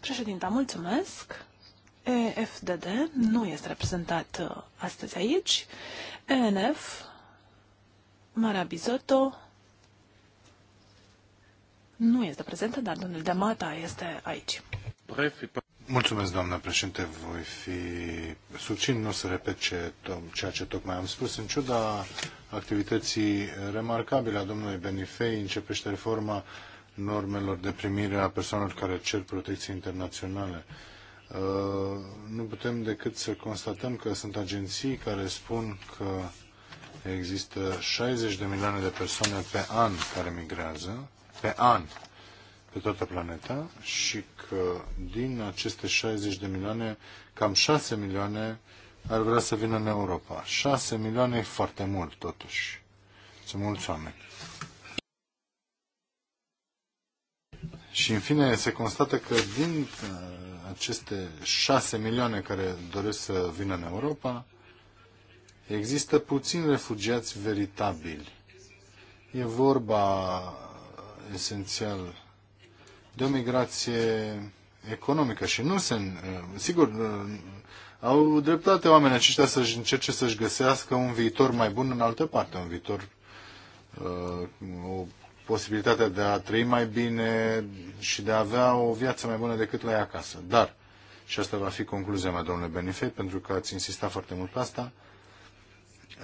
Președinta, mulțumesc. EFDD nu este reprezentat uh, astăzi aici. ENF, Marea Bizotto, nu este prezentă, dar domnul Demata este aici. Bref, Mulțumesc, doamnă președinte. Voi fi succint, nu o să repet ce, ceea ce tocmai am spus. În ciuda activității remarcabile a domnului Benifei, începește reforma normelor de primire a persoanelor care cer protecție internaționale. Uh, nu putem decât să constatăm că sunt agenții care spun că există 60 de milioane de persoane pe an care migrează, pe an, pe toată planeta și că din aceste 60 de milioane, cam 6 milioane ar vrea să vină în Europa. 6 milioane e foarte mult, totuși. Sunt mulți oameni. Și în fine se constată că din uh, aceste 6 milioane care doresc să vină în Europa, există puțini refugiați veritabili. E vorba uh, esențial de o migrație economică și nu se... Uh, sigur, uh, au dreptate oamenii aceștia să-și încerce să-și găsească un viitor mai bun în altă parte, un viitor, uh, o posibilitate de a trăi mai bine și de a avea o viață mai bună decât la ea acasă. Dar, și asta va fi concluzia mea, domnule Benifei, pentru că ați insistat foarte mult pe asta,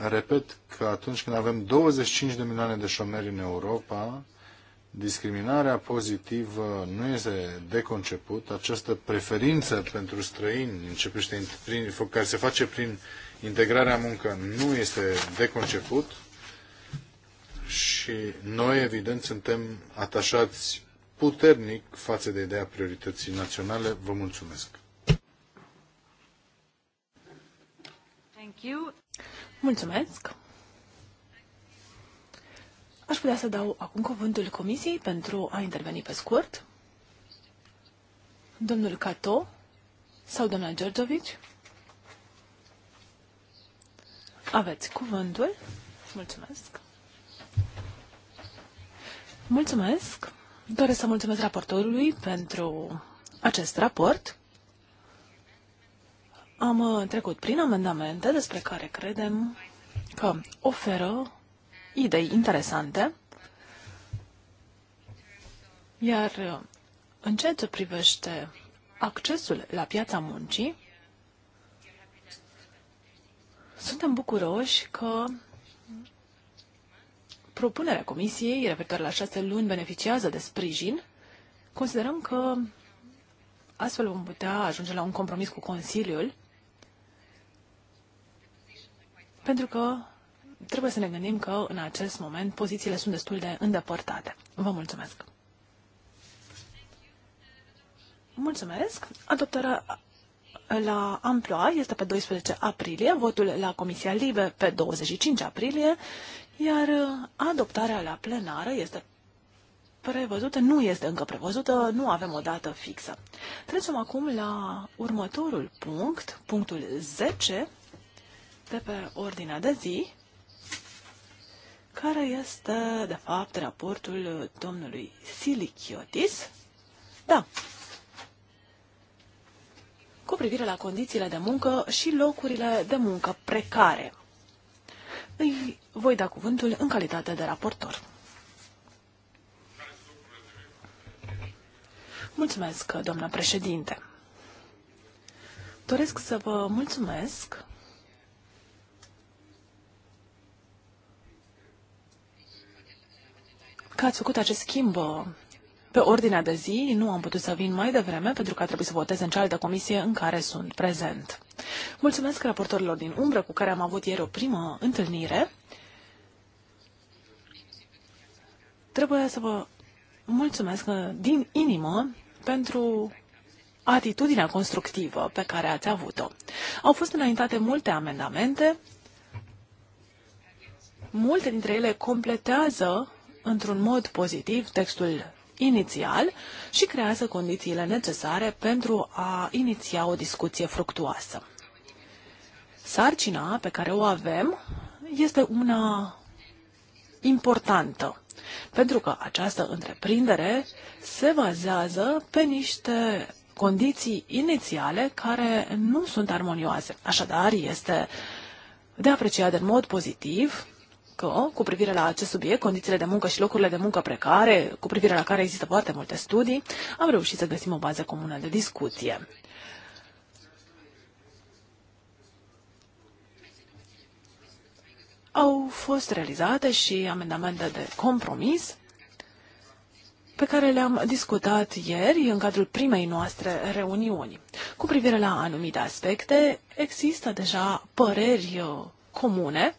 repet că atunci când avem 25 de milioane de șomeri în Europa, Discriminarea pozitivă nu este de conceput. Această preferință pentru străini începește prin, care se face prin integrarea muncă nu este de conceput și noi, evident, suntem atașați puternic față de ideea priorității naționale. Vă mulțumesc! Mulțumesc! Aș putea să dau acum cuvântul Comisiei pentru a interveni pe scurt. Domnul Cato sau doamna Georgovici? Aveți cuvântul. Mulțumesc. Mulțumesc. Doresc să mulțumesc raportorului pentru acest raport. Am trecut prin amendamente despre care credem că oferă idei interesante. Iar uh, în ceea ce privește accesul la piața muncii, suntem bucuroși că propunerea Comisiei referitoare la șase luni beneficiază de sprijin. Considerăm că astfel vom putea ajunge la un compromis cu Consiliul, pentru că trebuie să ne gândim că în acest moment pozițiile sunt destul de îndepărtate. Vă mulțumesc! Mulțumesc! Adoptarea la Amploa este pe 12 aprilie, votul la Comisia Libe pe 25 aprilie, iar adoptarea la plenară este prevăzută, nu este încă prevăzută, nu avem o dată fixă. Trecem acum la următorul punct, punctul 10 de pe ordinea de zi, care este, de fapt, raportul domnului Silichiotis. Da. Cu privire la condițiile de muncă și locurile de muncă precare. Îi voi da cuvântul în calitate de raportor. Mulțumesc, doamna președinte. Doresc să vă mulțumesc că ați făcut acest schimb uh, pe ordinea de zi. Nu am putut să vin mai devreme pentru că a trebuit să votez în cealaltă comisie în care sunt prezent. Mulțumesc raportorilor din umbră cu care am avut ieri o primă întâlnire. Trebuie să vă mulțumesc uh, din inimă pentru atitudinea constructivă pe care ați avut-o. Au fost înaintate multe amendamente, multe dintre ele completează într-un mod pozitiv textul inițial și creează condițiile necesare pentru a iniția o discuție fructuoasă. Sarcina pe care o avem este una importantă, pentru că această întreprindere se bazează pe niște condiții inițiale care nu sunt armonioase. Așadar, este de apreciat în mod pozitiv că, cu privire la acest subiect, condițiile de muncă și locurile de muncă precare, cu privire la care există foarte multe studii, am reușit să găsim o bază comună de discuție. Au fost realizate și amendamente de compromis pe care le-am discutat ieri în cadrul primei noastre reuniuni. Cu privire la anumite aspecte, există deja păreri uh, comune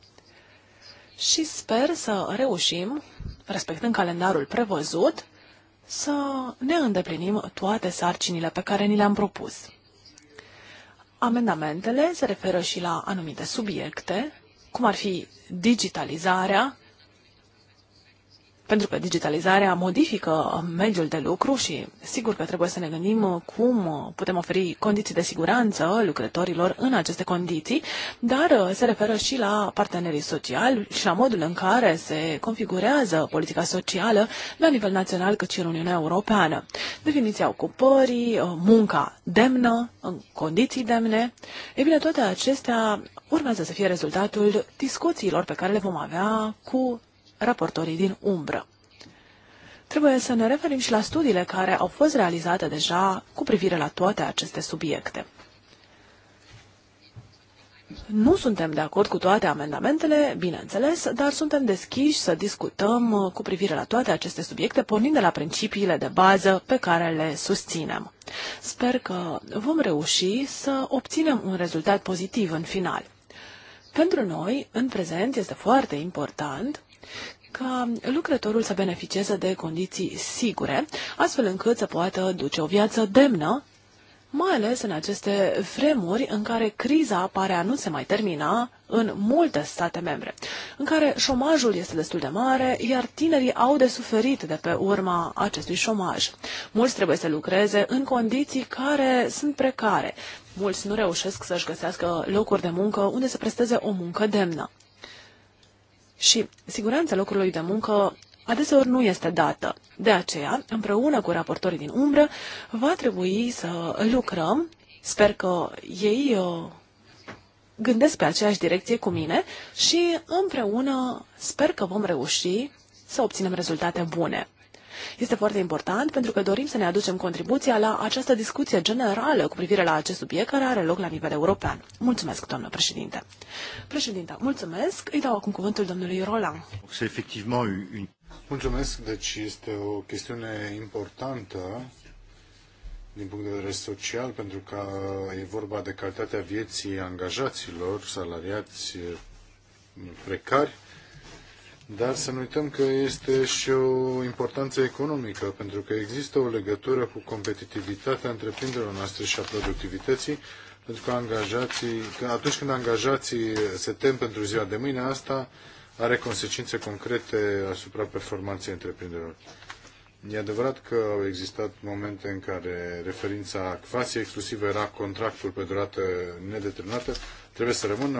și sper să reușim, respectând calendarul prevăzut, să ne îndeplinim toate sarcinile pe care ni le-am propus. Amendamentele se referă și la anumite subiecte, cum ar fi digitalizarea, pentru că digitalizarea modifică mediul de lucru și sigur că trebuie să ne gândim cum putem oferi condiții de siguranță lucrătorilor în aceste condiții, dar se referă și la partenerii sociali și la modul în care se configurează politica socială la nivel național cât și în Uniunea Europeană. Definiția ocupării, munca demnă, în condiții demne, e bine, toate acestea urmează să fie rezultatul discuțiilor pe care le vom avea cu raportorii din umbră. Trebuie să ne referim și la studiile care au fost realizate deja cu privire la toate aceste subiecte. Nu suntem de acord cu toate amendamentele, bineînțeles, dar suntem deschiși să discutăm cu privire la toate aceste subiecte, pornind de la principiile de bază pe care le susținem. Sper că vom reuși să obținem un rezultat pozitiv în final. Pentru noi, în prezent, este foarte important ca lucrătorul să beneficieze de condiții sigure, astfel încât să poată duce o viață demnă, mai ales în aceste vremuri în care criza pare a nu se mai termina în multe state membre, în care șomajul este destul de mare, iar tinerii au de suferit de pe urma acestui șomaj. Mulți trebuie să lucreze în condiții care sunt precare. Mulți nu reușesc să-și găsească locuri de muncă unde să presteze o muncă demnă. Și siguranța locurilor de muncă adeseori nu este dată. De aceea, împreună cu raportorii din umbră, va trebui să lucrăm. Sper că ei uh, gândesc pe aceeași direcție cu mine și împreună sper că vom reuși să obținem rezultate bune. Este foarte important pentru că dorim să ne aducem contribuția la această discuție generală cu privire la acest subiect care are loc la nivel european. Mulțumesc, doamnă președinte. Președinte, mulțumesc. Îi dau acum cuvântul domnului Roland. Mulțumesc, deci este o chestiune importantă din punct de vedere social, pentru că e vorba de calitatea vieții angajaților, salariați precari dar să nu uităm că este și o importanță economică, pentru că există o legătură cu competitivitatea întreprinderilor noastre și a productivității, pentru că angajații, că atunci când angajații se tem pentru ziua de mâine, asta are consecințe concrete asupra performanței întreprinderilor. E adevărat că au existat momente în care referința quasi exclusivă era contractul pe durată nedeterminată. Trebuie să rămână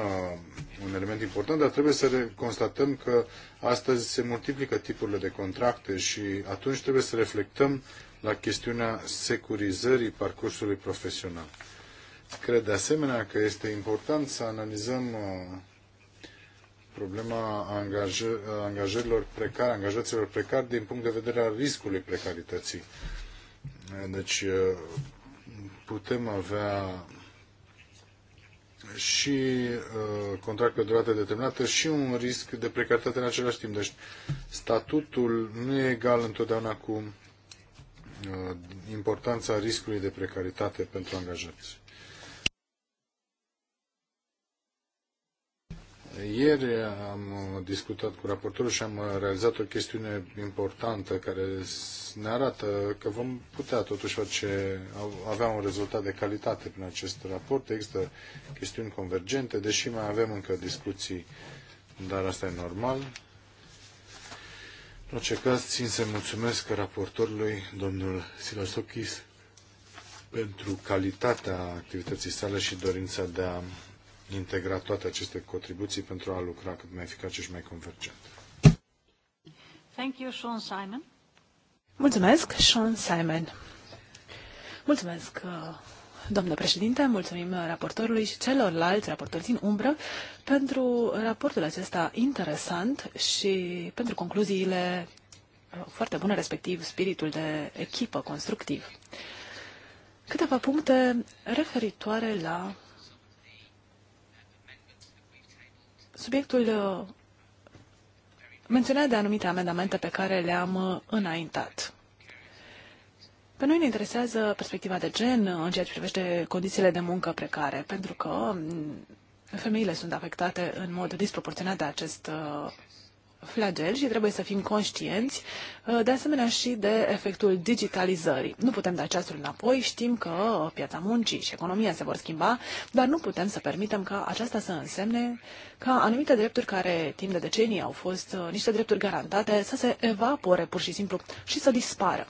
un element important, dar trebuie să constatăm că astăzi se multiplică tipurile de contracte și atunci trebuie să reflectăm la chestiunea securizării parcursului profesional. Cred de asemenea că este important să analizăm uh, problema angajărilor precari, angajaților precari din punct de vedere al riscului precarității. Deci putem avea și contract pe durată determinată și un risc de precaritate în același timp. Deci statutul nu e egal întotdeauna cu importanța riscului de precaritate pentru angajați. Ieri am discutat cu raportorul și am realizat o chestiune importantă care ne arată că vom putea totuși face, avea un rezultat de calitate prin acest raport. Există chestiuni convergente, deși mai avem încă discuții, dar asta e normal. În orice caz, țin să mulțumesc raportorului, domnul Silasokis, pentru calitatea activității sale și dorința de a integra toate aceste contribuții pentru a lucra cât mai eficace și mai convergent. Thank you, Sean Simon. Mulțumesc, Sean Simon. Mulțumesc, uh, domnule președinte, mulțumim raportorului și celorlalți raportori din umbră pentru raportul acesta interesant și pentru concluziile uh, foarte bune, respectiv spiritul de echipă constructiv. Câteva puncte referitoare la subiectul uh, menționat de anumite amendamente pe care le-am uh, înaintat. Pe noi ne interesează perspectiva de gen uh, în ceea ce privește condițiile de muncă precare, pentru că mm, femeile sunt afectate în mod disproporționat de acest flagel și trebuie să fim conștienți, uh, de asemenea și de efectul digitalizării. Nu putem da ceasul înapoi, știm că piața muncii și economia se vor schimba, dar nu putem să permitem ca aceasta să însemne ca anumite drepturi care timp de decenii au fost uh, niște drepturi garantate să se evapore pur și simplu și să dispară.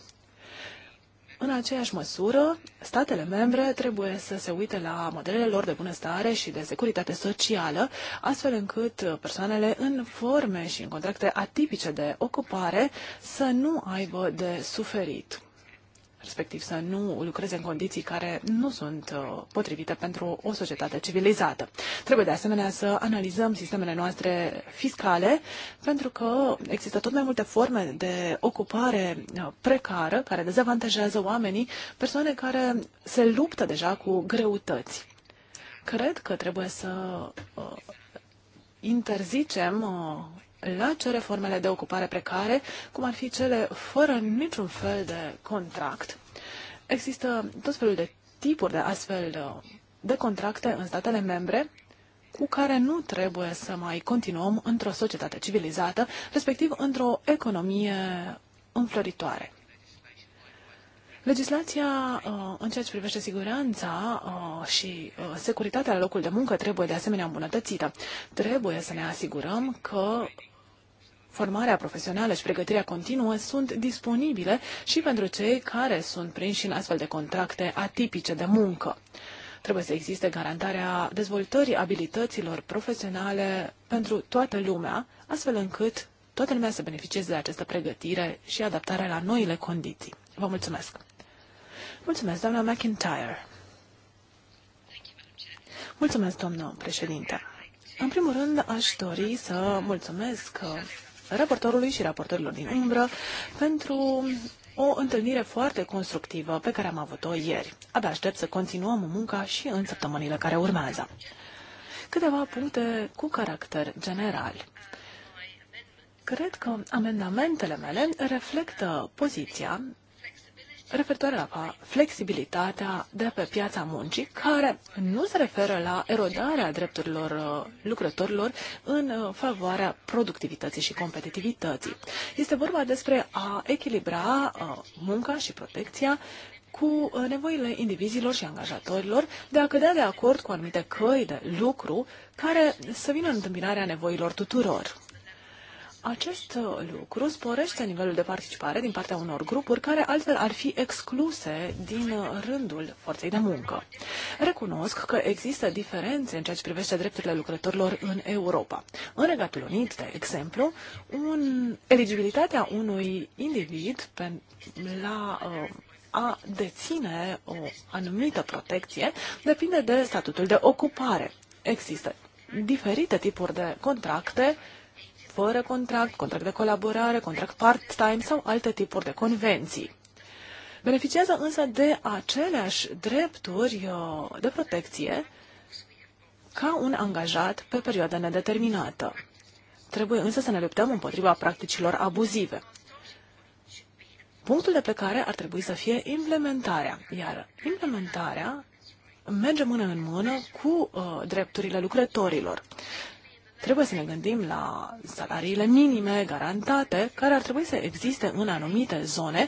În aceeași măsură, statele membre trebuie să se uite la modelele lor de bunăstare și de securitate socială, astfel încât persoanele în forme și în contracte atipice de ocupare să nu aibă de suferit respectiv să nu lucreze în condiții care nu sunt uh, potrivite pentru o societate civilizată. Trebuie de asemenea să analizăm sistemele noastre fiscale, pentru că există tot mai multe forme de ocupare uh, precară care dezavantajează oamenii, persoane care se luptă deja cu greutăți. Cred că trebuie să uh, interzicem la ce formele de ocupare precare, cum ar fi cele fără niciun fel de contract. Există tot felul de tipuri de astfel de contracte în statele membre cu care nu trebuie să mai continuăm într-o societate civilizată, respectiv într-o economie înfloritoare. Legislația uh, în ceea ce privește siguranța uh, și uh, securitatea la locul de muncă trebuie de asemenea îmbunătățită. Trebuie să ne asigurăm că Formarea profesională și pregătirea continuă sunt disponibile și pentru cei care sunt prinși în astfel de contracte atipice de muncă. Trebuie să existe garantarea dezvoltării abilităților profesionale pentru toată lumea, astfel încât toată lumea să beneficieze de această pregătire și adaptare la noile condiții. Vă mulțumesc! Mulțumesc, doamna McIntyre! Mulțumesc, doamnă președinte! În primul rând, aș dori să mulțumesc raportorului și raportorilor din umbră pentru o întâlnire foarte constructivă pe care am avut-o ieri. Abia aștept să continuăm munca și în săptămânile care urmează. Câteva puncte cu caracter general. Cred că amendamentele mele reflectă poziția referitoare la flexibilitatea de pe piața muncii, care nu se referă la erodarea drepturilor uh, lucrătorilor în uh, favoarea productivității și competitivității. Este vorba despre a echilibra uh, munca și protecția cu nevoile indivizilor și angajatorilor de a cădea de acord cu anumite căi de lucru care să vină în întâmpinarea nevoilor tuturor. Acest uh, lucru sporește nivelul de participare din partea unor grupuri care altfel ar fi excluse din uh, rândul forței de muncă. Recunosc că există diferențe în ceea ce privește drepturile lucrătorilor în Europa. În Regatul Unit, de exemplu, un, eligibilitatea unui individ pe, la uh, a deține o anumită protecție depinde de statutul de ocupare. Există diferite tipuri de contracte uh, fără contract, contract de colaborare, contract part-time sau alte tipuri de convenții. Beneficiază însă de aceleași drepturi uh, de protecție ca un angajat pe perioadă nedeterminată. Trebuie însă să ne luptăm împotriva practicilor abuzive. Punctul de plecare ar trebui să fie implementarea, iar implementarea merge mână în mână cu uh, drepturile lucrătorilor. Trebuie să ne gândim la salariile minime garantate care ar trebui să existe în anumite zone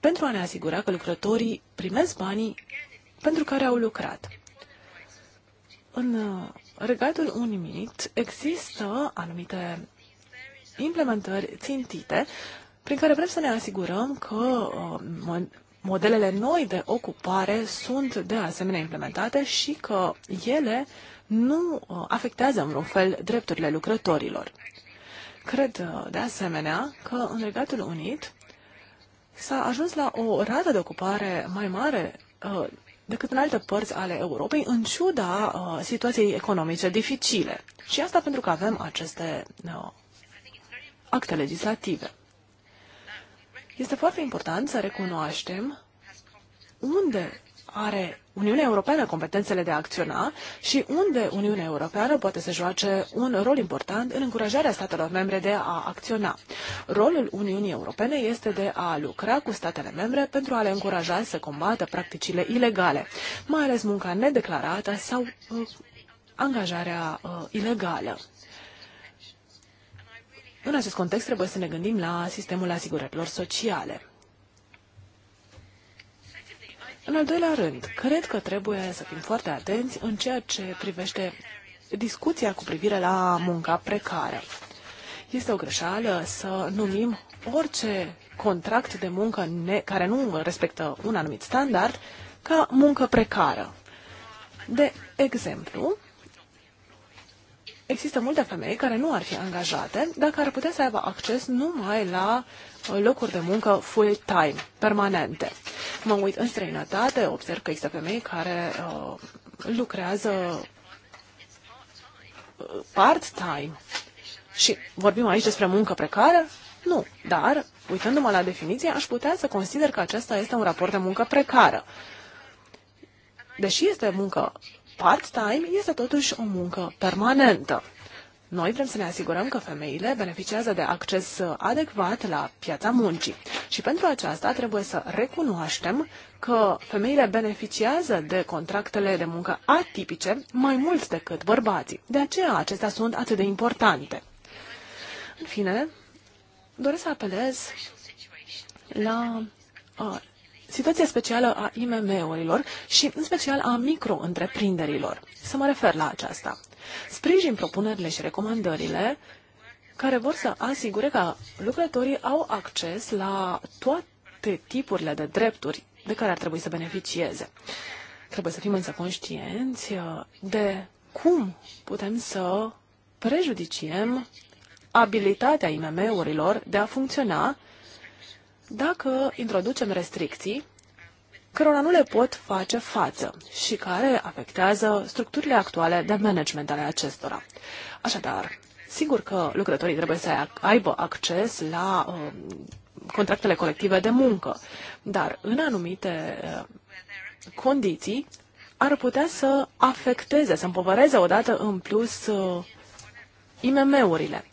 pentru a ne asigura că lucrătorii primesc banii pentru care au lucrat. În uh, Regatul unimit există anumite implementări țintite prin care vrem să ne asigurăm că uh, modelele noi de ocupare sunt de asemenea implementate și că ele uh, nu uh, afectează în vreun fel drepturile lucrătorilor. Cred, uh, de asemenea, că în Regatul Unit s-a ajuns la o rată de ocupare mai mare uh, decât în alte părți ale Europei, în ciuda situației economice dificile. Și asta pentru că avem aceste acte legislative. Este foarte important să recunoaștem unde are Uniunea Europeană competențele de a acționa și unde Uniunea Europeană poate să joace un rol important în încurajarea statelor membre de a acționa. Rolul Uniunii Europene este de a lucra cu statele membre pentru a le încuraja să combată practicile ilegale, mai ales munca nedeclarată sau uh, angajarea uh, ilegală. În acest context trebuie să ne gândim la sistemul asigurărilor sociale. În al doilea rând, cred că trebuie să fim foarte atenți în ceea ce privește discuția cu privire la munca precară. Este o greșeală să numim orice contract de muncă ne, care nu respectă un anumit standard ca muncă precară. De exemplu, există multe femei care nu ar fi angajate dacă ar putea să aibă acces numai la uh, locuri de muncă full-time, permanente. Mă uit în străinătate, observ că există femei care uh, lucrează uh, part-time. Și vorbim aici despre muncă precară? Nu, dar, uitându-mă la definiție, aș putea să consider că acesta este un raport de muncă precară. Deși este muncă part-time este totuși o muncă permanentă. Noi vrem să ne asigurăm că femeile beneficiază de acces adecvat la piața muncii. Și pentru aceasta trebuie să recunoaștem că femeile beneficiază de contractele de muncă atipice mai mult decât bărbații. De aceea acestea sunt atât de importante. În fine, doresc să apelez la uh, situația specială a IMM-urilor și în special a micro-întreprinderilor. Să mă refer la aceasta. Sprijin propunerile și recomandările care vor să asigure că lucrătorii au acces la toate tipurile de drepturi de care ar trebui să beneficieze. Trebuie să fim însă conștienți uh, de cum putem să prejudiciem abilitatea IMM-urilor de a funcționa dacă introducem restricții cărora nu le pot face față și care afectează structurile actuale de management ale acestora. Așadar, sigur că lucrătorii trebuie să aibă acces la um, contractele colective de muncă, dar în anumite uh, condiții ar putea să afecteze, să împovăreze odată în plus uh, IMM-urile.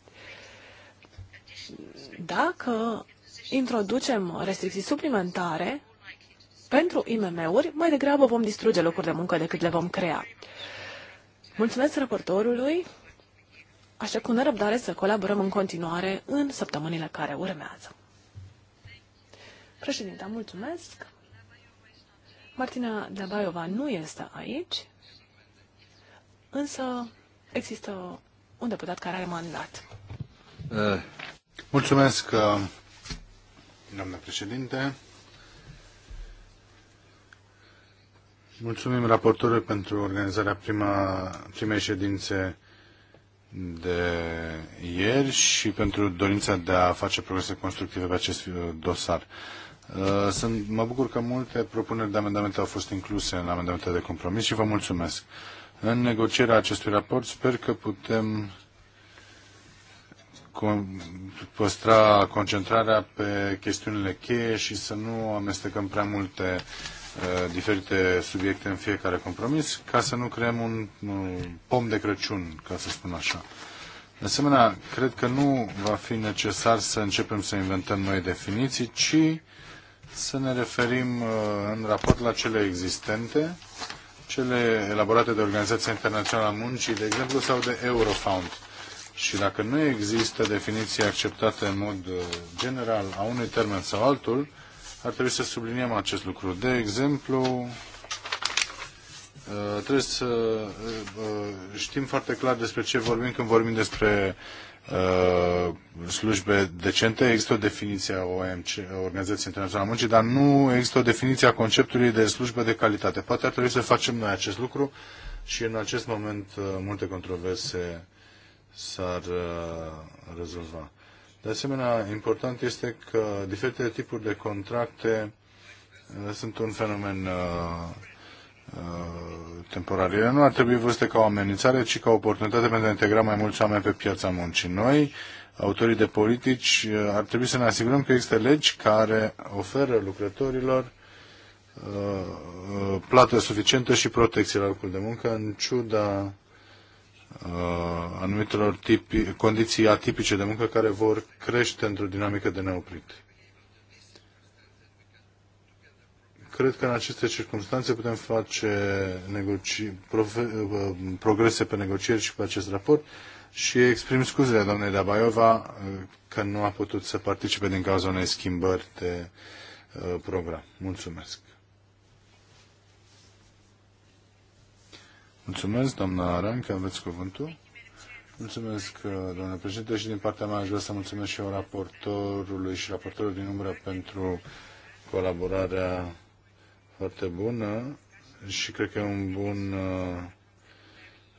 Dacă introducem restricții suplimentare pentru IMM-uri, mai degrabă vom distruge locuri de muncă decât le vom crea. Mulțumesc raportorului. Aștept cu nerăbdare să colaborăm în continuare în săptămânile care urmează. Președinte, mulțumesc. Martina Dabaiova nu este aici, însă există un deputat care are mandat. Eh, mulțumesc, eh, doamnă președinte. Mulțumim raportorului pentru organizarea prima, primei ședințe de ieri și pentru dorința de a face progrese constructive pe acest dosar. Uh, sunt, mă bucur că multe propuneri de amendamente au fost incluse în amendamente de compromis și vă mulțumesc. În negocierea acestui raport sper că putem păstra concentrarea pe chestiunile cheie și să nu amestecăm prea multe uh, diferite subiecte în fiecare compromis, ca să nu creăm un pom de Crăciun, ca să spun așa. De asemenea, cred că nu va fi necesar să începem să inventăm noi definiții, ci să ne referim uh, în raport la cele existente, cele elaborate de Organizația Internațională a Muncii, de exemplu, sau de Eurofound. Și dacă nu există definiție acceptată în mod uh, general a unui termen sau altul, ar trebui să subliniem acest lucru. De exemplu, uh, trebuie să uh, știm foarte clar despre ce vorbim când vorbim despre slujbe decente. Există o definiție a OMC, Organizației Internaționale a Muncii, dar nu există o definiție a conceptului de slujbe de calitate. Poate ar trebui să facem noi acest lucru și în acest moment multe controverse s-ar uh, rezolva. De asemenea, important este că diferite tipuri de contracte uh, sunt un fenomen uh, temporar. Ele nu ar trebui văzute ca o amenințare, ci ca o oportunitate pentru a integra mai mulți oameni pe piața muncii. Noi, autorii de politici, ar trebui să ne asigurăm că există legi care oferă lucrătorilor plată suficientă și protecție la locul de muncă, în ciuda Uh, anumitor tipi, condiții atipice de muncă care vor crește într-o dinamică de neoprit. Cred că în aceste circunstanțe putem face negoci... Uh, progrese pe negocieri și pe acest raport și exprim scuzele doamnei Dabaiova uh, că nu a putut să participe din cauza unei schimbări de program. Mulțumesc! Mulțumesc, doamna Aran, că aveți cuvântul. Mulțumesc, uh, doamna președinte, și din partea mea aș vrea să mulțumesc și eu raportorului și raportorului din umbră pentru colaborarea foarte bună și cred că e un bun uh,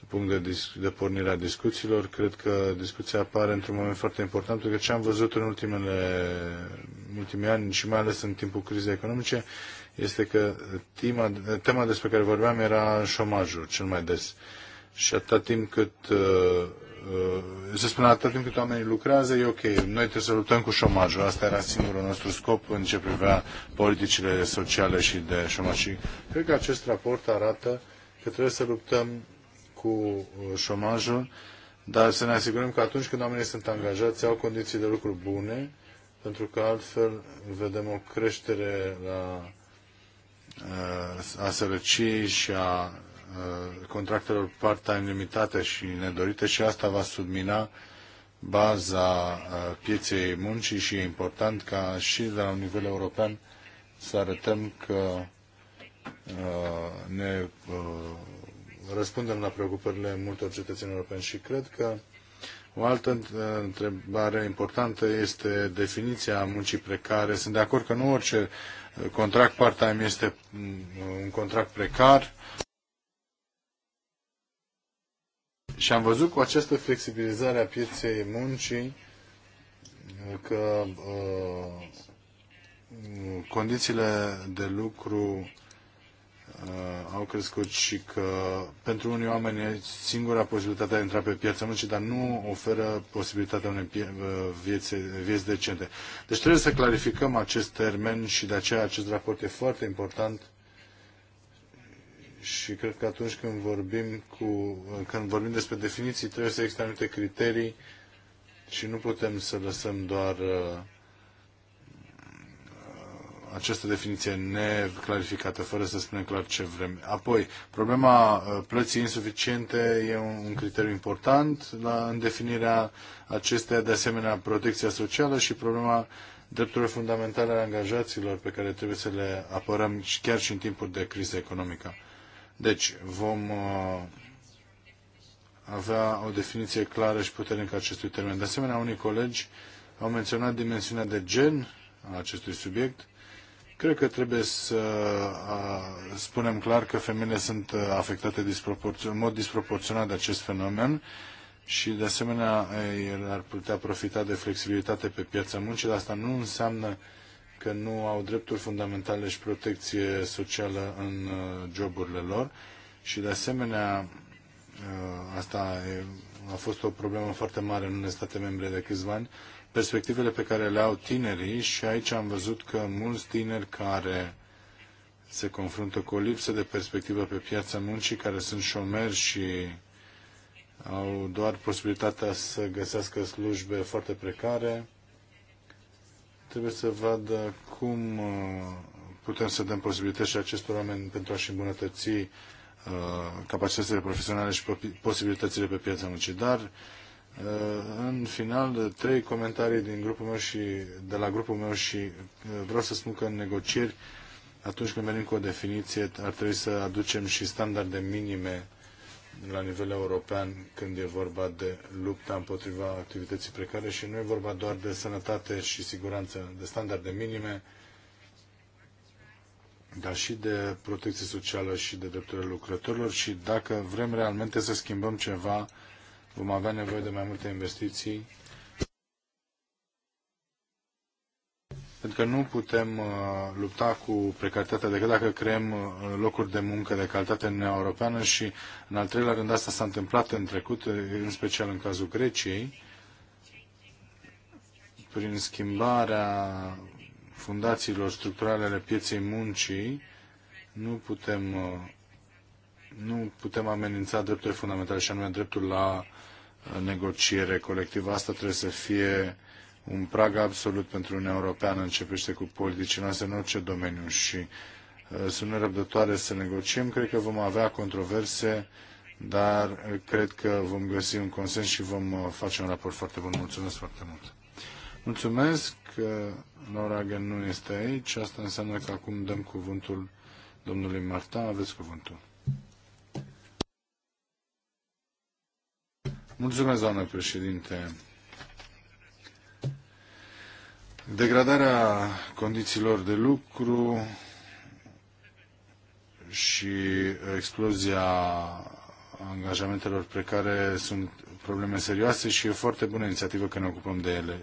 punct de, dis- de pornire a discuțiilor. Cred că discuția apare într-un moment foarte important, pentru că ce am văzut în ultimele, ultimii ani și mai ales în timpul crizei economice este că tema, tema despre care vorbeam era șomajul cel mai des. Și atâta timp cât uh, uh, se spune atâta timp cât oamenii lucrează, e ok. Noi trebuie să luptăm cu șomajul. Asta era singurul nostru scop în ce privea politicile sociale și de șomaj. Și cred că acest raport arată că trebuie să luptăm cu uh, șomajul, dar să ne asigurăm că atunci când oamenii sunt angajați, au condiții de lucru bune, pentru că altfel vedem o creștere la a sărăciei și a contractelor part-time limitate și nedorite și asta va submina baza pieței muncii și e important ca și de la un nivel european să arătăm că ne răspundem la preocupările multor cetățeni europeni și cred că o altă întrebare importantă este definiția muncii precare. Sunt de acord că nu orice Contract part-time este un contract precar. Și am văzut cu această flexibilizare a pieței muncii că uh, condițiile de lucru Uh, au crescut și că pentru unii oameni e singura posibilitate de a intra pe piața muncii, dar nu oferă posibilitatea unei uh, vieți, vieți decente. Deci trebuie să clarificăm acest termen și de aceea acest raport e foarte important și cred că atunci când vorbim, cu, uh, când vorbim despre definiții trebuie să existe anumite criterii și nu putem să lăsăm doar uh, această definiție neclarificată, fără să spunem clar ce vrem. Apoi, problema uh, plății insuficiente e un, un criteriu important la, în definirea acesteia, de asemenea, protecția socială și problema drepturilor fundamentale ale angajaților pe care trebuie să le apărăm chiar și în timpul de criză economică. Deci, vom uh, avea o definiție clară și puternică a acestui termen. De asemenea, unii colegi au menționat dimensiunea de gen a acestui subiect Cred că trebuie să spunem clar că femeile sunt afectate în mod disproporționat de acest fenomen și, de asemenea, ele ar putea profita de flexibilitate pe piața muncii, dar asta nu înseamnă că nu au drepturi fundamentale și protecție socială în uh, joburile lor și, de asemenea, uh, asta a fost o problemă foarte mare în unele state membre de câțiva ani, perspectivele pe care le au tinerii și aici am văzut că mulți tineri care se confruntă cu o lipsă de perspectivă pe piața muncii, care sunt șomeri și au doar posibilitatea să găsească slujbe foarte precare, trebuie să vadă cum uh, putem să dăm posibilități și acestor oameni pentru a-și îmbunătăți uh, capacitățile profesionale și posibilitățile pe piața muncii. Dar Uh, în final, trei comentarii din grupul meu și de la grupul meu și uh, vreau să spun că în negocieri, atunci când venim cu o definiție, ar trebui să aducem și standarde minime la nivel european când e vorba de lupta împotriva activității precare și nu e vorba doar de sănătate și siguranță, de standarde minime, dar și de protecție socială și de drepturile lucrătorilor și dacă vrem realmente să schimbăm ceva, Vom avea nevoie de mai multe investiții pentru că nu putem uh, lupta cu precaritatea decât dacă creăm uh, locuri de muncă de calitate în Uniunea Europeană și, în al treilea rând, asta s-a întâmplat în trecut, uh, în special în cazul Greciei, prin schimbarea fundațiilor structurale ale pieței muncii, nu putem, nu putem amenința drepturile fundamentale, și anume dreptul la negociere colectivă. Asta trebuie să fie un prag absolut pentru Uniunea Europeană, începește cu politicii noastre în orice domeniu și uh, sunt nerăbdătoare să negociem. Cred că vom avea controverse, dar cred că vom găsi un consens și vom uh, face un raport foarte bun. Mulțumesc foarte mult! Mulțumesc că uh, Laura Gen nu este aici. Asta înseamnă că acum dăm cuvântul domnului Marta. Aveți cuvântul. Mulțumesc, doamnă președinte. Degradarea condițiilor de lucru și explozia angajamentelor precare sunt probleme serioase și e foarte bună inițiativă că ne ocupăm de ele.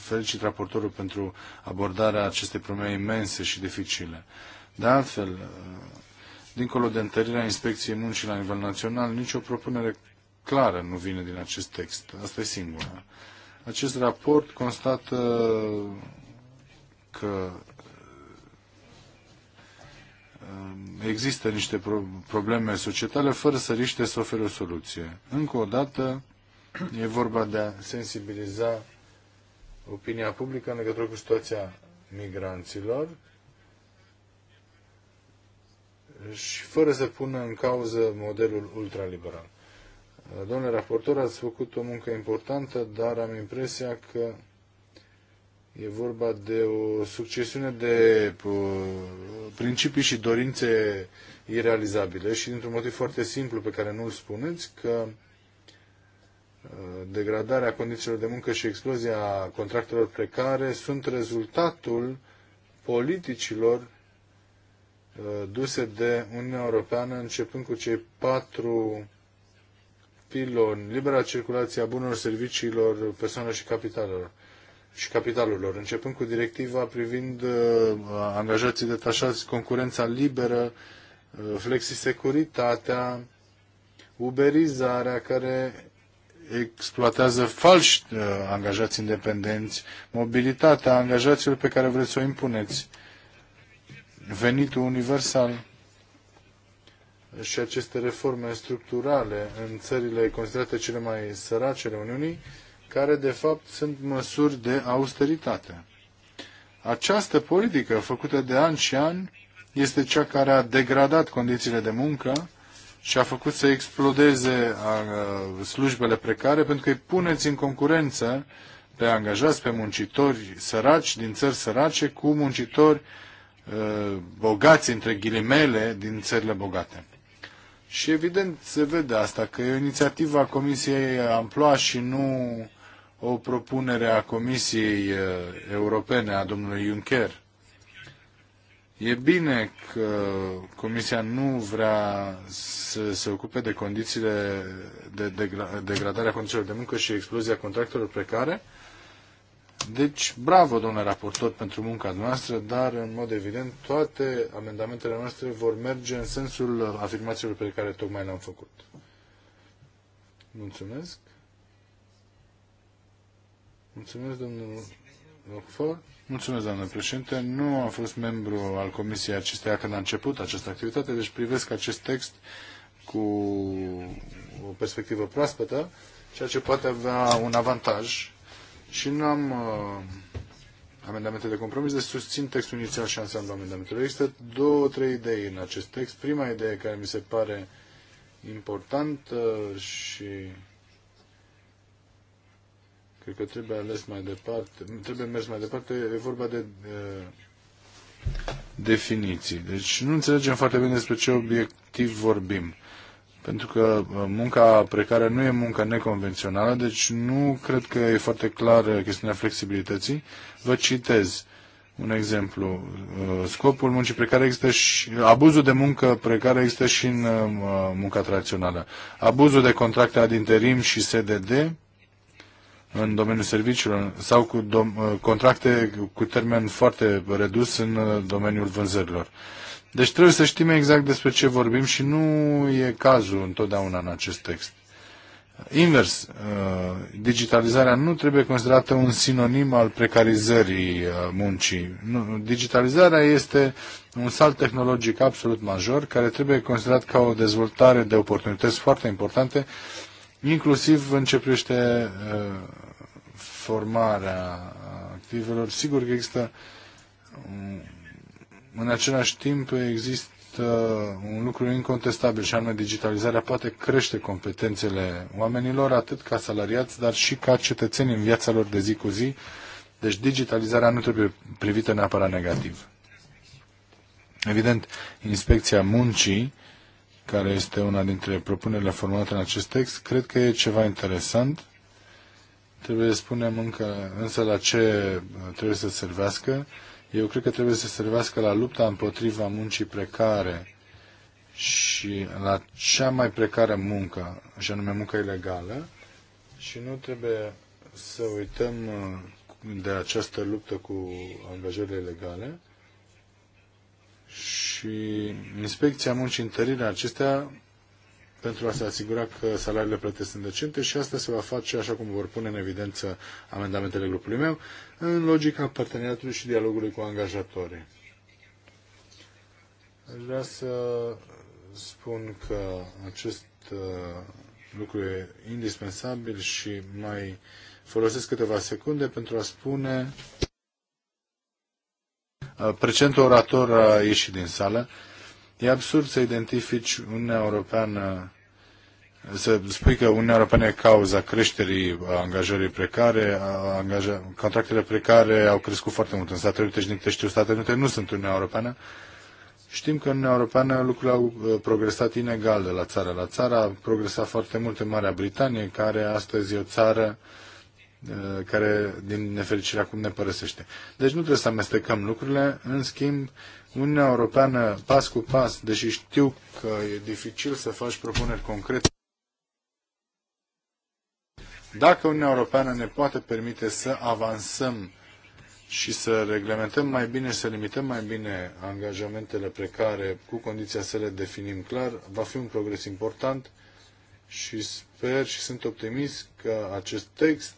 Felicit raportorul pentru abordarea acestei probleme imense și dificile. De altfel, dincolo de întărirea inspecției muncii la nivel național, nicio propunere clară nu vine din acest text. Asta e singura. Acest raport constată că uh, există niște probleme societale fără să riște să ofere o soluție. Încă o dată e vorba de a sensibiliza opinia publică în legătură cu situația migranților și fără să pună în cauză modelul ultraliberal. Domnule raportor, ați făcut o muncă importantă, dar am impresia că e vorba de o succesiune de uh, principii și dorințe irealizabile și dintr-un motiv foarte simplu pe care nu îl spuneți, că uh, degradarea condițiilor de muncă și explozia contractelor precare sunt rezultatul politicilor uh, duse de Uniunea Europeană începând cu cei patru copiilor, libera circulație a bunurilor, serviciilor, persoanelor și capitalelor și capitalurilor, începând cu directiva privind uh, angajații detașați, concurența liberă, uh, flexisecuritatea, uberizarea care exploatează falși uh, angajați independenți, mobilitatea angajaților pe care vreți să o impuneți, venitul universal și aceste reforme structurale în țările considerate cele mai sărace ale Uniunii, care de fapt sunt măsuri de austeritate. Această politică făcută de ani și ani este cea care a degradat condițiile de muncă și a făcut să explodeze slujbele precare pentru că îi puneți în concurență pe angajați, pe muncitori săraci, din țări sărace, cu muncitori bogați, între ghilimele, din țările bogate. Și evident se vede asta, că e o inițiativă a Comisiei Amploa și nu o propunere a Comisiei uh, Europene, a domnului Juncker. E bine că Comisia nu vrea să se ocupe de condițiile de a condițiilor de muncă și explozia contractelor precare, deci, bravo, domnule raportor, pentru munca noastră, dar, în mod evident, toate amendamentele noastre vor merge în sensul afirmațiilor pe care tocmai le-am făcut. Mulțumesc. Mulțumesc, domnul Rockford. Mulțumesc, doamnă președinte. Nu am fost membru al comisiei acesteia când a început această activitate, deci privesc acest text cu o perspectivă proaspătă, ceea ce poate avea un avantaj și nu am uh, amendamente de compromis, de deci susțin textul inițial și ansamblu amendamentelor. Există două, trei idei în acest text. Prima idee care mi se pare importantă și cred că trebuie ales mai departe, trebuie mers mai departe, e vorba de uh, definiții. Deci nu înțelegem foarte bine despre ce obiectiv vorbim pentru că uh, munca precară nu e muncă neconvențională, deci nu cred că e foarte clar chestiunea flexibilității. Vă citez un exemplu. Uh, scopul muncii precare există și uh, abuzul de muncă precară există și în munca tradițională. Abuzul de contracte ad interim și SDD în domeniul serviciilor sau cu contracte cu termen foarte redus în domeniul vânzărilor. Deci trebuie să știm exact despre ce vorbim și nu e cazul întotdeauna în acest text. Invers, uh, digitalizarea nu trebuie considerată un sinonim al precarizării uh, muncii. Digitalizarea este un salt tehnologic absolut major care trebuie considerat ca o dezvoltare de oportunități foarte importante, inclusiv în ce privește uh, formarea activelor. Sigur că există în același timp există un lucru incontestabil și anume digitalizarea poate crește competențele oamenilor atât ca salariați, dar și ca cetățeni în viața lor de zi cu zi. Deci digitalizarea nu trebuie privită neapărat negativ. Evident, inspecția muncii, care este una dintre propunerile formulate în acest text, cred că e ceva interesant. Trebuie să spunem încă, însă la ce trebuie să servească eu cred că trebuie să servească la lupta împotriva muncii precare și la cea mai precară muncă, și anume munca ilegală, și nu trebuie să uităm uh, de această luptă cu angajările ilegale și inspecția muncii întărirea acestea pentru a se asigura că salariile plătesc sunt decente și asta se va face așa cum vor pune în evidență amendamentele grupului meu, în logica parteneriatului și dialogului cu angajatorii. Aș vrea să spun că acest uh, lucru e indispensabil și mai folosesc câteva secunde pentru a spune uh, precentul orator a ieșit din sală. E absurd să identifici Uniunea Europeană, să spui că Uniunea Europeană e cauza creșterii angajării precare, angaja, contractele precare au crescut foarte mult în Statele Unite și din câte știu Statele Unite nu sunt Uniunea Europeană. Știm că în Uniunea Europeană lucrurile au uh, progresat inegal de la țară la țară. A progresat foarte mult în Marea Britanie, care astăzi e o țară uh, care, din nefericire, acum ne părăsește. Deci nu trebuie să amestecăm lucrurile. În schimb, Uniunea Europeană, pas cu pas, deși știu că e dificil să faci propuneri concrete, dacă Uniunea Europeană ne poate permite să avansăm și să reglementăm mai bine și să limităm mai bine angajamentele precare cu condiția să le definim clar, va fi un progres important și sper și sunt optimist că acest text,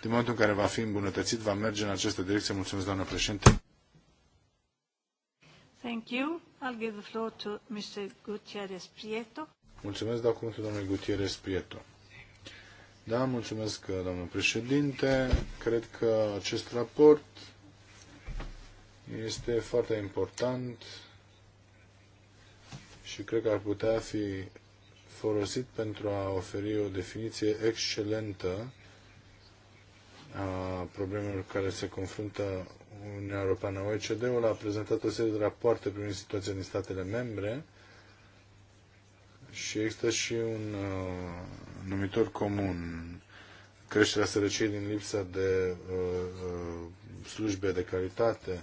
din momentul în care va fi îmbunătățit, va merge în această direcție. Mulțumesc, doamnă președinte. Thank you. I'll give the floor to Mr. Gutierrez Prieto. Mulțumesc, dau cuvântul domnului Gutierrez Prieto. Da, mulțumesc, domnul președinte. Cred că acest raport este foarte important și cred că ar putea fi folosit pentru a oferi o definiție excelentă a problemelor care se confruntă Uniunea Europeană. OECD-ul a prezentat o serie de rapoarte privind situația din statele membre și există și un uh, numitor comun, creșterea sărăciei din lipsa de uh, uh slujbe de calitate,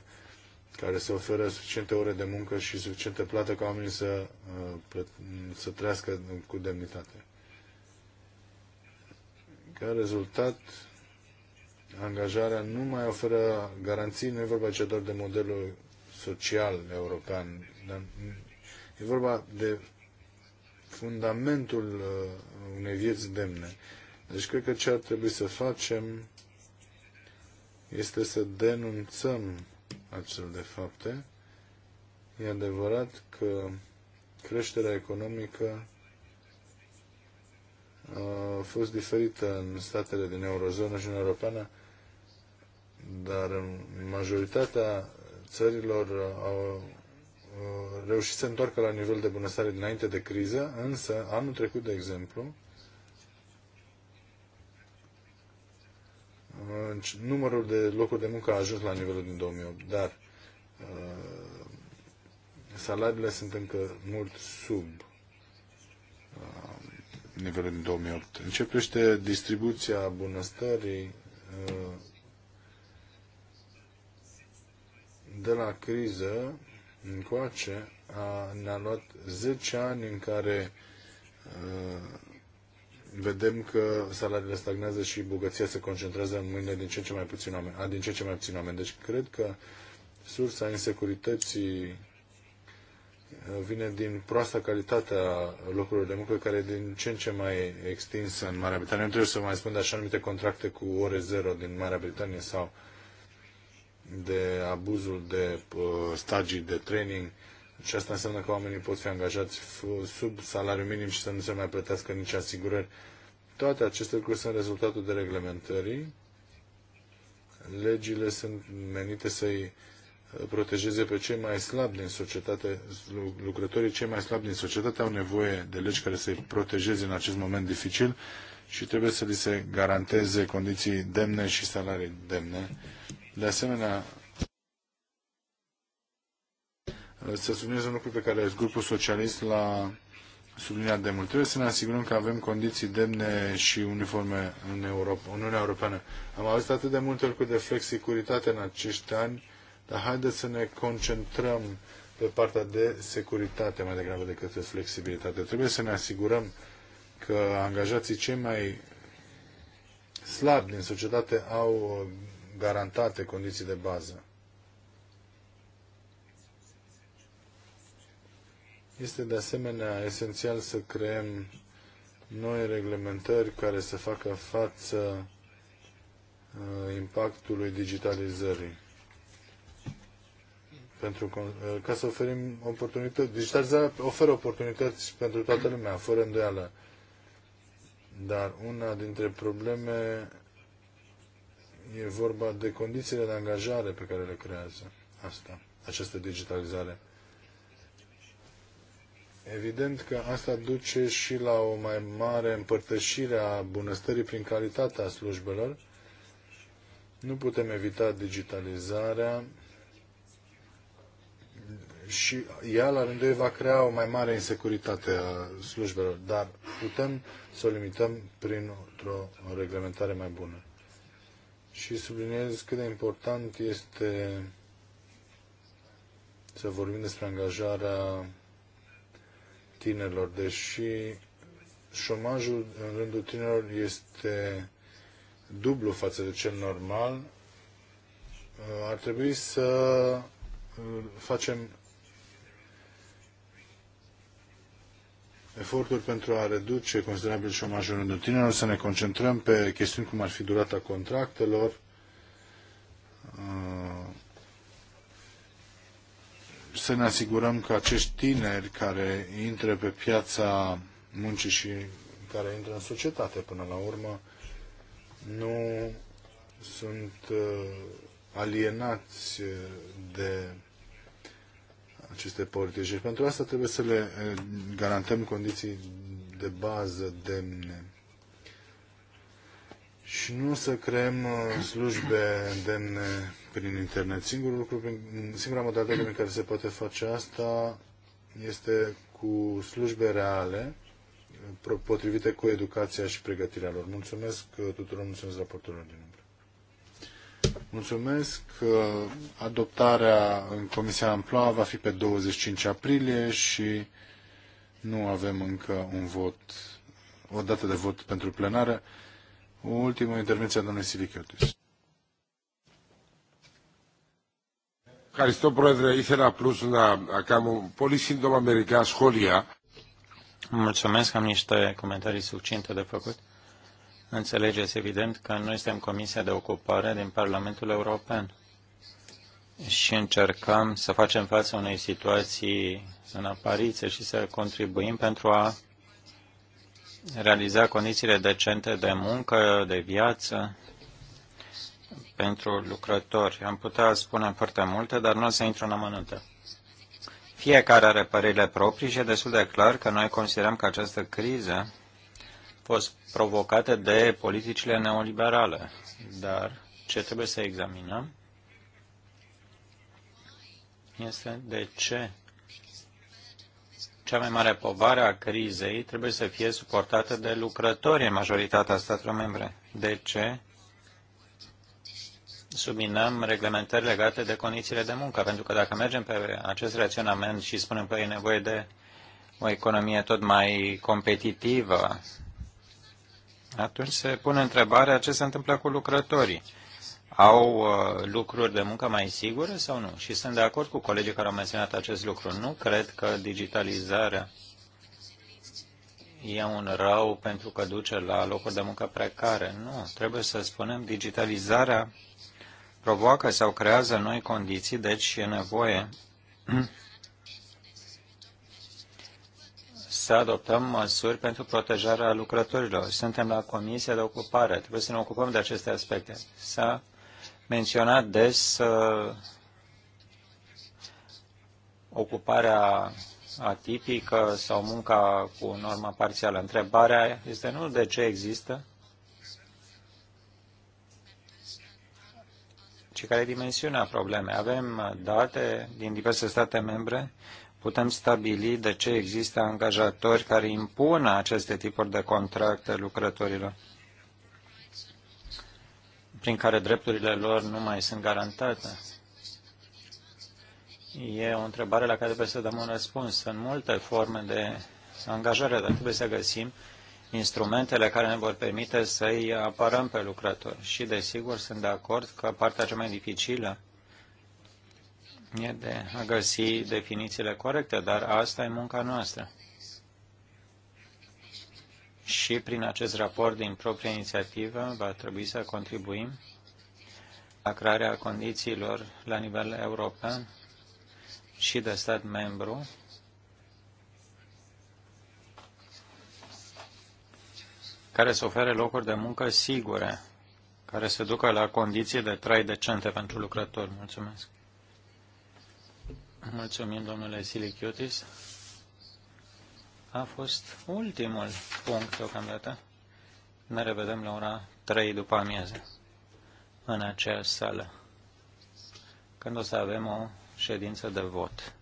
care se oferă suficiente ore de muncă și suficiente plată ca oamenii să, uh, să trăiască cu demnitate. Ca rezultat, angajarea nu mai oferă garanții, nu e vorba ce doar de modelul social european, dar e vorba de fundamentul uh, unei vieți demne. Deci cred că ce ar trebui să facem este să denunțăm astfel de fapte. E adevărat că creșterea economică uh, a fost diferită în statele din eurozonă și în europeană, dar majoritatea țărilor au reușit să întoarcă la nivel de bunăstare dinainte de criză, însă anul trecut, de exemplu, numărul de locuri de muncă a ajuns la nivelul din 2008, dar uh, salariile sunt încă mult sub uh, nivelul din 2008. Începește distribuția bunăstării uh, de la criză încoace ne-a luat 10 ani în care a, uh, vedem că salariile stagnează și bogăția se concentrează în mâinile din ce ce mai puțin oameni, a, din ce ce mai puțin oameni. Deci cred că sursa insecurității uh, vine din proasta calitate a locurilor de muncă, care e din ce în ce mai extinsă în Marea Britanie. Nu trebuie să mai spun de așa anumite contracte cu ore zero din Marea Britanie sau uh, de abuzul de uh, stagii de training și asta înseamnă că oamenii pot fi angajați sub salariu minim și să nu se mai plătească nici asigurări. Toate aceste lucruri sunt rezultatul de reglementării. Legile sunt menite să-i uh, protejeze pe cei mai slabi din societate, lucrătorii cei mai slabi din societate au nevoie de legi care să-i protejeze în acest moment dificil și trebuie să li se garanteze condiții demne și salarii demne de asemenea, uh, să subliniez un lucru pe care grupul socialist l-a subliniat de mult. Trebuie să ne asigurăm că avem condiții demne și uniforme în Europa, Uniunea Europeană. Am auzit atât de multe lucruri de flexicuritate în acești ani, dar haideți să ne concentrăm pe partea de securitate mai degrabă decât de flexibilitate. Trebuie să ne asigurăm că angajații cei mai slabi din societate au garantate condiții de bază. Este de asemenea esențial să creăm noi reglementări care să facă față uh, impactului digitalizării. Pentru, uh, ca să oferim oportunități. Digitalizarea oferă oportunități pentru toată lumea, fără îndoială. Dar una dintre probleme E vorba de condițiile de angajare pe care le creează asta, această digitalizare. Evident că asta duce și la o mai mare împărtășire a bunăstării prin calitatea slujbelor. Nu putem evita digitalizarea și ea la rândul ei va crea o mai mare insecuritate a slujbelor, dar putem să o limităm printr-o reglementare mai bună și subliniez cât de important este să vorbim despre angajarea tinerilor, deși șomajul în rândul tinerilor este dublu față de cel normal, ar trebui să facem eforturi pentru a reduce considerabil șomajul în rândul tinerilor, să ne concentrăm pe chestiuni cum ar fi durata contractelor, uh, să ne asigurăm că acești tineri care intră pe piața muncii și care intră în societate până la urmă nu sunt uh, alienați de aceste politici. Și deci pentru asta trebuie să le eh, garantăm condiții de bază demne. Și nu să creăm eh, slujbe demne prin internet. Singurul lucru, singura modalitate prin care se poate face asta este cu slujbe reale, potrivite cu educația și pregătirea lor. Mulțumesc eh, tuturor, mulțumesc raportorilor din urmă. Mulțumesc. Uh, adoptarea în Comisia Amploa va fi pe 25 aprilie și nu avem încă un vot, o dată de vot pentru plenară. O ultimă intervenție a domnului Silichiotis. Ευχαριστώ Πρόεδρε. Ήθελα απλώς να κάνω πολύ σύντομα μερικά σχόλια. Mulțumesc, am niște comentarii succinte de făcut. Înțelegeți evident că noi suntem Comisia de Ocupare din Parlamentul European și încercăm să facem față unei situații în apariție și să contribuim pentru a realiza condițiile decente de muncă, de viață pentru lucrători. Am putea spune foarte multe, dar nu o să intru în amănântă. Fiecare are părerile proprii și e destul de clar că noi considerăm că această criză fost provocate de politicile neoliberale. Dar ce trebuie să examinăm este de ce cea mai mare povară a crizei trebuie să fie suportată de lucrători în majoritatea statelor membre. De ce subminăm reglementări legate de condițiile de muncă? Pentru că dacă mergem pe acest raționament și spunem că e nevoie de o economie tot mai competitivă, atunci se pune întrebarea ce se întâmplă cu lucrătorii. Au uh, lucruri de muncă mai sigure sau nu? Și sunt de acord cu colegii care au menționat acest lucru. Nu cred că digitalizarea e un rău pentru că duce la locuri de muncă precare. Nu, trebuie să spunem, digitalizarea provoacă sau creează noi condiții, deci e nevoie să adoptăm măsuri pentru protejarea lucrătorilor. Suntem la Comisia de Ocupare, trebuie să ne ocupăm de aceste aspecte. S-a menționat des uh, ocuparea atipică sau munca cu normă parțială. Întrebarea este nu de ce există, ci care e dimensiunea problemei. Avem date din diverse state membre putem stabili de ce există angajatori care impun aceste tipuri de contracte lucrătorilor, prin care drepturile lor nu mai sunt garantate. E o întrebare la care trebuie să dăm un răspuns. Sunt multe forme de angajare, dar trebuie să găsim instrumentele care ne vor permite să-i apărăm pe lucrători. Și, desigur, sunt de acord că partea cea mai dificilă e de a găsi definițiile corecte, dar asta e munca noastră. Și prin acest raport din proprie inițiativă va trebui să contribuim la crearea condițiilor la nivel european și de stat membru care să ofere locuri de muncă sigure, care să ducă la condiții de trai decente pentru lucrători. Mulțumesc! Mulțumim, domnule Silichiotis. A fost ultimul punct deocamdată. Ne revedem la ora 3 după amiază în aceeași sală, când o să avem o ședință de vot.